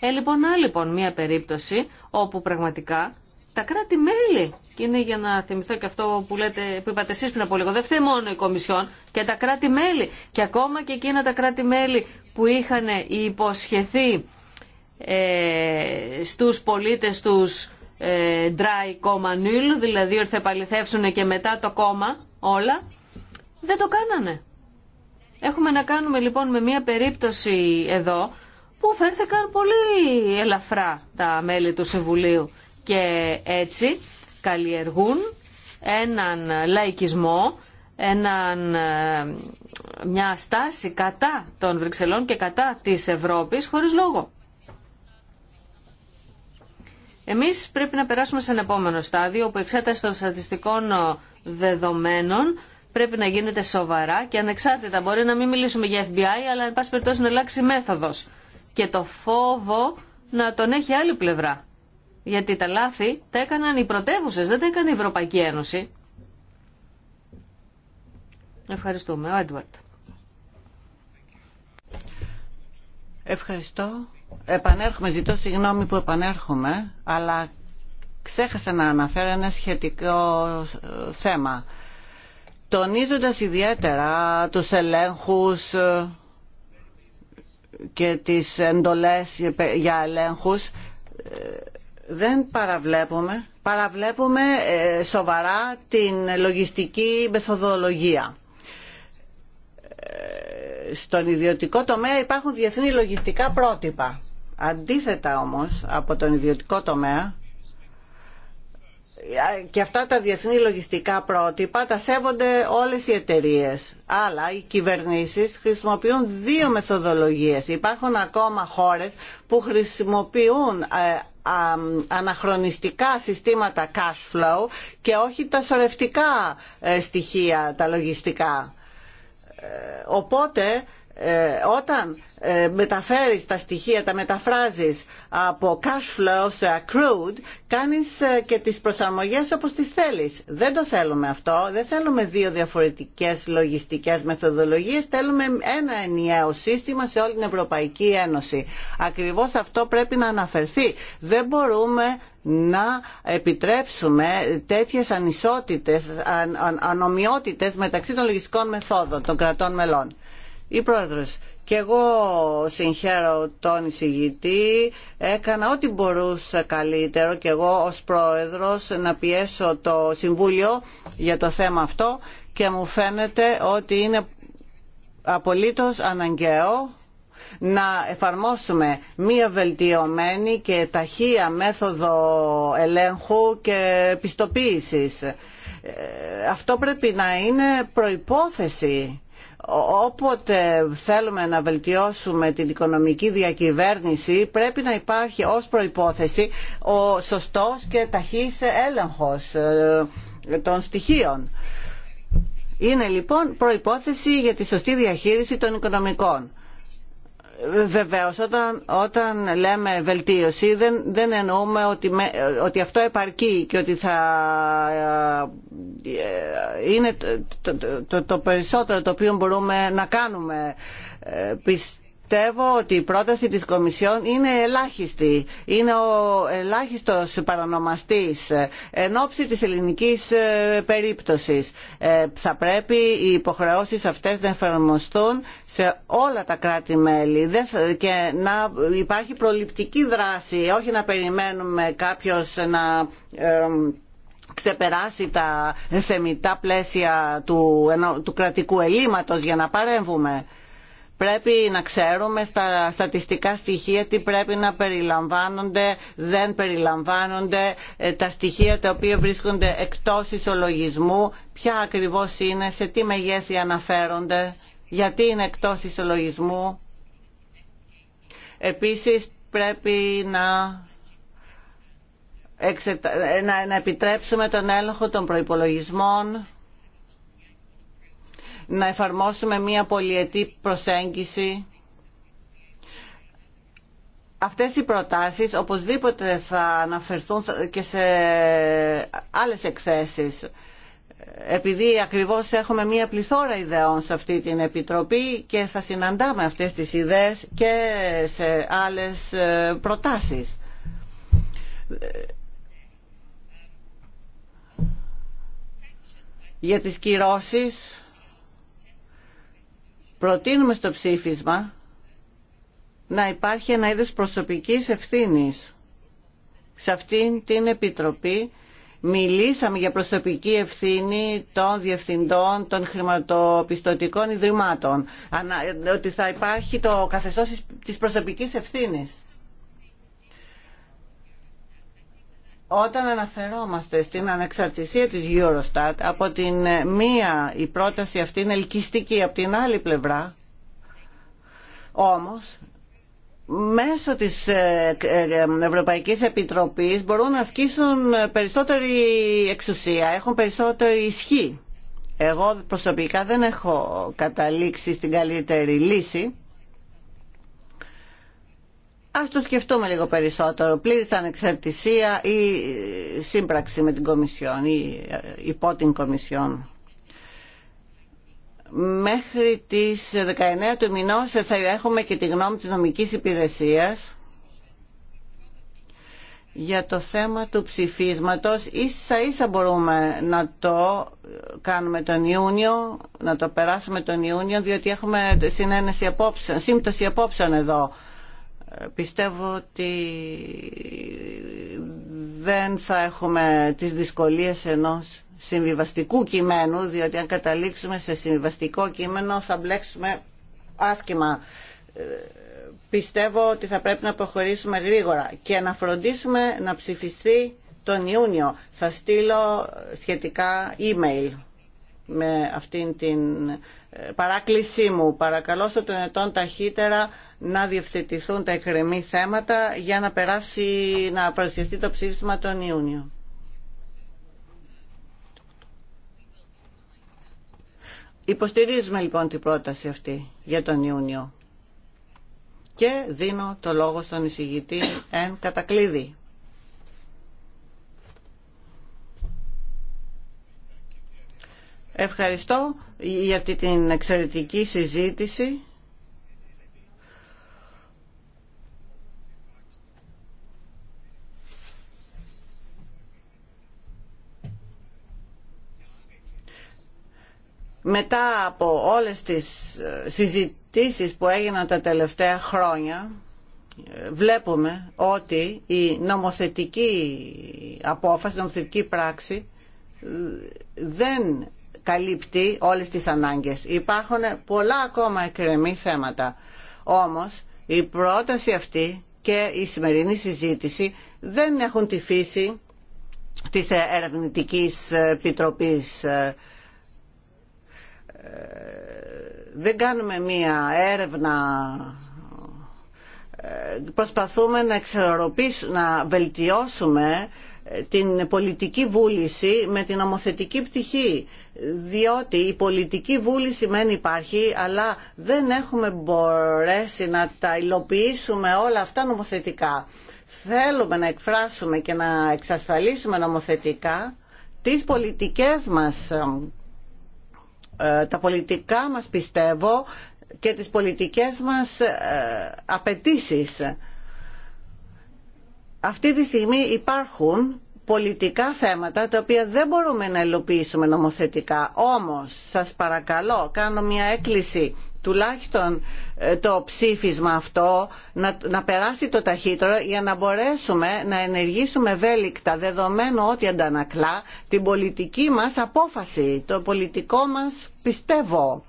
Ε, λοιπόν, λοιπόν, μια περίπτωση όπου πραγματικά τα κράτη-μέλη, και είναι για να θυμηθώ και αυτό που, λέτε, που είπατε εσείς πριν από λίγο, δεν φταίει μόνο η Κομισιόν και τα κράτη-μέλη και ακόμα και εκείνα τα κράτη-μέλη που είχαν υποσχεθεί ε, στους πολίτες τους ε, dry comma δηλαδή ότι θα επαληθεύσουν και μετά το κόμμα όλα, δεν το κάνανε. Έχουμε να κάνουμε λοιπόν με μια περίπτωση εδώ που φέρθηκαν πολύ ελαφρά τα μέλη του Συμβουλίου και έτσι καλλιεργούν έναν λαϊκισμό, έναν, ε, μια στάση κατά των Βρυξελών και κατά της Ευρώπης χωρίς λόγο. Εμείς πρέπει να περάσουμε σε ένα επόμενο στάδιο όπου η εξέταση των στατιστικών δεδομένων πρέπει να γίνεται σοβαρά και ανεξάρτητα. Μπορεί να μην μιλήσουμε για FBI, αλλά εν πάση περιπτώσει να αλλάξει μέθοδος και το φόβο να τον έχει άλλη πλευρά. Γιατί τα λάθη τα έκαναν οι πρωτεύουσες, δεν τα έκανε η Ευρωπαϊκή Ένωση. Ευχαριστούμε. Ο Έντουαρτ. Ευχαριστώ. Επανέρχομαι, ζητώ συγγνώμη που επανέρχομαι, αλλά ξέχασα να αναφέρω ένα σχετικό θέμα. Τονίζοντας ιδιαίτερα τους ελέγχους και τις εντολές για ελέγχους δεν παραβλέπουμε, παραβλέπουμε ε, σοβαρά την λογιστική μεθοδολογία. Ε, στον ιδιωτικό τομέα υπάρχουν διεθνή λογιστικά πρότυπα. Αντίθετα όμως από τον ιδιωτικό τομέα και αυτά τα διεθνή λογιστικά πρότυπα τα σέβονται όλες οι εταιρείες. Αλλά οι κυβερνήσεις χρησιμοποιούν δύο μεθοδολογίες. Υπάρχουν ακόμα χώρες που χρησιμοποιούν ε, αναχρονιστικά συστήματα cash flow και όχι τα σωρευτικά ε, στοιχεία, τα λογιστικά. Ε, οπότε ε, όταν ε, μεταφέρεις τα στοιχεία, τα μεταφράζεις από cash flow σε accrued, κάνεις ε, και τις προσαρμογές όπως τις θέλεις. Δεν το θέλουμε αυτό, δεν θέλουμε δύο διαφορετικές λογιστικές μεθοδολογίες, θέλουμε ένα ενιαίο σύστημα σε όλη την Ευρωπαϊκή Ένωση. Ακριβώς αυτό πρέπει να αναφερθεί. Δεν μπορούμε να επιτρέψουμε τέτοιες ανισότητες, αν, ανομοιότητες μεταξύ των λογιστικών μεθόδων των κρατών μελών η Πρόεδρος. Και εγώ συγχαίρω τον εισηγητή, έκανα ό,τι μπορούσα καλύτερο και εγώ ως πρόεδρος να πιέσω το Συμβούλιο για το θέμα αυτό και μου φαίνεται ότι είναι απολύτως αναγκαίο να εφαρμόσουμε μία βελτιωμένη και ταχεία μέθοδο ελέγχου και πιστοποίησης. Ε, αυτό πρέπει να είναι προϋπόθεση όποτε θέλουμε να βελτιώσουμε την οικονομική διακυβέρνηση πρέπει να υπάρχει ως προϋπόθεση ο σωστός και ταχύς έλεγχος ε, των στοιχείων. Είναι λοιπόν προϋπόθεση για τη σωστή διαχείριση των οικονομικών. Βεβαίω, όταν, όταν λέμε βελτίωση δεν, δεν εννοούμε ότι, ότι αυτό επαρκεί και ότι θα ε, είναι το, το, το, το περισσότερο το οποίο μπορούμε να κάνουμε. Ε, πιστεύω ότι η πρόταση της Κομισιόν είναι ελάχιστη. Είναι ο ελάχιστος παρανομαστής εν ώψη της ελληνικής ε, περίπτωσης. Ε, θα πρέπει οι υποχρεώσεις αυτές να εφαρμοστούν σε όλα τα κράτη-μέλη και να υπάρχει προληπτική δράση, όχι να περιμένουμε κάποιος να ξεπεράσει τα σεμιτά πλαίσια του, του κρατικού ελλείμματος για να παρέμβουμε πρέπει να ξέρουμε στα στατιστικά στοιχεία τι πρέπει να περιλαμβάνονται, δεν περιλαμβάνονται, ε, τα στοιχεία τα οποία βρίσκονται εκτός ισολογισμού, ποια ακριβώς είναι, σε τι μεγέθη αναφέρονται, γιατί είναι εκτός ισολογισμού. Επίσης πρέπει να ε, να επιτρέψουμε τον έλεγχο των προϋπολογισμών να εφαρμόσουμε μία πολυετή προσέγγιση. Αυτές οι προτάσεις οπωσδήποτε θα αναφερθούν και σε άλλες εκθέσεις. Επειδή ακριβώς έχουμε μία πληθώρα ιδεών σε αυτή την Επιτροπή και θα συναντάμε αυτές τις ιδέες και σε άλλες ε, προτάσεις. Για τις κυρώσεις προτείνουμε στο ψήφισμα να υπάρχει ένα είδος προσωπικής ευθύνης. Σε αυτήν την Επιτροπή μιλήσαμε για προσωπική ευθύνη των διευθυντών των χρηματοπιστωτικών ιδρυμάτων. Ότι θα υπάρχει το καθεστώς της προσωπικής ευθύνης. όταν αναφερόμαστε στην ανεξαρτησία της Eurostat, από την ε, μία η πρόταση αυτή είναι ελκυστική, από την άλλη πλευρά, όμως, μέσω της ε, ε, Ευρωπαϊκής Επιτροπής μπορούν να ασκήσουν περισσότερη εξουσία, έχουν περισσότερη ισχύ. Εγώ προσωπικά δεν έχω καταλήξει στην καλύτερη λύση Ας το σκεφτούμε λίγο περισσότερο. Πλήρης ανεξαρτησία ή σύμπραξη με την Κομισιόν ή ε, υπό την Κομισιόν. Μέχρι τις 19 του μηνός θα έχουμε και τη γνώμη της νομικής υπηρεσίας για το θέμα του ψηφίσματος ίσα ίσα μπορούμε να το κάνουμε τον Ιούνιο να το περάσουμε τον Ιούνιο διότι έχουμε συνένεση απόψε, σύμπτωση απόψεων εδώ πιστεύω ότι δεν θα έχουμε τις δυσκολίες ενός συμβιβαστικού κειμένου, διότι αν καταλήξουμε σε συμβιβαστικό κείμενο θα μπλέξουμε άσχημα. Ε, πιστεύω ότι θα πρέπει να προχωρήσουμε γρήγορα και να φροντίσουμε να ψηφιστεί τον Ιούνιο. Θα στείλω σχετικά email με αυτήν την παράκλησή μου. Παρακαλώ στο ετών ταχύτερα να διευθετηθούν τα εκκρεμή θέματα για να περάσει, να παρουσιαστεί το ψήφισμα τον Ιούνιο. Υποστηρίζουμε λοιπόν την πρόταση αυτή για τον Ιούνιο και δίνω το λόγο στον εισηγητή εν κατακλείδη. Ευχαριστώ για την εξαιρετική συζήτηση. Μετά από όλες τις ε, συζητήσεις που έγιναν τα τελευταία χρόνια, ε, βλέπουμε ότι η νομοθετική απόφαση, η νομοθετική πράξη δεν καλύπτει όλες τις ανάγκες. Υπάρχουν πολλά ακόμα εκκρεμή θέματα. Όμως η πρόταση αυτή και η σημερινή συζήτηση δεν έχουν τη φύση της ερευνητικής επιτροπής. Δεν κάνουμε μία έρευνα προσπαθούμε να, να βελτιώσουμε την πολιτική βούληση με την νομοθετική πτυχή διότι η πολιτική βούληση μεν υπάρχει αλλά δεν έχουμε μπορέσει να τα υλοποιήσουμε όλα αυτά νομοθετικά. Θέλουμε να εκφράσουμε και να εξασφαλίσουμε νομοθετικά τις πολιτικές μας, ε, τα πολιτικά μας πιστεύω και τις πολιτικές μας ε, απαιτήσεις αυτή τη στιγμή υπάρχουν πολιτικά θέματα τα οποία δεν μπορούμε να υλοποιήσουμε νομοθετικά. Όμως, σας παρακαλώ, κάνω μια έκκληση τουλάχιστον ε, το ψήφισμα αυτό να, περάσει το ταχύτερο για να μπορέσουμε να ενεργήσουμε ευέλικτα δεδομένου ότι αντανακλά την πολιτική μας απόφαση, το πολιτικό μας πιστεύω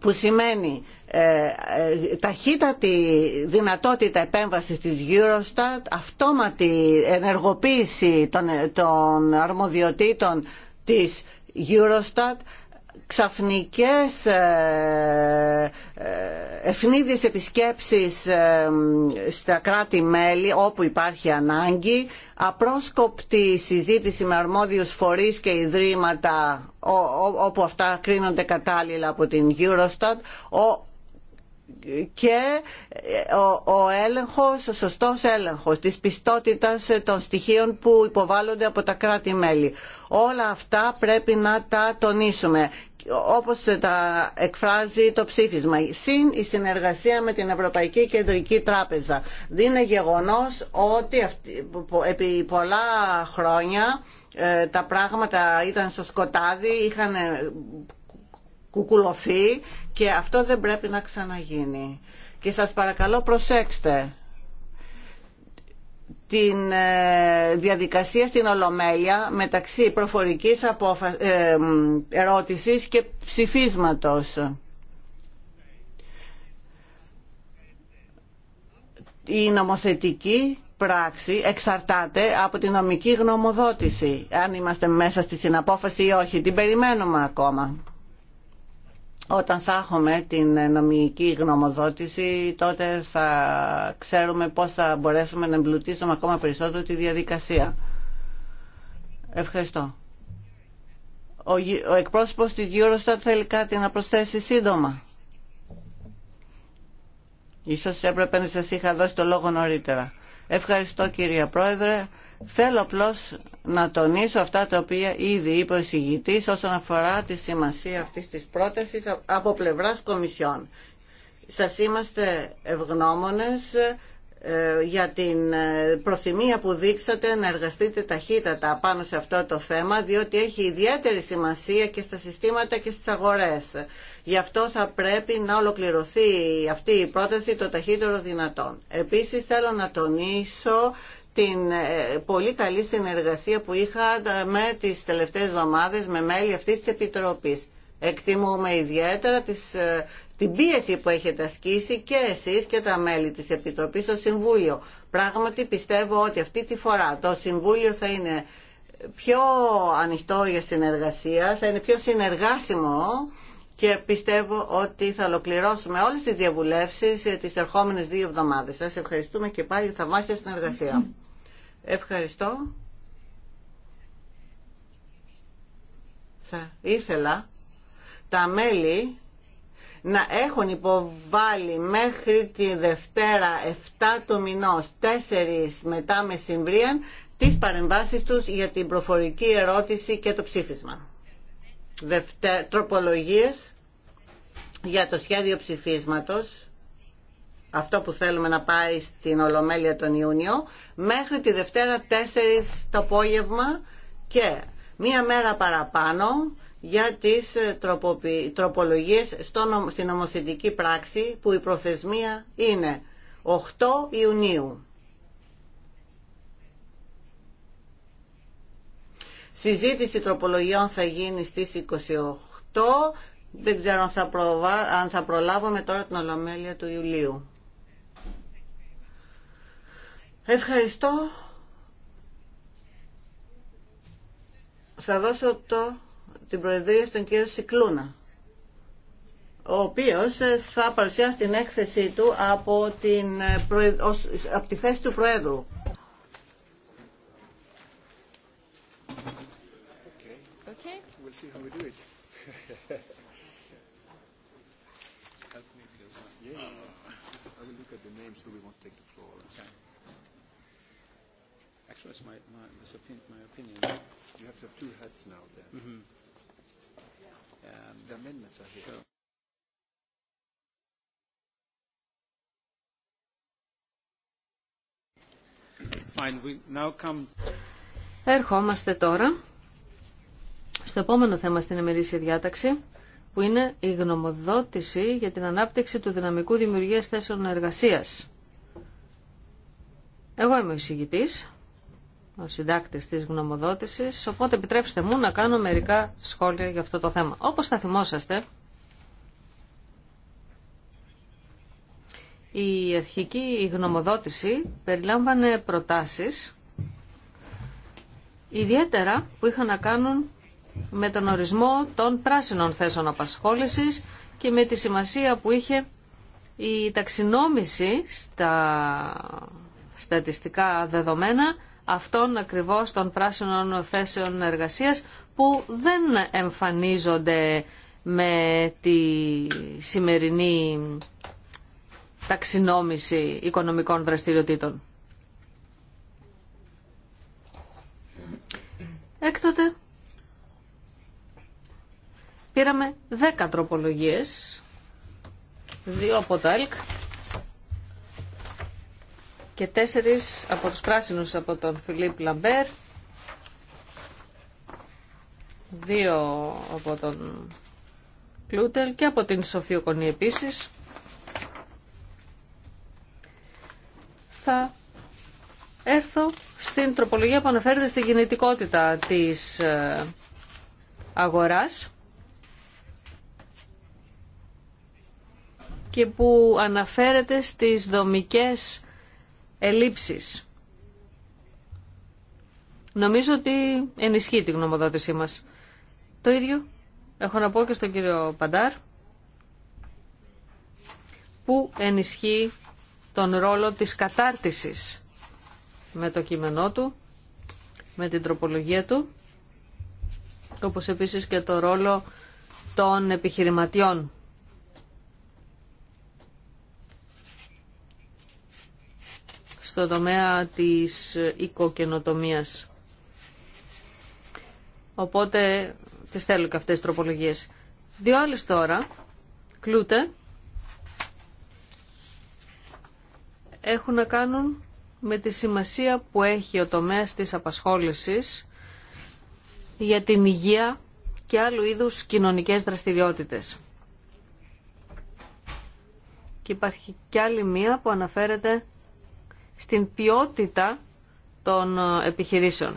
που σημαίνει ε, ε, ταχύτατη δυνατότητα επέμβασης της Eurostat, αυτόματη ενεργοποίηση των, ε, των αρμοδιοτήτων της Eurostat, ξαφνικές ε, ε, ευνίδιες επισκέψεις ε, στα κράτη-μέλη όπου υπάρχει ανάγκη, απρόσκοπτη συζήτηση με αρμόδιους φορείς και ιδρύματα όπου αυτά κρίνονται κατάλληλα από την Eurostat, και ε, ο, ο έλεγχος, ο σωστός έλεγχος της πιστότητας ε, των στοιχείων που υποβάλλονται από τα κράτη-μέλη. Όλα αυτά πρέπει να τα τονίσουμε όπως τα εκφράζει το ψήφισμα. Συν η συνεργασία με την Ευρωπαϊκή Κεντρική Τράπεζα. Δίνει γεγονός ότι επί πολλά χρόνια ε, τα πράγματα ήταν στο σκοτάδι, είχαν κουκουλωθεί και αυτό δεν πρέπει να ξαναγίνει. Και σας παρακαλώ προσέξτε την ε, διαδικασία στην Ολομέλεια μεταξύ προφορικής απόφα... Ε, ερώτησης και ψηφίσματος. Η νομοθετική πράξη εξαρτάται από τη νομική γνωμοδότηση. Αν είμαστε μέσα στη συναπόφαση ή όχι, την περιμένουμε ακόμα όταν θα έχουμε την νομική γνωμοδότηση τότε θα ξέρουμε πώς θα μπορέσουμε να εμπλουτίσουμε ακόμα περισσότερο τη διαδικασία. Ευχαριστώ. Ο, ο εκπρόσωπος της Eurostat θέλει κάτι να προσθέσει σύντομα. Ίσως έπρεπε να σας είχα δώσει το λόγο νωρίτερα. Ευχαριστώ κυρία Πρόεδρε. Θέλω απλώς να τονίσω αυτά τα οποία ήδη είπε ο εισηγητής όσον αφορά τη σημασία αυτής της πρότασης από πλευράς Κομισιόν. Σας είμαστε ευγνώμονες ε, για την ε, προθυμία που δείξατε να εργαστείτε ταχύτατα πάνω σε αυτό το θέμα διότι έχει ιδιαίτερη σημασία και στα συστήματα και στις αγορές. Γι' αυτό θα πρέπει να ολοκληρωθεί αυτή η πρόταση το ταχύτερο δυνατόν. Επίσης θέλω να τονίσω την ε, πολύ καλή συνεργασία που είχα με τις τελευταίες εβδομάδες με μέλη αυτής της Επιτροπής. Εκτιμούμε ιδιαίτερα τις, ε, την πίεση που έχετε ασκήσει και εσείς και τα μέλη της Επιτροπής στο Συμβούλιο. Πράγματι πιστεύω ότι αυτή τη φορά το Συμβούλιο θα είναι πιο ανοιχτό για συνεργασία, θα είναι πιο συνεργάσιμο και πιστεύω ότι θα ολοκληρώσουμε όλες τις διαβουλεύσεις ε, τις ερχόμενες δύο εβδομάδες. Σας ευχαριστούμε και πάλι θαυμάσια συνεργασία. Ευχαριστώ. Θα ήθελα τα μέλη να έχουν υποβάλει μέχρι τη Δευτέρα 7 του μηνός, 4 μετά μεσημβρία τις παρεμβάσεις τους για την προφορική ερώτηση και το ψήφισμα. Δευτε... για το σχέδιο ψηφίσματος αυτό που θέλουμε να πάει στην Ολομέλεια τον Ιούνιο μέχρι τη Δευτέρα 4 το απόγευμα και μία μέρα παραπάνω για τις ε, τροπολογίες στην νομοθετική πράξη που η προθεσμία είναι 8 Ιουνίου. Συζήτηση τροπολογιών θα γίνει στις 28. Δεν ξέρω αν θα, προλάβουμε τώρα την Ολομέλεια του Ιουλίου. Ευχαριστώ. Θα δώσω το, την Προεδρία στον κύριο Σικλούνα, ο οποίος ε, θα παρουσιάσει την έκθεσή του από, την, ε, τη θέση του Προέδρου. Okay. Okay. We'll see how Ερχόμαστε τώρα στο επόμενο θέμα στην ημερήσια διάταξη, που είναι η γνωμοδότηση για την ανάπτυξη του δυναμικού δημιουργίας θέσεων εργασίας. Εγώ είμαι ο εισηγητής, ο συντάκτης της γνωμοδότησης, οπότε επιτρέψτε μου να κάνω μερικά σχόλια για αυτό το θέμα. Όπως θα θυμόσαστε, Η αρχική γνωμοδότηση περιλάμβανε προτάσεις ιδιαίτερα που είχαν να κάνουν με τον ορισμό των πράσινων θέσεων απασχόλησης και με τη σημασία που είχε η ταξινόμηση στα στατιστικά δεδομένα αυτών ακριβώς των πράσινων θέσεων εργασίας που δεν εμφανίζονται με τη σημερινή ταξινόμηση οικονομικών δραστηριοτήτων. Έκτοτε πήραμε 10 τροπολογίες, δύο από το ΕΛΚ και τέσσερις από τους πράσινους από τον Φιλίπ Λαμπέρ, δύο από τον Κλούτελ και από την Σοφία Κονή επίσης. θα έρθω στην τροπολογία που αναφέρεται στη γεννητικότητα της ε, αγοράς και που αναφέρεται στις δομικές ελλείψεις. Νομίζω ότι ενισχύει την γνωμοδότησή μας. Το ίδιο έχω να πω και στον κύριο Παντάρ που ενισχύει τον ρόλο της κατάρτισης με το κείμενό του, με την τροπολογία του, όπως επίσης και το ρόλο των επιχειρηματιών. στο τομέα της οικοκαινοτομίας. Οπότε τις θέλω και αυτές τις τροπολογίες. Δύο άλλες τώρα, κλούτε, έχουν να κάνουν με τη σημασία που έχει ο τομέας της απασχόλησης για την υγεία και άλλου είδους κοινωνικές δραστηριότητες. Και υπάρχει κι άλλη μία που αναφέρεται στην ποιότητα των ε, επιχειρήσεων.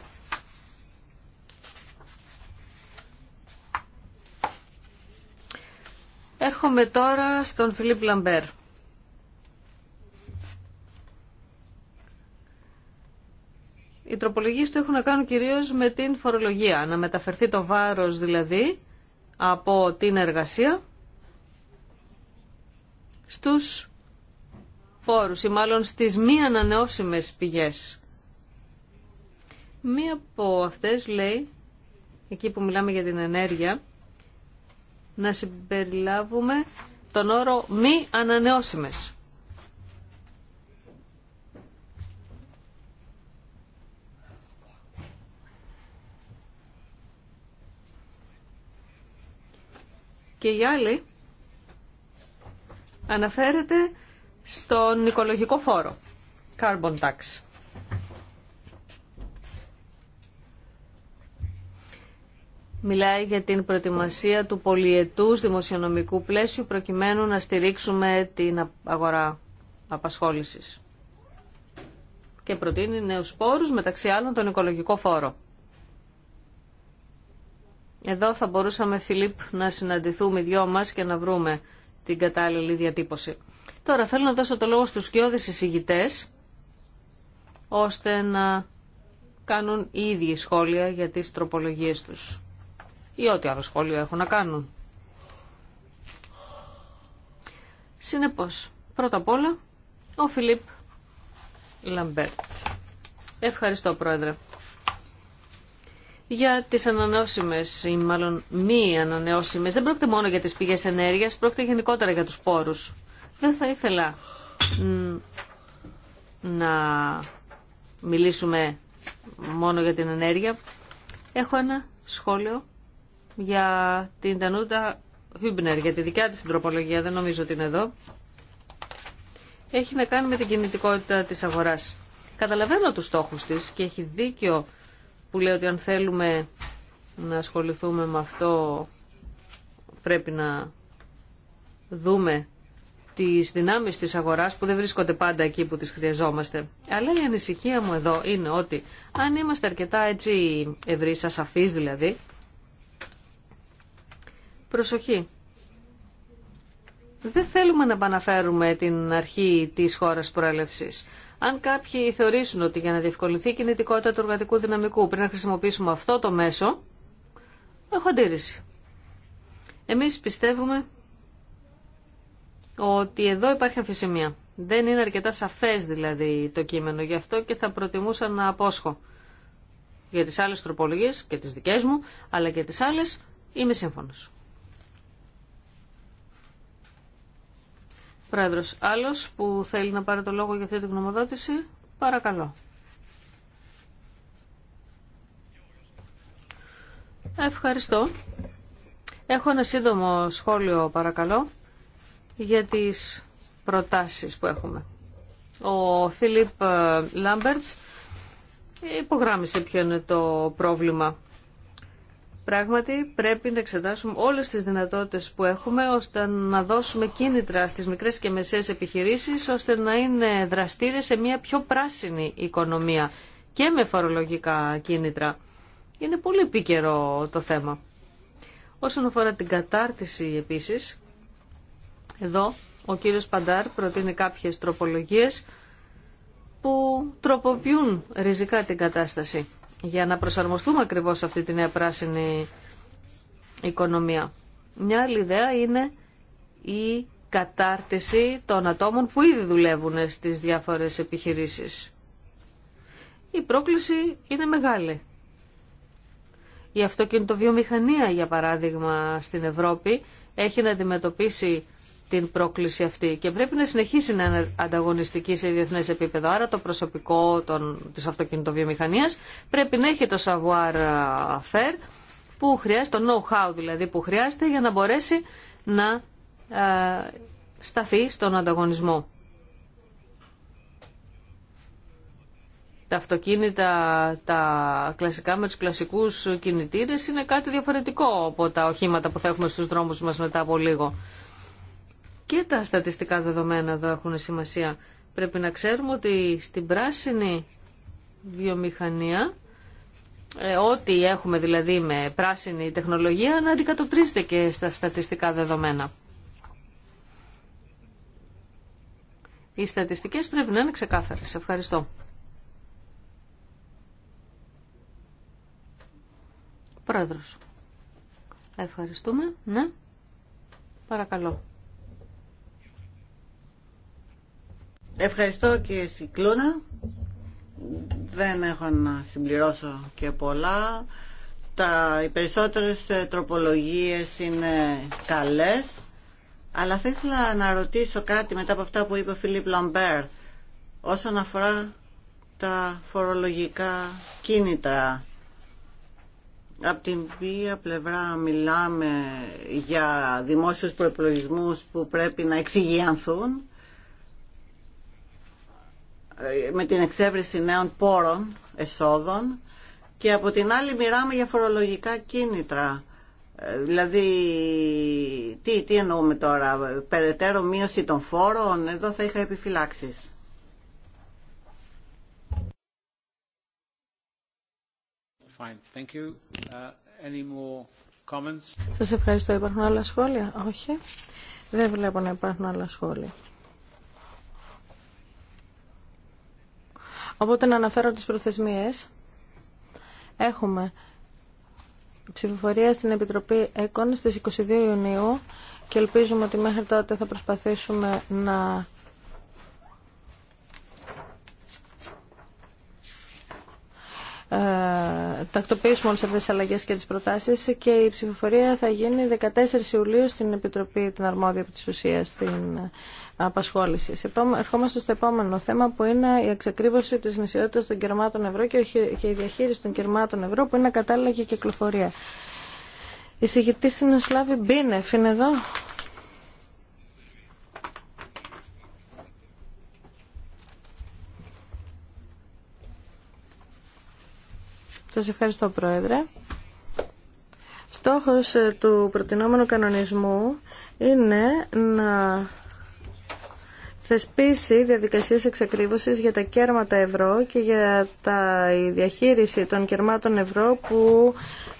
Έρχομαι τώρα στον Φιλίπ Λαμπέρ. Οι τροπολογίες του έχουν να κάνουν κυρίως με την φορολογία, να μεταφερθεί το βάρος δηλαδή από την εργασία στους πόρους ή μάλλον στις μη ανανεώσιμες πηγές. Μία από αυτές λέει, εκεί που μιλάμε για την ενέργεια, να συμπεριλάβουμε τον όρο μη ανανεώσιμες. Και η άλλη αναφέρεται στον οικολογικό φόρο, carbon tax. Μιλάει για την προετοιμασία του πολυετούς δημοσιονομικού πλαίσιου προκειμένου να στηρίξουμε την αγορά απασχόλησης. Και προτείνει νέους πόρους μεταξύ άλλων τον οικολογικό φόρο. Εδώ θα μπορούσαμε, Φιλίπ, να συναντηθούμε οι δυο μας και να βρούμε την κατάλληλη διατύπωση. Τώρα θέλω να δώσω το λόγο στους σκιώδες εισηγητές, ώστε να κάνουν οι ίδιοι σχόλια για τις τροπολογίες τους. Ή ό,τι άλλο σχόλιο έχουν να κάνουν. Συνεπώς, πρώτα απ' όλα, ο Φιλίπ Λαμπέρτ. Ευχαριστώ, Πρόεδρε για τι ανανεώσιμε, ή μάλλον μη ανανεώσιμε. Δεν πρόκειται μόνο για τις πηγές ενέργειας, πρόκειται γενικότερα για τους πόρους. Δεν θα ήθελα να μιλήσουμε μόνο για την ενέργεια. Έχω ένα σχόλιο για την Τανούτα Χιούμπνερ, για τη δικιά της συντροπολογία, δεν νομίζω ότι είναι εδώ. Έχει να κάνει με την κινητικότητα της αγοράς. Καταλαβαίνω τους στόχους της και έχει δίκιο που λέει ότι αν θέλουμε να ασχοληθούμε με αυτό πρέπει να δούμε τις δυνάμεις της αγοράς που δεν βρίσκονται πάντα εκεί που τις χρειαζόμαστε. Αλλά η ανησυχία μου εδώ είναι ότι αν είμαστε αρκετά έτσι ευρύς, ασαφείς δηλαδή, προσοχή. Δεν θέλουμε να επαναφέρουμε την αρχή της χώρας προέλευσης. Αν κάποιοι θεωρήσουν ότι για να διευκολυνθεί η κινητικότητα του εργατικού δυναμικού πριν να χρησιμοποιήσουμε αυτό το μέσο, έχω αντίρρηση. Εμείς πιστεύουμε ότι εδώ υπάρχει αμφισημία. Δεν είναι αρκετά σαφές δηλαδή το κείμενο, γι' αυτό και θα προτιμούσα να απόσχω. Για τις άλλες τροπολογίες και τις δικές μου, αλλά και τις άλλες είμαι σύμφωνος. Πρόεδρος, άλλος που θέλει να πάρει το λόγο για αυτή την γνωμοδότηση, παρακαλώ. Ευχαριστώ. Έχω ένα σύντομο σχόλιο, παρακαλώ, για τις προτάσεις που έχουμε. Ο Φίλιπ ε, Λάμπερτς υπογράμμισε ποιο είναι το πρόβλημα Πράγματι πρέπει να εξετάσουμε όλες τις δυνατότητες που έχουμε ώστε να δώσουμε κίνητρα στις μικρές και μεσαίες επιχειρήσεις ώστε να είναι δραστήρες σε μια πιο πράσινη οικονομία και με φορολογικά κίνητρα. Είναι πολύ επίκαιρο το θέμα. Όσον αφορά την κατάρτιση επίσης, εδώ ο κύριος Παντάρ προτείνει κάποιες τροπολογίες που τροποποιούν ριζικά την κατάσταση για να προσαρμοστούμε ακριβώς σε αυτή τη νέα πράσινη οικονομία. Μια άλλη ιδέα είναι η κατάρτιση των ατόμων που ήδη δουλεύουν στις διάφορες επιχειρήσεις. Η πρόκληση είναι μεγάλη. Η αυτοκινητοβιομηχανία, για παράδειγμα, στην Ευρώπη έχει να αντιμετωπίσει την πρόκληση αυτή και πρέπει να συνεχίσει να είναι ανταγωνιστική σε διεθνές επίπεδο. Άρα το προσωπικό των, της αυτοκινητοβιομηχανίας πρέπει να έχει το savoir faire που χρειάζεται, το know-how δηλαδή που χρειάζεται για να μπορέσει να ε, σταθεί στον ανταγωνισμό. Τα αυτοκίνητα, τα κλασικά με τους κλασικούς κινητήρες είναι κάτι διαφορετικό από τα οχήματα που θα έχουμε στους δρόμους μας μετά από λίγο. Και τα στατιστικά δεδομένα εδώ έχουν σημασία. Πρέπει να ξέρουμε ότι στην πράσινη βιομηχανία, ε, ό,τι έχουμε δηλαδή με πράσινη τεχνολογία, να αντικατοπτρίζεται και στα στατιστικά δεδομένα. Οι στατιστικές πρέπει να είναι ξεκάθαρες. Ευχαριστώ. Πρόεδρος. Ευχαριστούμε. Ναι. Παρακαλώ. Ευχαριστώ κύριε Σικλούνα. Δεν έχω να συμπληρώσω και πολλά. Τα, οι περισσότερες ε, τροπολογίες είναι καλές, αλλά θα ήθελα να ρωτήσω κάτι μετά από αυτά που είπε ο Φιλίπ Λαμπέρ όσον αφορά τα φορολογικά κίνητρα. Από την ποια πλευρά μιλάμε για δημόσιους προπολογισμούς που πρέπει να εξηγιανθούν με την εξέβριση νέων πόρων εσόδων και από την άλλη μοιράμε για φορολογικά κίνητρα. Ε, δηλαδή, τι, τι εννοούμε τώρα, περαιτέρω μείωση των φόρων, εδώ θα είχα επιφυλάξεις. Fine. Uh, Σας ευχαριστώ. Υπάρχουν άλλα σχόλια? Όχι. Δεν βλέπω να υπάρχουν άλλα σχόλια. Οπότε να αναφέρω τις προθεσμίες. Έχουμε ψηφοφορία στην Επιτροπή ΕΚΟΝ στις 22 Ιουνίου και ελπίζουμε ότι μέχρι τότε θα προσπαθήσουμε να τακτοποιήσουμε ε, όλε αυτέ τι αλλαγέ και τι προτάσει, και η ψηφοφορία θα γίνει 14 Ιουλίου στην Επιτροπή την Αρμόδια τη ουσία στην απασχόληση. Ερχόμαστε στο επόμενο θέμα που είναι η εξακρίβωση της νησιότητα των κερμάτων ευρώ και η διαχείριση των κερμάτων ευρώ που είναι κατάλληλα για κυκλοφορία. Η συγκεκριτή είναι Μπίνεφ, είναι εδώ. Σας ευχαριστώ Πρόεδρε. Στόχος ε, του προτινόμενου κανονισμού είναι να θεσπίσει διαδικασίες εξακρίβωσης για τα κέρματα ευρώ και για τα, διαχείριση των κερμάτων ευρώ που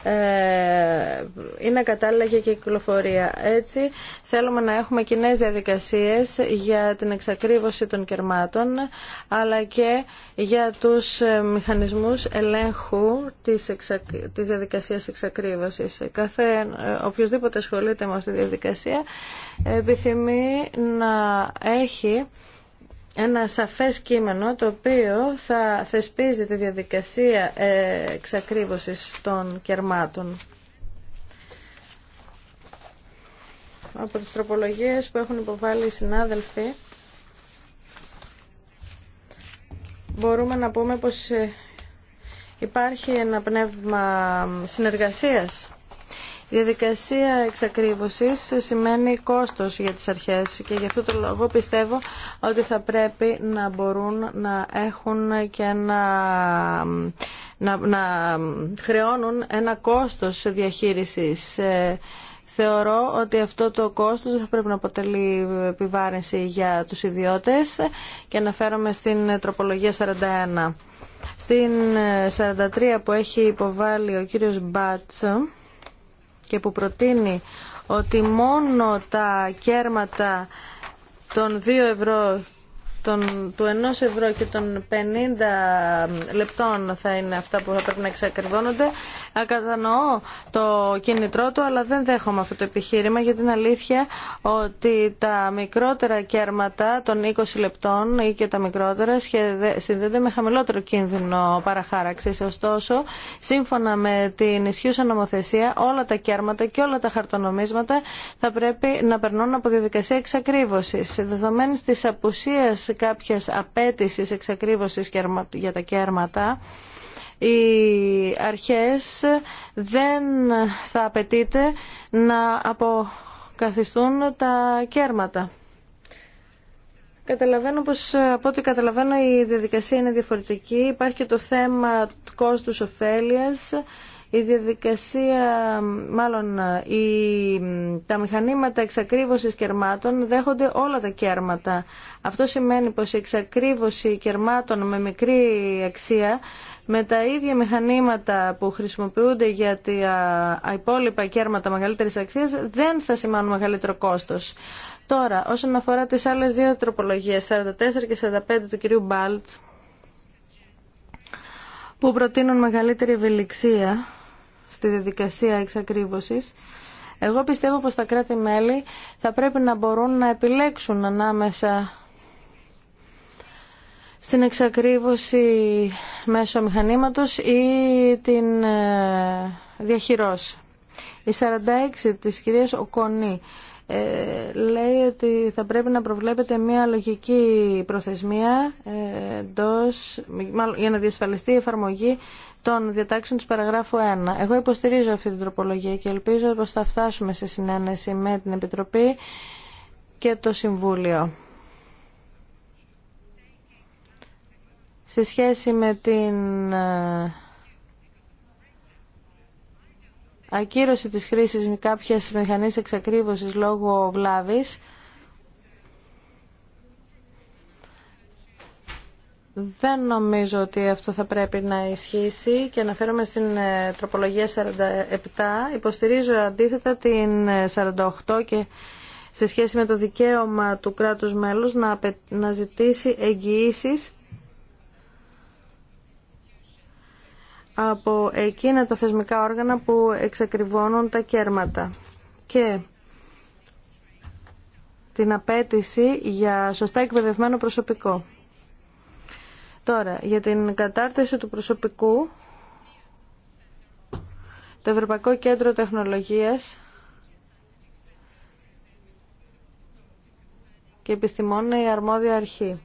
ε, είναι κατάλληλα για κυκλοφορία. Έτσι θέλουμε να έχουμε κοινέ διαδικασίες για την εξακρίβωση των κερμάτων αλλά και για τους ε, μηχανισμούς ελέγχου της, εξα... διαδικασίας εξακρίβωσης. Κάθε... Ε, Οποιοςδήποτε ασχολείται με αυτή τη διαδικασία επιθυμεί να έχει ένα σαφές κείμενο το οποίο θα θεσπίζει τη διαδικασία εξακρίβωσης των κερμάτων. Από τις τροπολογίες που έχουν υποβάλει οι συνάδελφοι μπορούμε να πούμε πως υπάρχει ένα πνεύμα συνεργασίας η διαδικασία εξακρίβωσης σημαίνει κόστος για τις αρχές και γι' αυτό το λόγο πιστεύω ότι θα πρέπει να μπορούν να έχουν και να, να, χρεώνουν ένα κόστος διαχείρισης ε, Θεωρώ ότι αυτό το κόστος θα πρέπει να αποτελεί επιβάρυνση για τους ιδιώτες και αναφέρομαι στην τροπολογία 41. Στην 43 ε, που έχει υποβάλει ο κύριος Μπάτσο, και που προτείνει ότι μόνο τα κέρματα των 2 ευρώ των, του 1 ευρώ και των 50 λεπτών θα είναι αυτά που θα πρέπει να εξακριβώνονται. Ακατανοώ το κίνητρό του, αλλά δεν δέχομαι αυτό το επιχείρημα για την αλήθεια ότι τα μικρότερα κέρματα των 20 λεπτών ή και τα μικρότερα συνδέονται με χαμηλότερο κίνδυνο παραχάραξη, Ωστόσο, σύμφωνα με την ισχύουσα νομοθεσία, όλα τα κέρματα και όλα τα χαρτονομίσματα θα πρέπει να περνούν από διαδικασία εξακρίβωση. Δεδομένης της απουσίας κάποιες απέτησεις εξακρίβωσης για τα κέρματα, οι αρχές δεν θα απαιτείται να αποκαθιστούν τα κέρματα. Καταλαβαίνω πως από ό,τι καταλαβαίνω η διαδικασία είναι διαφορετική. Υπάρχει το θέμα κόστους ωφέλειας η διαδικασία, μάλλον η, τα μηχανήματα εξακρίβωσης κερμάτων δέχονται όλα τα κέρματα. Αυτό σημαίνει πως η εξακρίβωση κερμάτων με μικρή αξία με τα ίδια μηχανήματα που χρησιμοποιούνται για τα υπόλοιπα κέρματα μεγαλύτερης αξίας δεν θα σημάνουν μεγαλύτερο κόστος. Τώρα, όσον αφορά τις άλλες δύο τροπολογίες, 44 και 45 του κυρίου Μπάλτ, που προτείνουν μεγαλύτερη ευελιξία στη διαδικασία εξακρίβωσης. Εγώ πιστεύω πως τα κράτη-μέλη θα πρέπει να μπορούν να επιλέξουν ανάμεσα στην εξακρίβωση μέσω μηχανήματος ή την ε, διαχειρός. Η 46 της κυρίας Οκονή ε, λέει ότι θα πρέπει να προβλέπεται μια λογική προθεσμία ε, εντός, για να διασφαλιστεί η εφαρμογή των διατάξεων της παραγράφου 1. Εγώ υποστηρίζω αυτή την τροπολογία και ελπίζω πως θα φτάσουμε σε συνένεση με την Επιτροπή και το Συμβούλιο. Σε σχέση με την ε, ακύρωση της χρήσης κάποια μηχανής εξακρίβωσης λόγω βλάβης Δεν νομίζω ότι αυτό θα πρέπει να ισχύσει και αναφέρομαι στην ε, τροπολογία 47. Υποστηρίζω αντίθετα την 48 ε, και σε σχέση με το δικαίωμα του κράτους μέλους να, ζητήσει εγγυήσεις από εκείνα τα θεσμικά όργανα που εξακριβώνουν τα κέρματα και την απέτηση για σωστά εκπαιδευμένο προσωπικό. Τώρα, για την κατάρτιση του προσωπικού, το Ευρωπαϊκό Κέντρο Τεχνολογίας και Επιστημών η αρμόδια αρχή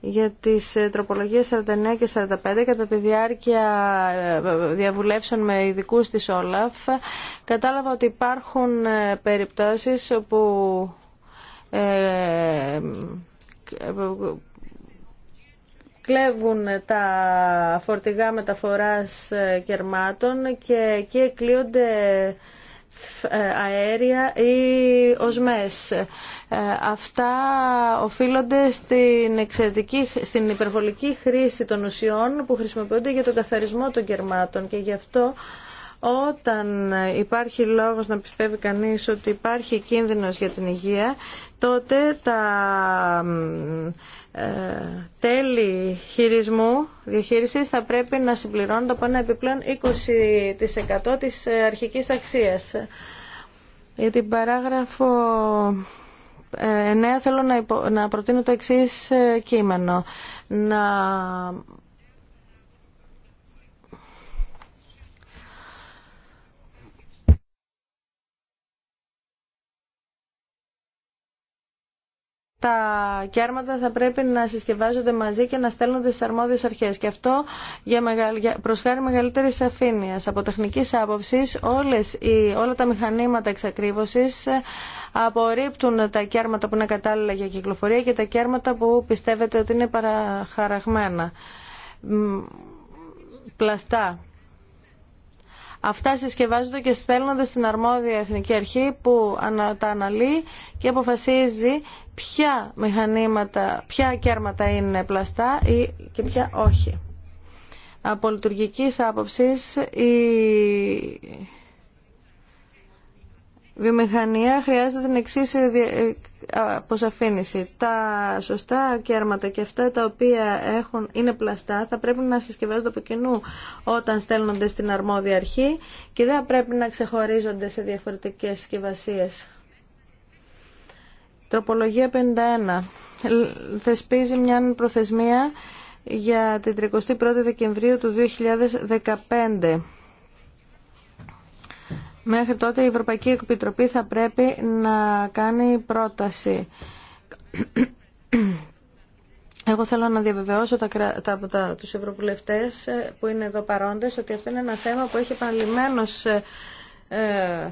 για τις ε, τροπολογίες 49 και 45 κατά τη διάρκεια ε, διαβουλεύσεων με ειδικούς της Όλαφ κατάλαβα ότι υπάρχουν ε, περιπτώσεις όπου ε, κλέβουν τα φορτηγά μεταφοράς κερμάτων και εκεί εκλείονται αέρια ή οσμές. Ε, αυτά οφείλονται στην, εξαιρετική, στην υπερβολική χρήση των ουσιών που χρησιμοποιούνται για τον καθαρισμό των κερμάτων και γι' αυτό όταν υπάρχει λόγος να πιστεύει κανείς ότι υπάρχει κίνδυνος για την υγεία, τότε τα ε, τέλη χειρισμού, διαχείρισης θα πρέπει να συμπληρώνονται από ένα επιπλέον 20% της αρχικής αξίας. Για την παράγραφο 9 ε, θέλω να, να προτείνω το εξής ε, κείμενο. Να τα κέρματα θα πρέπει να συσκευάζονται μαζί και να στέλνονται στις αρμόδιες αρχές. Και αυτό για προσφέρει μεγαλύτερη σαφήνεια. Από τεχνική άποψη, όλα τα μηχανήματα εξακρίβωσης ε, απορρίπτουν τα κέρματα που είναι κατάλληλα για κυκλοφορία και τα κέρματα που πιστεύετε ότι είναι παραχαραγμένα. Πλαστά. Αυτά συσκευάζονται και στέλνονται στην αρμόδια εθνική αρχή που τα αναλύει και αποφασίζει ποια μηχανήματα, ποια κέρματα είναι πλαστά και ποια όχι. Από λειτουργική άποψη, βιομηχανία χρειάζεται την εξή ε, αποσαφήνιση. Τα σωστά κέρματα και αυτά τα οποία έχουν, είναι πλαστά θα πρέπει να συσκευάζονται από κοινού όταν στέλνονται στην αρμόδια αρχή και δεν πρέπει να ξεχωρίζονται σε διαφορετικές συσκευασίε. Τροπολογία 51. Θεσπίζει μια προθεσμία για την 31η Δεκεμβρίου του 2015 Μέχρι τότε η Ευρωπαϊκή Επιτροπή θα πρέπει να κάνει πρόταση. Εγώ θέλω να διαβεβαιώσω τα, τα, τα, τους ευρωβουλευτές ε, που είναι εδώ παρόντες ότι αυτό είναι ένα θέμα που έχει επανειλημμένως ε, ε,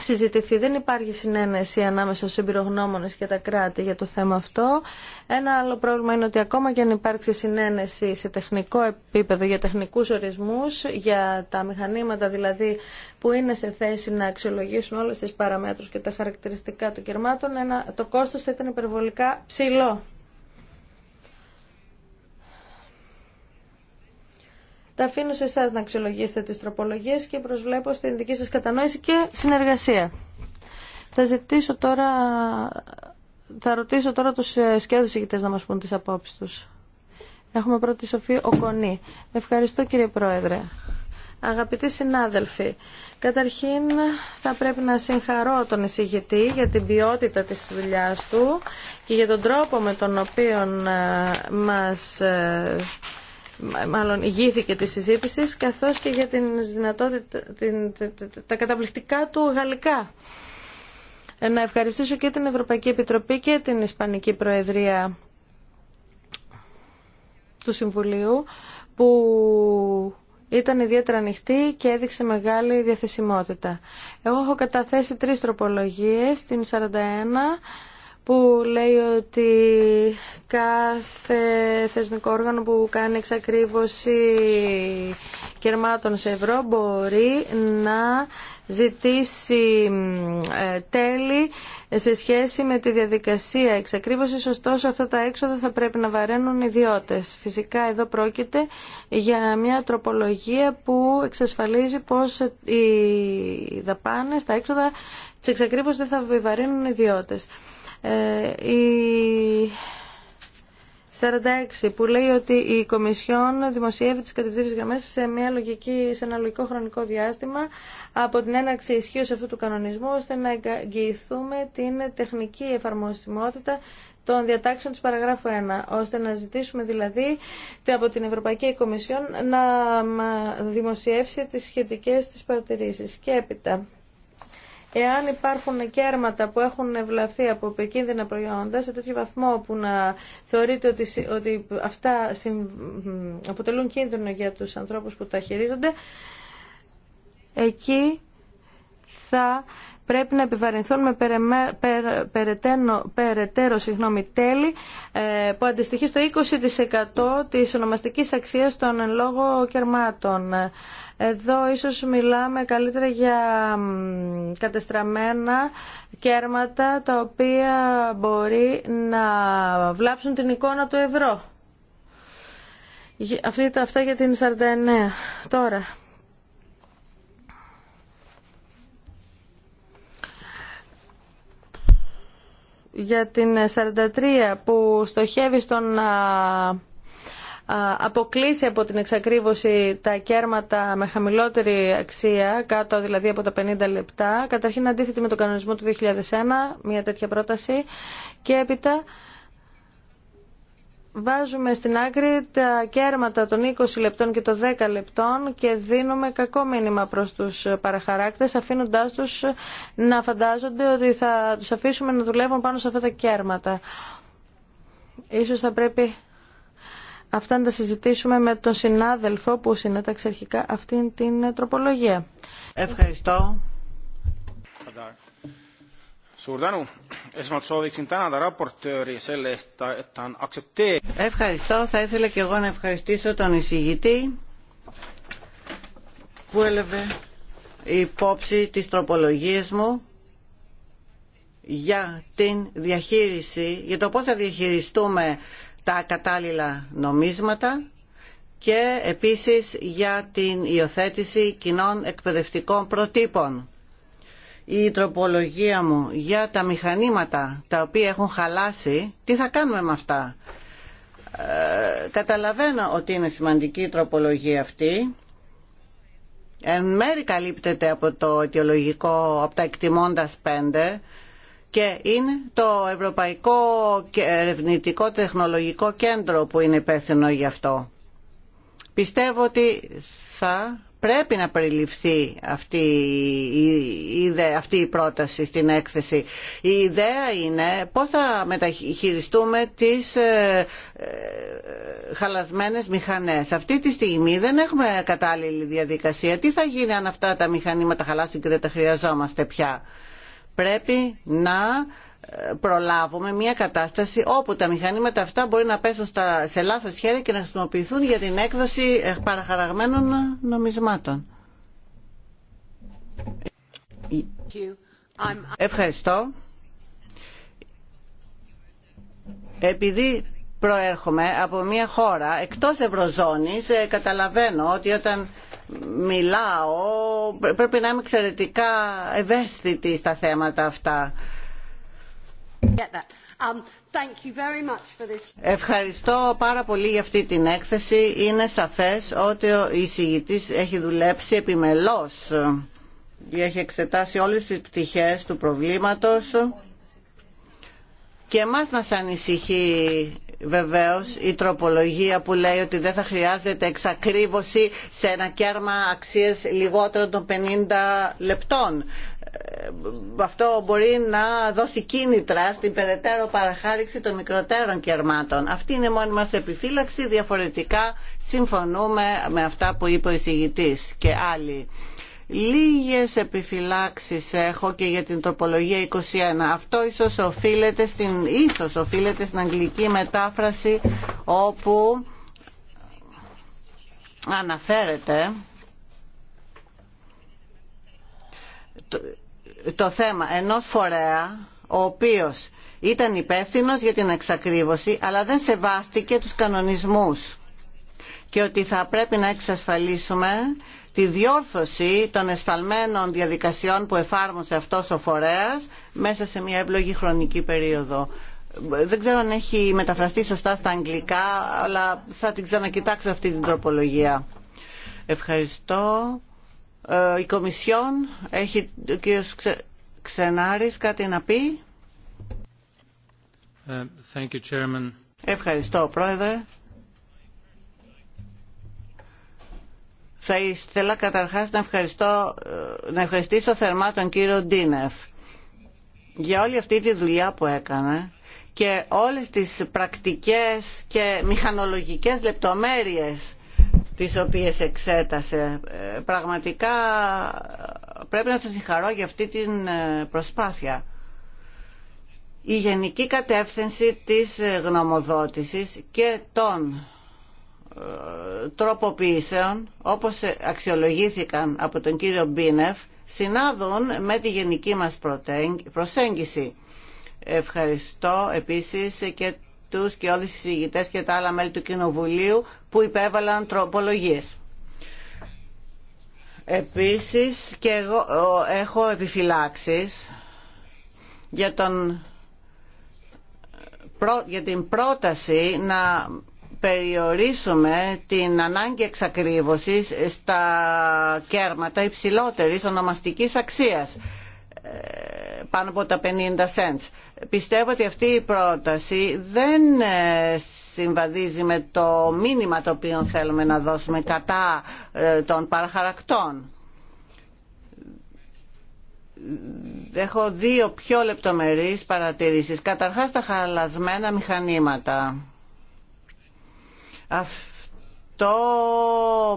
συζητηθεί. Δεν υπάρχει συνένεση ανάμεσα στους εμπειρογνώμονες και τα κράτη για το θέμα αυτό. Ένα άλλο πρόβλημα είναι ότι ακόμα και αν υπάρξει συνένεση σε τεχνικό επίπεδο για τεχνικούς ορισμούς, για τα μηχανήματα δηλαδή που είναι σε θέση να αξιολογήσουν όλες τις παραμέτρους και τα χαρακτηριστικά των κερμάτων, το κόστος θα ήταν υπερβολικά ψηλό. Τα αφήνω σε εσά να αξιολογήσετε τις τροπολογίες και προσβλέπω στην δική σας κατανόηση και συνεργασία. Θα ζητήσω τώρα, θα ρωτήσω τώρα τους ε, σκέδου ηγητέ να μας πούν τι απόψει του. Έχουμε πρώτη Σοφία Κονή. Ευχαριστώ κύριε Πρόεδρε. Αγαπητοί συνάδελφοι, καταρχήν θα πρέπει να συγχαρώ τον εισηγητή για την ποιότητα της δουλειάς του και για τον τρόπο με τον οποίο ε, μας ε, μάλλον ηγήθηκε τη συζήτηση, καθώς και για την δυνατότητα, την, τα καταπληκτικά του γαλλικά. Ε, να ευχαριστήσω και την Ευρωπαϊκή Επιτροπή και την Ισπανική Προεδρία του Συμβουλίου που ήταν ιδιαίτερα ανοιχτή και έδειξε μεγάλη διαθεσιμότητα. Εγώ έχω καταθέσει τρεις τροπολογίες, την 41, που λέει ότι κάθε θεσμικό όργανο που κάνει εξακρίβωση κερμάτων σε ευρώ μπορεί να ζητήσει ε, τέλη σε σχέση με τη διαδικασία εξακρίβωσης, ωστόσο αυτά τα έξοδα θα πρέπει να βαραίνουν ιδιώτες. Φυσικά εδώ πρόκειται για μια τροπολογία που εξασφαλίζει πως οι δαπάνες, τα έξοδα της εξακρίβωσης δεν θα βαραίνουν ιδιώτες. Ε, η 46 που λέει ότι η Κομισιόν δημοσιεύει τις κατευθύνσεις γραμμές σε, μια λογική, σε ένα λογικό χρονικό διάστημα από την έναρξη ισχύω αυτού του κανονισμού ώστε να εγγυηθούμε την τεχνική εφαρμοσιμότητα των διατάξεων της παραγράφου 1, ώστε να ζητήσουμε δηλαδή από την Ευρωπαϊκή Κομισιόν να δημοσιεύσει τις σχετικές της παρατηρήσεις. Και έπειτα, Εάν υπάρχουν κέρματα που έχουν ευλαθεί από επικίνδυνα προϊόντα σε τέτοιο βαθμό που να θεωρείται ότι, ότι αυτά αποτελούν κίνδυνο για τους ανθρώπους που τα χειρίζονται, εκεί θα πρέπει να επιβαρυνθούν με περαιτέρω τέλη ε, που αντιστοιχεί στο 20% της ονομαστικής αξίας των εν λόγω κερμάτων. Εδώ ίσως μιλάμε καλύτερα για κατεστραμμένα κέρματα τα οποία μπορεί να βλάψουν την εικόνα του ευρώ. Αυτά για την 49. Τώρα, για την 43 που στοχεύει στο να αποκλείσει από την εξακρίβωση τα κέρματα με χαμηλότερη αξία, κάτω δηλαδή από τα 50 λεπτά, καταρχήν αντίθετη με τον κανονισμό του 2001, μια τέτοια πρόταση, και έπειτα βάζουμε στην άκρη τα κέρματα των 20 λεπτών και των 10 λεπτών και δίνουμε κακό μήνυμα προς τους παραχαράκτες αφήνοντάς τους να φαντάζονται ότι θα τους αφήσουμε να δουλεύουν πάνω σε αυτά τα κέρματα. Ίσως θα πρέπει αυτά να τα συζητήσουμε με τον συνάδελφο που συνέταξε αρχικά αυτήν την τροπολογία. Ευχαριστώ. Ευχαριστώ. Θα ήθελα και εγώ να ευχαριστήσω τον εισηγητή που έλαβε υπόψη της τροπολογίες μου για την διαχείριση, για το πώς θα διαχειριστούμε τα κατάλληλα νομίσματα και επίσης για την υιοθέτηση κοινών εκπαιδευτικών προτύπων η τροπολογία μου για τα μηχανήματα τα οποία έχουν χαλάσει, τι θα κάνουμε με αυτά. Ε, καταλαβαίνω ότι είναι σημαντική η τροπολογία αυτή. Εν μέρη καλύπτεται από το αιτιολογικό, από τα εκτιμώντα πέντε και είναι το Ευρωπαϊκό Ερευνητικό Τεχνολογικό Κέντρο που είναι υπεύθυνο γι' αυτό. Πιστεύω ότι θα πρέπει να περιληφθεί αυτή η, αυτή η πρόταση στην έκθεση. Η ιδέα είναι πώς θα μεταχειριστούμε τις ε, ε, χαλασμένες μηχανές. Αυτή τη στιγμή δεν έχουμε κατάλληλη διαδικασία. Τι θα γίνει αν αυτά τα μηχανήματα χαλάσουν και δεν τα χρειαζόμαστε πια. Πρέπει να προλάβουμε μια κατάσταση όπου τα μηχανήματα αυτά μπορεί να πέσουν σε λάθος χέρια και να χρησιμοποιηθούν για την έκδοση ε, παραχαραγμένων ε, νομισμάτων. Ευχαριστώ. Επειδή προέρχομαι από μια χώρα εκτός Ευρωζώνης, ε, καταλαβαίνω ότι όταν μιλάω πρέπει να είμαι εξαιρετικά ευαίσθητη στα θέματα αυτά. Um, Ευχαριστώ πάρα πολύ για αυτή την έκθεση. Είναι σαφές ότι ο εισηγητής έχει δουλέψει επιμελώς. Έχει εξετάσει όλες τις πτυχές του προβλήματος και εμά μας ανησυχεί βεβαίως η τροπολογία που λέει ότι δεν θα χρειάζεται εξακρίβωση σε ένα κέρμα αξίες λιγότερο των 50 λεπτών. Ε, αυτό μπορεί να δώσει κίνητρα στην περαιτέρω παραχάριξη των μικροτέρων κερμάτων. Αυτή είναι μόνη μας επιφύλαξη, διαφορετικά συμφωνούμε με αυτά που είπε ο εισηγητής και άλλοι. Λίγες επιφυλάξεις έχω και για την τροπολογία 21. Αυτό ίσως οφείλεται στην, ίσως οφείλεται στην αγγλική μετάφραση όπου αναφέρεται το θέμα ενός φορέα ο οποίος ήταν υπεύθυνο για την εξακρίβωση αλλά δεν σεβάστηκε τους κανονισμούς και ότι θα πρέπει να εξασφαλίσουμε τη διόρθωση των εσφαλμένων διαδικασιών που εφάρμοσε αυτός ο φορέας μέσα σε μια ευλογή χρονική περίοδο. Δεν ξέρω αν έχει μεταφραστεί σωστά στα αγγλικά, αλλά θα την ξανακοιτάξω αυτή την τροπολογία. Ευχαριστώ. Ε, η Κομισιόν έχει ο κύριος Ξε, Ξενάρης κάτι να πει. Ε, ευχαριστώ Πρόεδρε. Θα ήθελα καταρχάς να, ε, να ευχαριστήσω θερμά τον κύριο Ντίνεφ για όλη αυτή τη δουλειά που έκανε και όλες τις πρακτικές και μηχανολογικές λεπτομέρειες τις οποίες εξέτασε. Ε, πραγματικά πρέπει να σας συγχαρώ για αυτή την ε, προσπάθεια. Η γενική κατεύθυνση της ε, γνωμοδότησης και των τροποποιήσεων όπως αξιολογήθηκαν από τον κύριο Μπίνεφ συνάδουν με τη γενική μας προσέγγιση. Ευχαριστώ επίσης και και όλους τους συζητητές και τα άλλα μέλη του Κοινοβουλίου που υπέβαλαν τροπολογίες. Επίσης και εγώ έχω επιφυλάξεις για, για την πρόταση να περιορίσουμε την ανάγκη εξακρίβωσης στα κέρματα υψηλότερης ονομαστικής αξίας ε, πάνω από τα 50 cents. Πιστεύω ότι αυτή η πρόταση δεν ε, συμβαδίζει με το μήνυμα το οποίο θέλουμε να δώσουμε κατά ε, των παραχαρακτών. Έχω δύο πιο λεπτομερείς παρατηρήσεις. Καταρχάς τα χαλασμένα μηχανήματα. Αυτό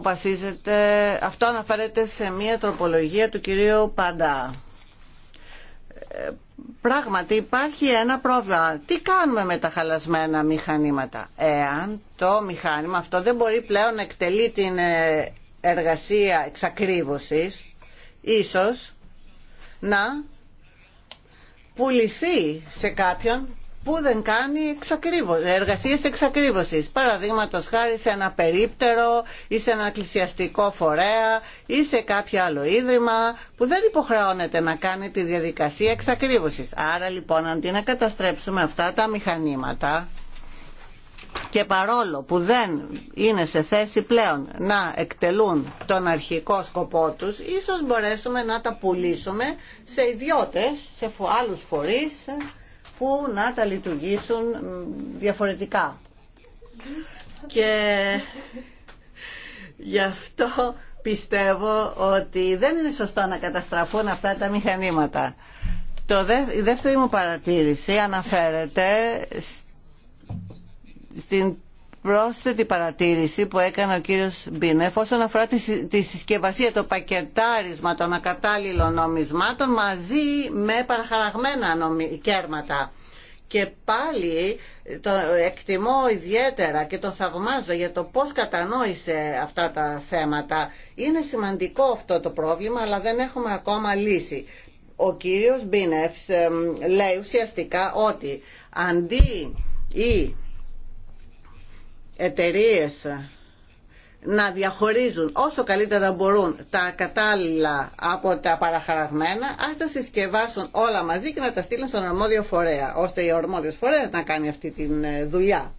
βασίζεται, αυτό αναφέρεται σε μία τροπολογία του κυρίου Παντά ε, πράγματι υπάρχει ένα πρόβλημα. Τι κάνουμε με τα χαλασμένα μηχανήματα. Εάν το μηχάνημα αυτό δεν μπορεί πλέον να εκτελεί την ε, εργασία εξακρίβωσης, ίσως να πουληθεί σε κάποιον που δεν κάνει εξακρίβωση, εργασίες εξακρίβωσης. Παραδείγματος χάρη σε ένα περίπτερο ή σε ένα εκκλησιαστικό φορέα ή σε κάποιο άλλο ίδρυμα που δεν υποχρεώνεται να κάνει τη διαδικασία εξακρίβωσης. Άρα λοιπόν αντί να καταστρέψουμε αυτά τα μηχανήματα και παρόλο που δεν είναι σε θέση πλέον να εκτελούν τον αρχικό σκοπό τους, ίσως μπορέσουμε να τα πουλήσουμε σε ιδιώτες, σε άλλους φορείς, που να τα λειτουργήσουν διαφορετικά. Και γι' αυτό πιστεύω ότι δεν είναι σωστό να καταστραφούν αυτά τα μηχανήματα. Το η δεύτερη μου παρατήρηση αναφέρεται στην πρόσθετη παρατήρηση που έκανε ο κύριος Μπίνεφ όσον αφορά τη συσκευασία, το πακετάρισμα των ακατάλληλων νομισμάτων μαζί με παραχαραγμένα κέρματα. Και πάλι ε, το εκτιμώ ιδιαίτερα και το θαυμάζω για το πώς κατανόησε αυτά τα θέματα. Είναι σημαντικό αυτό το πρόβλημα, αλλά δεν έχουμε ακόμα λύση. Ο κύριος Μπίνεφ ε, ε, λέει ουσιαστικά ότι αντί η εταιρείε να διαχωρίζουν όσο καλύτερα μπορούν τα κατάλληλα από τα παραχαραγμένα, ας τα συσκευάσουν όλα μαζί και να τα στείλουν στον αρμόδιο φορέα, ώστε ο αρμόδιος φορέας να κάνει αυτή τη ε, δουλειά.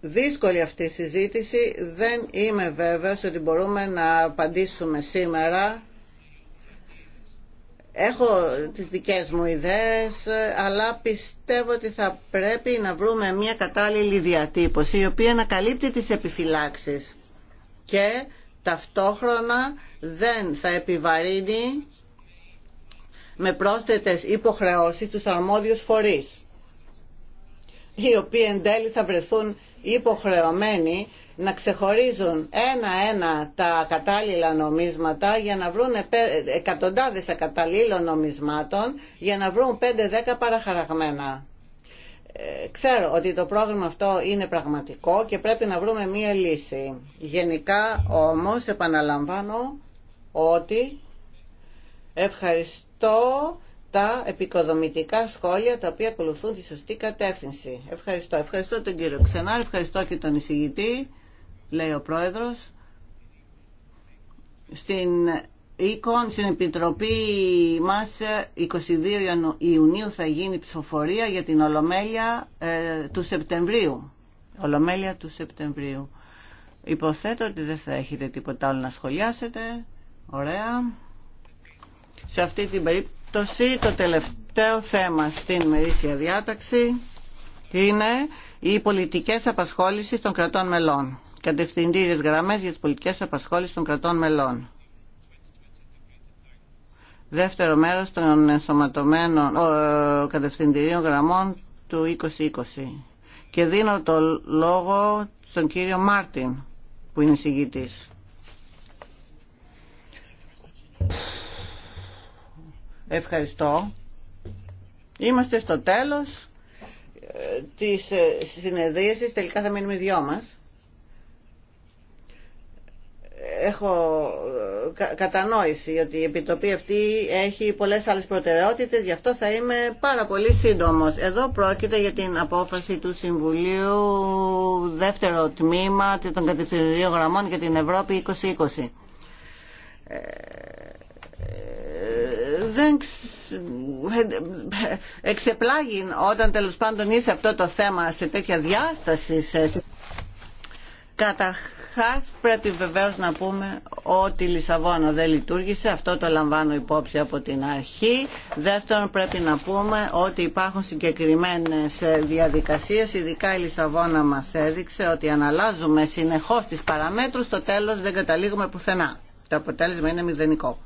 Δύσκολη αυτή η συζήτηση, δεν είμαι βέβαιος ότι μπορούμε να απαντήσουμε σήμερα Έχω τις δικές μου ιδέες, αλλά πιστεύω ότι θα πρέπει να βρούμε μια κατάλληλη διατύπωση, η οποία να καλύπτει τις επιφυλάξεις και ταυτόχρονα δεν θα επιβαρύνει με πρόσθετες υποχρεώσεις τους αρμόδιους φορείς, οι οποίοι εν τέλει θα βρεθούν υποχρεωμένοι να ξεχωρίζουν ένα-ένα τα κατάλληλα νομίσματα για να βρουν εκατοντάδες ακαταλλήλων νομισμάτων για να βρουν 5-10 παραχαραγμένα. Ε, ξέρω ότι το πρόβλημα αυτό είναι πραγματικό και πρέπει να βρούμε μία λύση. Γενικά όμως επαναλαμβάνω ότι ευχαριστώ τα επικοδομητικά σχόλια τα οποία ακολουθούν τη σωστή κατεύθυνση. Ευχαριστώ. Ευχαριστώ τον κύριο Ξενάρη, ευχαριστώ και τον εισηγητή λέει ο πρόεδρος, στην Οίκον, στην Επιτροπή μας 22 Ιουνίου θα γίνει ψηφοφορία για την Ολομέλεια ε, του Σεπτεμβρίου. Ολομέλεια του Σεπτεμβρίου. Υποθέτω ότι δεν θα έχετε τίποτα άλλο να σχολιάσετε. Ωραία. Σε αυτή την περίπτωση το τελευταίο θέμα στην μερίσια διάταξη είναι οι πολιτικέ απασχόλησης των κρατών μελών. Κατευθυντήριε γραμμές για τις πολιτικές απασχόλησει των κρατών μελών. Δεύτερο μέρος των ενσωματωμένων ο, ε, κατευθυντηρίων γραμμών του 2020. Και δίνω το λόγο στον κύριο Μάρτιν που είναι συγγητή. Ευχαριστώ. Είμαστε στο τέλος της ε, συνεδρίασης, τελικά θα μείνουμε δυο μας. Έχω ε, κατανόηση ότι η Επιτροπή αυτή έχει πολλές άλλες προτεραιότητες, γι' αυτό θα είμαι πάρα πολύ σύντομος. Εδώ πρόκειται για την απόφαση του Συμβουλίου δεύτερο τμήμα των κατευθυντηρίων γραμμών για την Ευρώπη 2020. Ε, δεν εξεπλάγει όταν τέλο πάντων είσαι αυτό το θέμα σε τέτοια διάσταση. καταρχά πρέπει βεβαίως να πούμε ότι η Λισαβόνα δεν λειτουργήσε, αυτό το λαμβάνω υπόψη από την αρχή. Δεύτερον πρέπει να πούμε ότι υπάρχουν συγκεκριμένε διαδικασίες, ειδικά η Λισαβόνα μας έδειξε ότι αλλάζουμε συνεχώ τι παραμέτρου, στο τέλο δεν καταλήγουμε πουθενά. Το αποτέλεσμα είναι μηδενικό.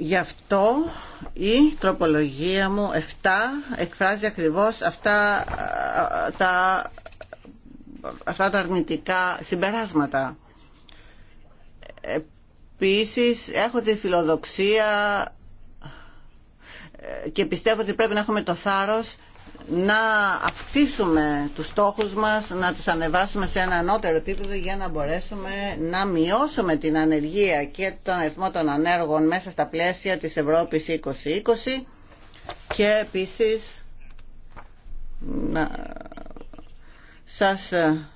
Γι' αυτό η τροπολογία μου 7 εκφράζει ακριβώς αυτά τα, αυτά τα αρνητικά συμπεράσματα. Επίσης έχω τη φιλοδοξία και πιστεύω ότι πρέπει να έχουμε το θάρρος να αυξήσουμε τους στόχους μας, να τους ανεβάσουμε σε ένα ανώτερο επίπεδο για να μπορέσουμε να μειώσουμε την ανεργία και τον αριθμό των ανέργων μέσα στα πλαίσια της Ευρώπης 2020 και επίσης να σας ε,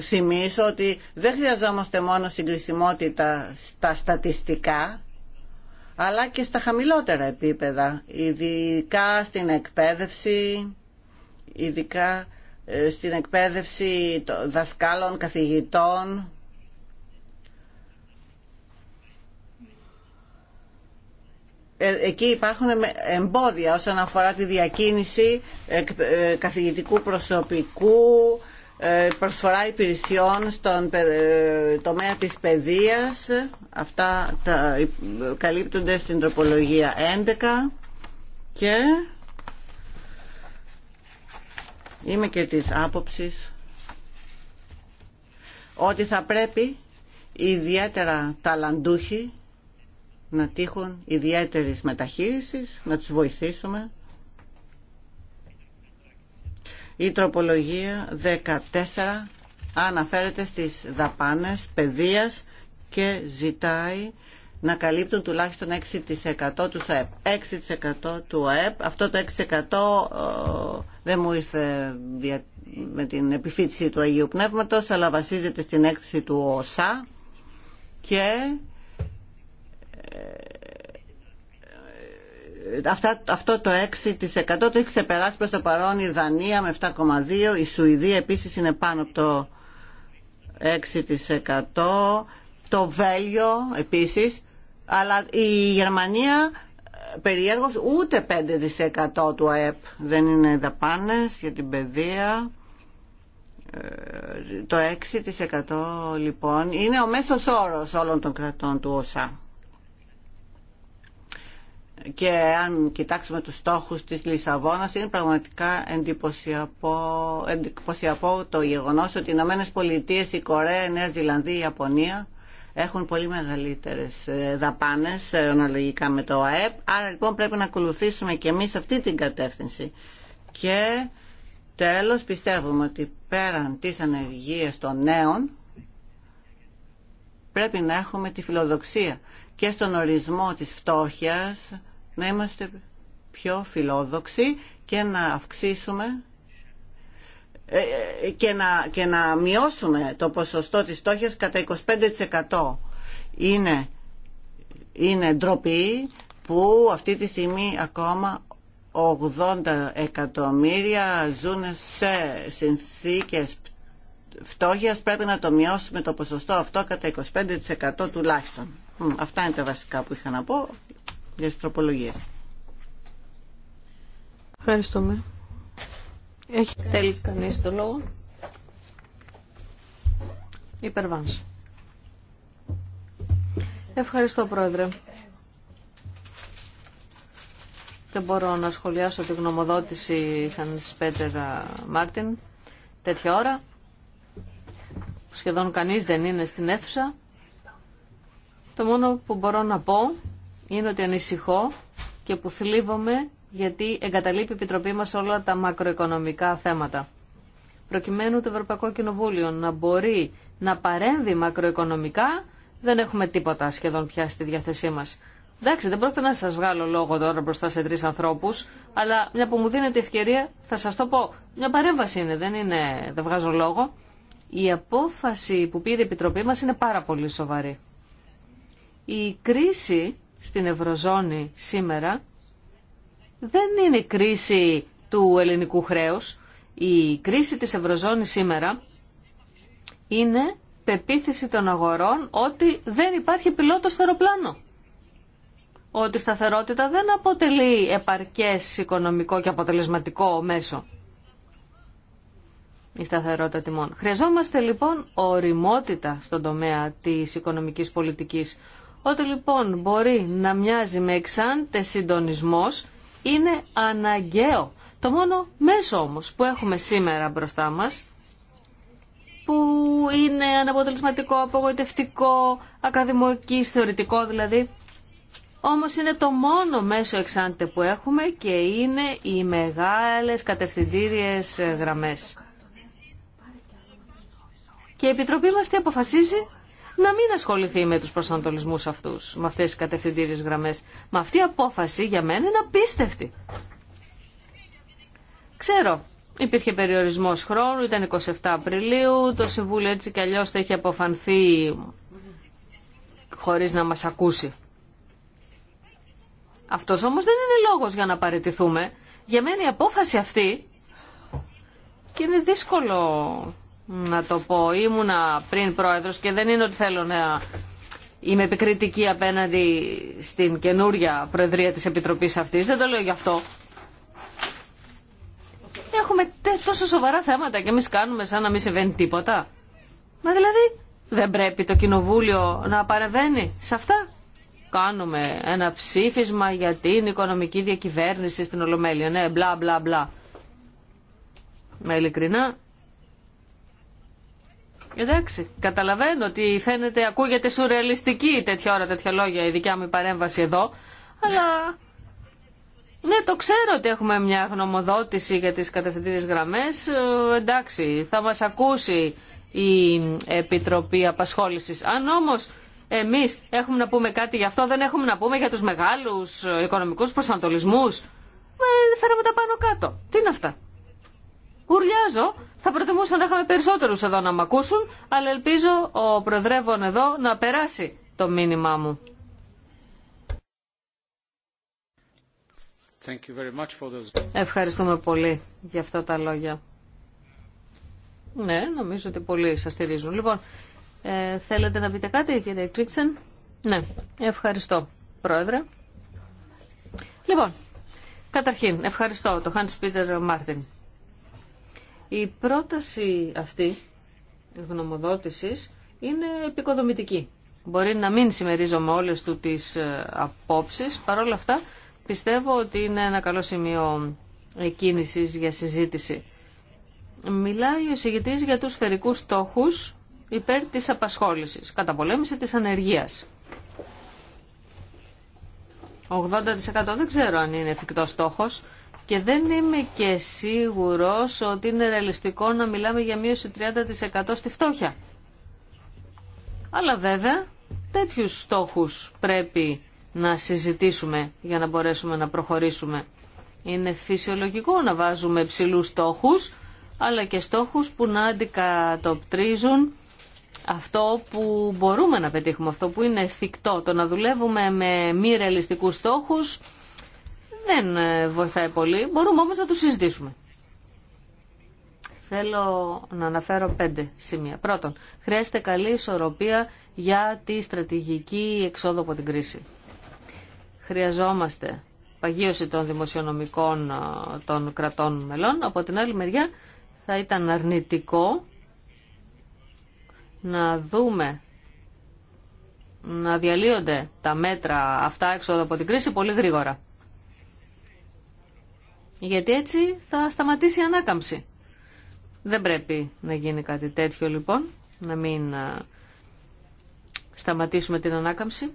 θυμίσω ότι δεν χρειαζόμαστε μόνο συγκρισιμότητα στα στατιστικά αλλά και στα χαμηλότερα επίπεδα, ειδικά στην εκπαίδευση, ειδικά ε, στην εκπαίδευση δασκάλων, καθηγητών. Ε, εκεί υπάρχουν εμπόδια όσον αφορά τη διακίνηση ε, καθηγητικού προσωπικού, ε, προσφορά υπηρεσιών στον ε, τομέα της παιδείας. Αυτά τα καλύπτονται στην τροπολογία 11 και είμαι και της άποψης ότι θα πρέπει ιδιαίτερα ταλαντούχοι να τύχουν ιδιαίτερης μεταχείρισης, να τους βοηθήσουμε η τροπολογία 14 αναφέρεται στις δαπάνες παιδείας και ζητάει να καλύπτουν τουλάχιστον 6% του ΣΑΕΠ. 6% του ΑΕΠ. Αυτό το 6% ε, δεν μου ήρθε με την επιφύτηση του Αγίου Πνεύματος, αλλά βασίζεται στην έκθεση του ΟΣΑ και ε, αυτά, αυτό το 6% το έχει ξεπεράσει προς το παρόν η Δανία με 7,2%, η Σουηδία επίσης είναι πάνω από το 6%, το Βέλγιο επίσης, αλλά η Γερμανία περιέργως ούτε 5% του ΑΕΠ δεν είναι δαπάνες για την παιδεία. Ε, το 6% λοιπόν είναι ο μέσος όρος όλων των κρατών του ΩΣΑ και αν κοιτάξουμε τους στόχους της Λισαβόνας είναι πραγματικά εντυπωσιακό, εντυπωσιακό το γεγονός ότι οι Ηνωμένε Πολιτείε, η Κορέα, η Νέα Ζηλανδία, η Ιαπωνία έχουν πολύ μεγαλύτερες ε, δαπάνες ε, αναλογικά με το ΑΕΠ άρα λοιπόν πρέπει να ακολουθήσουμε και εμείς αυτή την κατεύθυνση και τέλος πιστεύουμε ότι πέραν της ανεργίας των νέων πρέπει να έχουμε τη φιλοδοξία και στον ορισμό της φτώχειας να είμαστε πιο φιλόδοξοι και να αυξήσουμε ε, ε, και να, και να μειώσουμε το ποσοστό της στόχης κατά 25%. Είναι, είναι ντροπή που αυτή τη στιγμή ακόμα 80 εκατομμύρια ζουν σε συνθήκες φτώχειας. Πρέπει να το μειώσουμε το ποσοστό αυτό κατά 25% τουλάχιστον. Αυτά είναι τα βασικά που είχα να πω για τις τροπολογίες. Ευχαριστούμε. Έχει... Θέλει κανείς το λόγο. Υπερβάνς. Ευχαριστώ Πρόεδρε. Δεν μπορώ να σχολιάσω τη γνωμοδότηση της Πέτερ Μάρτιν τέτοια ώρα. Σχεδόν κανείς δεν είναι στην αίθουσα. Το μόνο που μπορώ να πω είναι ότι ανησυχώ και που θλίβομαι γιατί εγκαταλείπει η Επιτροπή μας όλα τα μακροοικονομικά θέματα. Προκειμένου το Ευρωπαϊκό Κοινοβούλιο να μπορεί να παρέμβει μακροοικονομικά, δεν έχουμε τίποτα σχεδόν πια στη διάθεσή μας. Εντάξει, δεν πρόκειται να σας βγάλω λόγο τώρα μπροστά σε τρεις ανθρώπους, αλλά μια που μου δίνετε ευκαιρία θα σας το πω. Μια παρέμβαση είναι, δεν, είναι, δεν βγάζω λόγο. Η απόφαση που πήρε η Επιτροπή μας είναι πάρα πολύ σοβαρή. Η κρίση στην Ευρωζώνη σήμερα δεν είναι η κρίση του ελληνικού χρέους. Η κρίση της Ευρωζώνης σήμερα είναι πεποίθηση των αγορών ότι δεν υπάρχει πιλότο αεροπλάνο. Ότι η σταθερότητα δεν αποτελεί επαρκές οικονομικό και αποτελεσματικό μέσο. Η σταθερότητα τιμών. Χρειαζόμαστε λοιπόν οριμότητα στον τομέα της οικονομικής πολιτικής ότι λοιπόν μπορεί να μοιάζει με εξάντε συντονισμό, είναι αναγκαίο. Το μόνο μέσο όμως που έχουμε σήμερα μπροστά μας που είναι αναποτελεσματικό, απογοητευτικό, ακαδημοκής, θεωρητικό δηλαδή. Όμως είναι το μόνο μέσο εξάντε που έχουμε και είναι οι μεγάλες κατευθυντήριες γραμμές. Και η Επιτροπή μας τι αποφασίζει να μην ασχοληθεί με τους προσανατολισμούς αυτούς, με αυτές τις κατευθυντήριες γραμμές. Μα αυτή η απόφαση για μένα είναι απίστευτη. Ξέρω, υπήρχε περιορισμός χρόνου, ήταν 27 Απριλίου, το Συμβούλιο έτσι κι αλλιώς θα είχε αποφανθεί χωρίς να μας ακούσει. Αυτός όμως δεν είναι λόγος για να παραιτηθούμε. Για μένα η απόφαση αυτή, και είναι δύσκολο να το πω. Ήμουνα πριν πρόεδρος και δεν είναι ότι θέλω να είμαι επικριτική απέναντι στην καινούρια προεδρία της Επιτροπής αυτής. Δεν το λέω γι' αυτό. Έχουμε τόσο σοβαρά θέματα και εμείς κάνουμε σαν να μην συμβαίνει τίποτα. Μα δηλαδή δεν πρέπει το Κοινοβούλιο να παρεβαίνει σε αυτά. Κάνουμε ένα ψήφισμα για την οικονομική διακυβέρνηση στην Ολομέλεια. Ναι, μπλα μπλα μπλα. Με ειλικρινά Εντάξει, καταλαβαίνω ότι φαίνεται, ακούγεται σουρεαλιστική τέτοια ώρα, τέτοια λόγια η δικιά μου παρέμβαση εδώ, αλλά ναι, το ξέρω ότι έχουμε μια γνωμοδότηση για τις κατευθυντήριες γραμμές. Ε, εντάξει, θα μας ακούσει η Επιτροπή Απασχόλησης. Αν όμως εμείς έχουμε να πούμε κάτι γι' αυτό, δεν έχουμε να πούμε για τους μεγάλους οικονομικούς προσανατολισμούς. Ε, φέραμε τα πάνω κάτω. Τι είναι αυτά. Ουρλιάζω θα προτιμούσα να είχαμε περισσότερου εδώ να μ' ακούσουν, αλλά ελπίζω ο Προεδρεύων εδώ να περάσει το μήνυμά μου. Thank you Ευχαριστούμε πολύ για αυτά τα λόγια. Ναι, νομίζω ότι πολλοί σας στηρίζουν. Λοιπόν, ε, θέλετε να πείτε κάτι, κύριε Κρίξεν. Ναι, ευχαριστώ, Πρόεδρε. Λοιπόν, καταρχήν, ευχαριστώ το Χάνς Πίτερ Μάρτιν η πρόταση αυτή γνωμοδότησης είναι επικοδομητική. Μπορεί να μην συμμερίζομαι όλες του τις ε, απόψεις, παρόλα αυτά πιστεύω ότι είναι ένα καλό σημείο ε, κίνησης για συζήτηση. Μιλάει ο συγητής για τους σφαιρικούς στόχους υπέρ της απασχόλησης, καταπολέμηση της ανεργίας. 80% δεν ξέρω αν είναι εφικτός στόχος, και δεν είμαι και σίγουρος ότι είναι ρεαλιστικό να μιλάμε για μείωση 30% στη φτώχεια. Αλλά βέβαια τέτοιους στόχους πρέπει να συζητήσουμε για να μπορέσουμε να προχωρήσουμε. Είναι φυσιολογικό να βάζουμε ψηλούς στόχους, αλλά και στόχους που να αντικατοπτρίζουν αυτό που μπορούμε να πετύχουμε, αυτό που είναι εφικτό. Το να δουλεύουμε με μη ρεαλιστικούς στόχους δεν ε, βοηθάει πολύ, μπορούμε όμως να τους συζητήσουμε. Θέλω να αναφέρω πέντε σημεία. Πρώτον, χρειάζεται καλή ισορροπία για τη στρατηγική εξόδο από την κρίση. Χρειαζόμαστε παγίωση των δημοσιονομικών ε, των κρατών μελών. Από την άλλη μεριά θα ήταν αρνητικό να δούμε να διαλύονται τα μέτρα αυτά έξοδο από την κρίση πολύ γρήγορα. Γιατί έτσι θα σταματήσει η ανάκαμψη. Δεν πρέπει να γίνει κάτι τέτοιο λοιπόν, να μην σταματήσουμε την ανάκαμψη.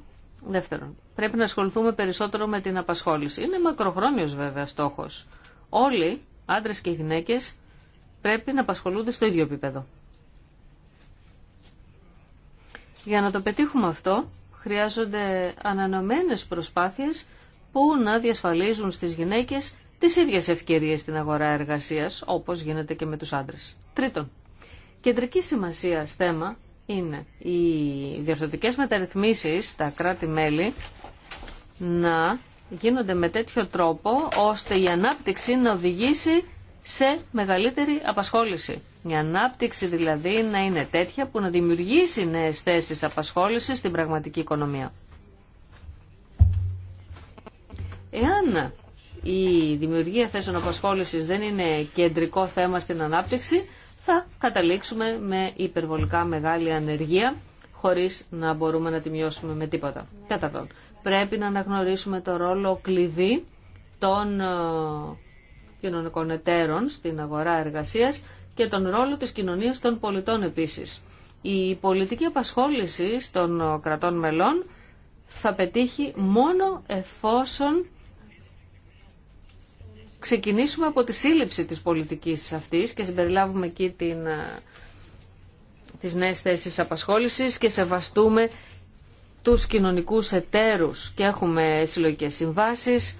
Δεύτερον, πρέπει να ασχοληθούμε περισσότερο με την απασχόληση. Είναι μακροχρόνιος βέβαια στόχος. Όλοι, άντρες και γυναίκες, πρέπει να απασχολούνται στο ίδιο επίπεδο. Για να το πετύχουμε αυτό, χρειάζονται ανανομένες προσπάθειες που να διασφαλίζουν στις γυναίκες τι ίδιες ευκαιρίε στην αγορά εργασίας, όπως γίνεται και με τους άντρες. Τρίτον, κεντρική σημασία θέμα είναι οι διορθωτικές μεταρρυθμίσει στα κράτη-μέλη να γίνονται με τέτοιο τρόπο ώστε η ανάπτυξη να οδηγήσει σε μεγαλύτερη απασχόληση. Η ανάπτυξη δηλαδή να είναι τέτοια που να δημιουργήσει νέες θέσεις απασχόληση στην πραγματική οικονομία. Εάν η δημιουργία θέσεων απασχόλησης δεν είναι κεντρικό θέμα στην ανάπτυξη, θα καταλήξουμε με υπερβολικά μεγάλη ανεργία, χωρίς να μπορούμε να τη μειώσουμε με τίποτα. τον. πρέπει να αναγνωρίσουμε το ρόλο κλειδί των ε, κοινωνικών εταίρων στην αγορά εργασίας και τον ρόλο της κοινωνίας των πολιτών επίσης. Η πολιτική απασχόληση των κρατών μελών θα πετύχει μόνο εφόσον ξεκινήσουμε από τη σύλληψη της πολιτικής αυτής και συμπεριλάβουμε εκεί την, ε, τις νέες θέσεις απασχόλησης και σεβαστούμε τους κοινωνικούς εταίρους και έχουμε συλλογικές συμβάσεις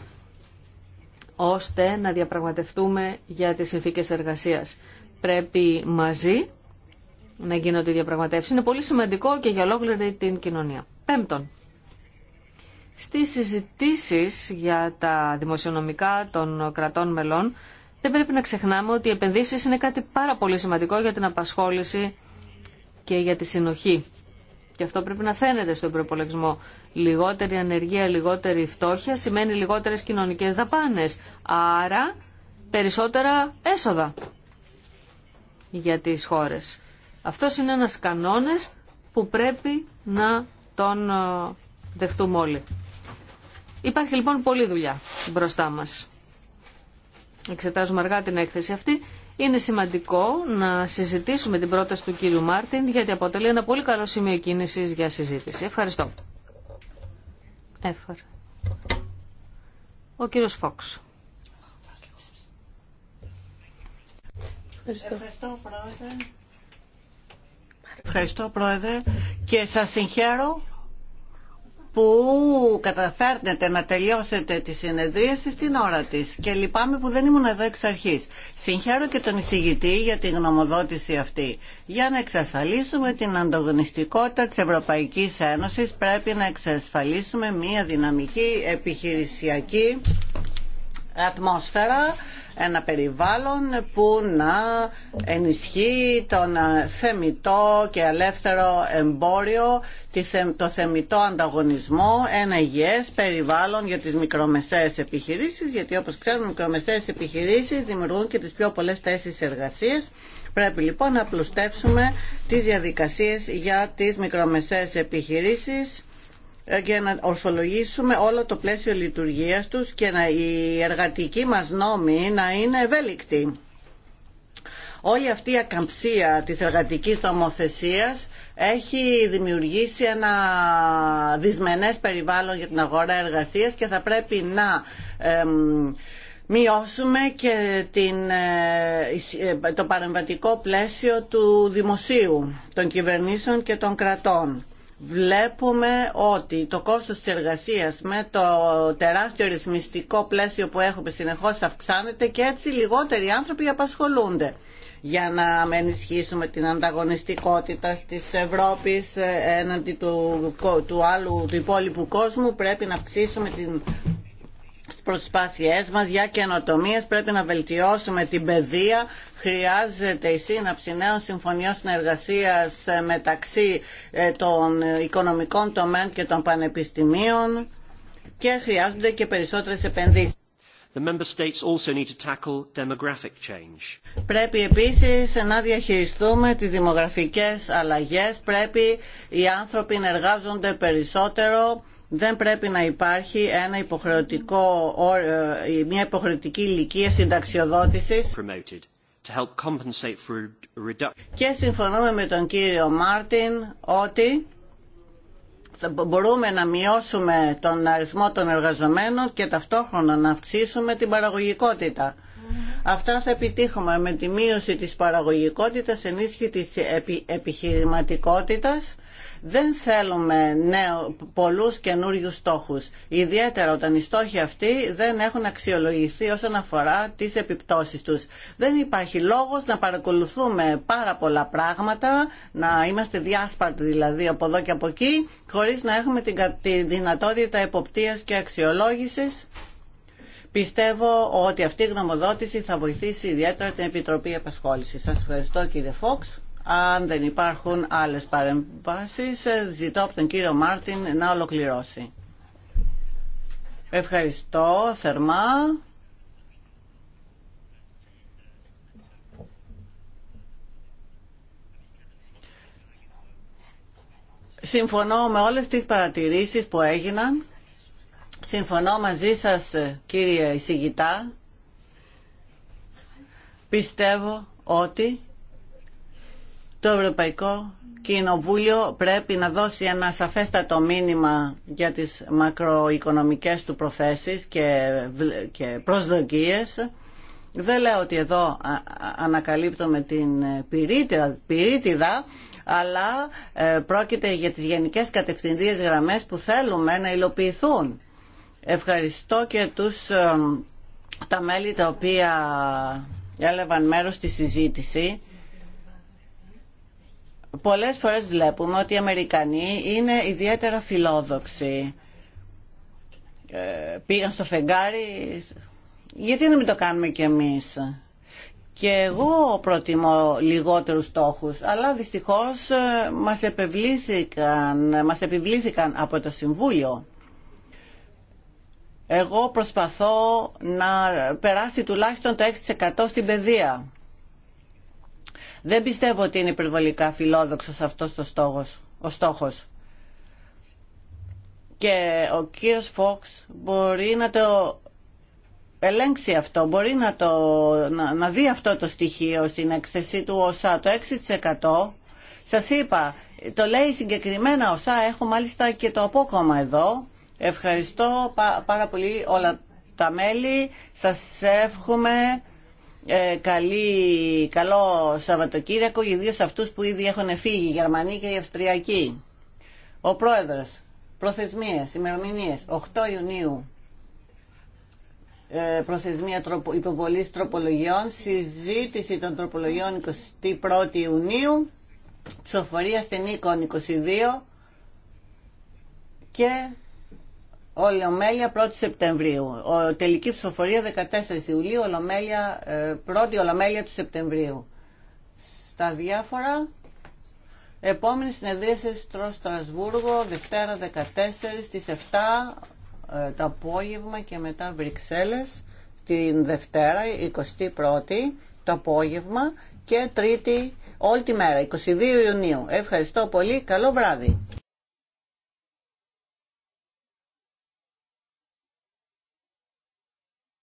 ώστε να διαπραγματευτούμε για τις συνθήκες εργασίας. Πρέπει μαζί να γίνονται οι διαπραγματεύσεις. Είναι πολύ σημαντικό και για ολόκληρη την κοινωνία. Πέμπτον, στις συζητήσει για τα δημοσιονομικά των κρατών μελών δεν πρέπει να ξεχνάμε ότι οι επενδύσεις είναι κάτι πάρα πολύ σημαντικό για την απασχόληση και για τη συνοχή. Και αυτό πρέπει να φαίνεται στον προπολογισμό. Λιγότερη ανεργία, λιγότερη φτώχεια σημαίνει λιγότερες κοινωνικές δαπάνες. Άρα περισσότερα έσοδα για τις χώρες. Αυτό είναι ένας κανόνες που πρέπει να τον ε, δεχτούμε όλοι. Υπάρχει λοιπόν πολλή δουλειά μπροστά μας. Εξετάζουμε αργά την έκθεση αυτή. Είναι σημαντικό να συζητήσουμε την πρόταση του κύριου Μάρτιν γιατί αποτελεί ένα πολύ καλό σημείο κίνησης για συζήτηση. Ευχαριστώ. Έφερε. Ο κύριος Φόξ. Ευχαριστώ. πρόεδρε. Ευχαριστώ, Πρόεδρε. Και θα συγχαίρω που καταφέρνετε να τελειώσετε τη συνεδρίαση στην ώρα τη και λυπάμαι που δεν ήμουν εδώ εξ αρχή. Συγχαίρω και τον εισηγητή για την γνωμοδότηση αυτή. Για να εξασφαλίσουμε την ανταγωνιστικότητα της Ευρωπαϊκής Ένωσης πρέπει να εξασφαλίσουμε μια δυναμική επιχειρησιακή ατμόσφαιρα, ένα περιβάλλον που να ενισχύει τον ε, θεμητό και ελεύθερο εμπόριο, το θεμητό ανταγωνισμό, ένα υγιές περιβάλλον για τις μικρομεσαίες επιχειρήσεις, γιατί όπως ξέρουμε οι μικρομεσαίες επιχειρήσεις δημιουργούν και τις πιο πολλές θέσεις εργασίας. Πρέπει λοιπόν να απλουστεύσουμε τις διαδικασίες για τις μικρομεσαίες επιχειρήσεις για να ορθολογήσουμε όλο το πλαίσιο λειτουργίας τους και να η εργατική μας να είναι ευέλικτη. Όλη αυτή η ακαμψία της εργατικής νομοθεσίας έχει δημιουργήσει ένα δυσμενές περιβάλλον για την αγορά εργασίας και θα πρέπει να μειώσουμε και την, ε, ε, το παρεμβατικό πλαίσιο του δημοσίου, των κυβερνήσεων και των κρατών βλέπουμε ότι το κόστος της εργασίας με το τεράστιο ρυθμιστικό πλαίσιο που έχουμε συνεχώς αυξάνεται και έτσι λιγότεροι άνθρωποι απασχολούνται για να ενισχύσουμε την ανταγωνιστικότητα της Ευρώπης ε, έναντι του, του άλλου του υπόλοιπου κόσμου πρέπει να αυξήσουμε την προσπάθειές μας για καινοτομίες πρέπει να βελτιώσουμε την παιδεία χρειάζεται η σύναψη νέων συμφωνιών συνεργασίας ε, μεταξύ ε, των οικονομικών τομέων και των πανεπιστημίων και χρειάζονται και περισσότερες επενδύσεις. Πρέπει επίσης να διαχειριστούμε τις δημογραφικές αλλαγές. Πρέπει οι άνθρωποι να εργάζονται περισσότερο. Δεν πρέπει να υπάρχει ένα ε, μια υποχρεωτική ηλικία συνταξιοδότησης to help Και συμφωνούμε με τον κύριο Μάρτιν ότι μπορούμε να μειώσουμε τον αριθμό των εργαζομένων και ταυτόχρονα να αυξήσουμε την παραγωγικότητα. Αυτά θα επιτύχουμε με τη μείωση της παραγωγικότητας, ενίσχυση της επιχειρηματικότητας. Δεν θέλουμε νέο, πολλούς καινούριου στόχους, ιδιαίτερα όταν οι στόχοι αυτοί δεν έχουν αξιολογηθεί όσον αφορά τις επιπτώσεις τους. Δεν υπάρχει λόγος να παρακολουθούμε πάρα πολλά πράγματα, να είμαστε διάσπαρτοι δηλαδή από εδώ και από εκεί, χωρίς να έχουμε την δυνατότητα εποπτείας και αξιολόγησης Πιστεύω ότι αυτή η γνωμοδότηση θα βοηθήσει ιδιαίτερα την Επιτροπή Επασχόλησης. Σας ευχαριστώ κύριε Φόξ. Αν δεν υπάρχουν άλλες παρεμβάσεις, ζητώ από τον κύριο Μάρτιν να ολοκληρώσει. Ευχαριστώ θερμά. Συμφωνώ με όλες τις παρατηρήσεις που έγιναν. Συμφωνώ μαζί σας ε, κύριε εισηγητά. Πιστεύω ότι το Ευρωπαϊκό Κοινοβούλιο πρέπει να δώσει ένα σαφέστατο μήνυμα για τις μακροοικονομικές του προθέσεις και, προσδοκίες. Δεν λέω ότι εδώ ανακαλύπτουμε την ε, πυρίτιδα, αλλά ε, πρόκειται για τις γενικές κατευθυντήριες γραμμές που θέλουμε να υλοποιηθούν. Ευχαριστώ και τους, ε, τα μέλη τα οποία έλαβαν μέρος στη συζήτηση. Πολλές φορές βλέπουμε ότι οι Αμερικανοί είναι ιδιαίτερα φιλόδοξοι. Ε, πήγαν στο φεγγάρι, γιατί να μην το κάνουμε κι εμείς. Και εγώ προτιμώ λιγότερους στόχους, αλλά δυστυχώς ε, μας επιβλήθηκαν, μας επιβλήθηκαν από το Συμβούλιο. Εγώ προσπαθώ να περάσει τουλάχιστον το 6% στην παιδεία. Δεν πιστεύω ότι είναι υπερβολικά φιλόδοξος αυτός το στόχος, ο στόχος. Και ο κύριος Φόξ μπορεί να το ελέγξει αυτό, μπορεί να, το, να, δει αυτό το στοιχείο στην έκθεση του ΩΣΑ. Το 6% σας είπα, το λέει συγκεκριμένα ΩΣΑ, έχω μάλιστα και το απόκομα εδώ, Ευχαριστώ πάρα πολύ όλα τα μέλη. Σας εύχομαι ε, καλή, καλό Σαββατοκύριακο, ιδίω αυτούς που ήδη έχουν φύγει, οι Γερμανοί και οι Αυστριακοί. Ο Πρόεδρος, προθεσμίες, ημερομηνίες, 8 Ιουνίου, ε, προθεσμία τροπο, υποβολής τροπολογιών, συζήτηση των τροπολογιών 21 Ιουνίου, ψηφοφορία στην οίκον 22 και Ολομέλεια 1η Σεπτεμβρίου. Ο, τελική ψηφοφορία 14 Ιουλίου, ολομέλεια, 1η ε, Ολομέλεια του Σεπτεμβρίου. Στα διάφορα, επόμενη συνεδρίαση στο Στρασβούργο, Δευτέρα 14 στι 7 το απόγευμα και μετά Βρυξέλλες την Δευτέρα, 21η το απόγευμα και Τρίτη όλη τη μέρα, 22 Ιουνίου. Ευχαριστώ πολύ, καλό βράδυ.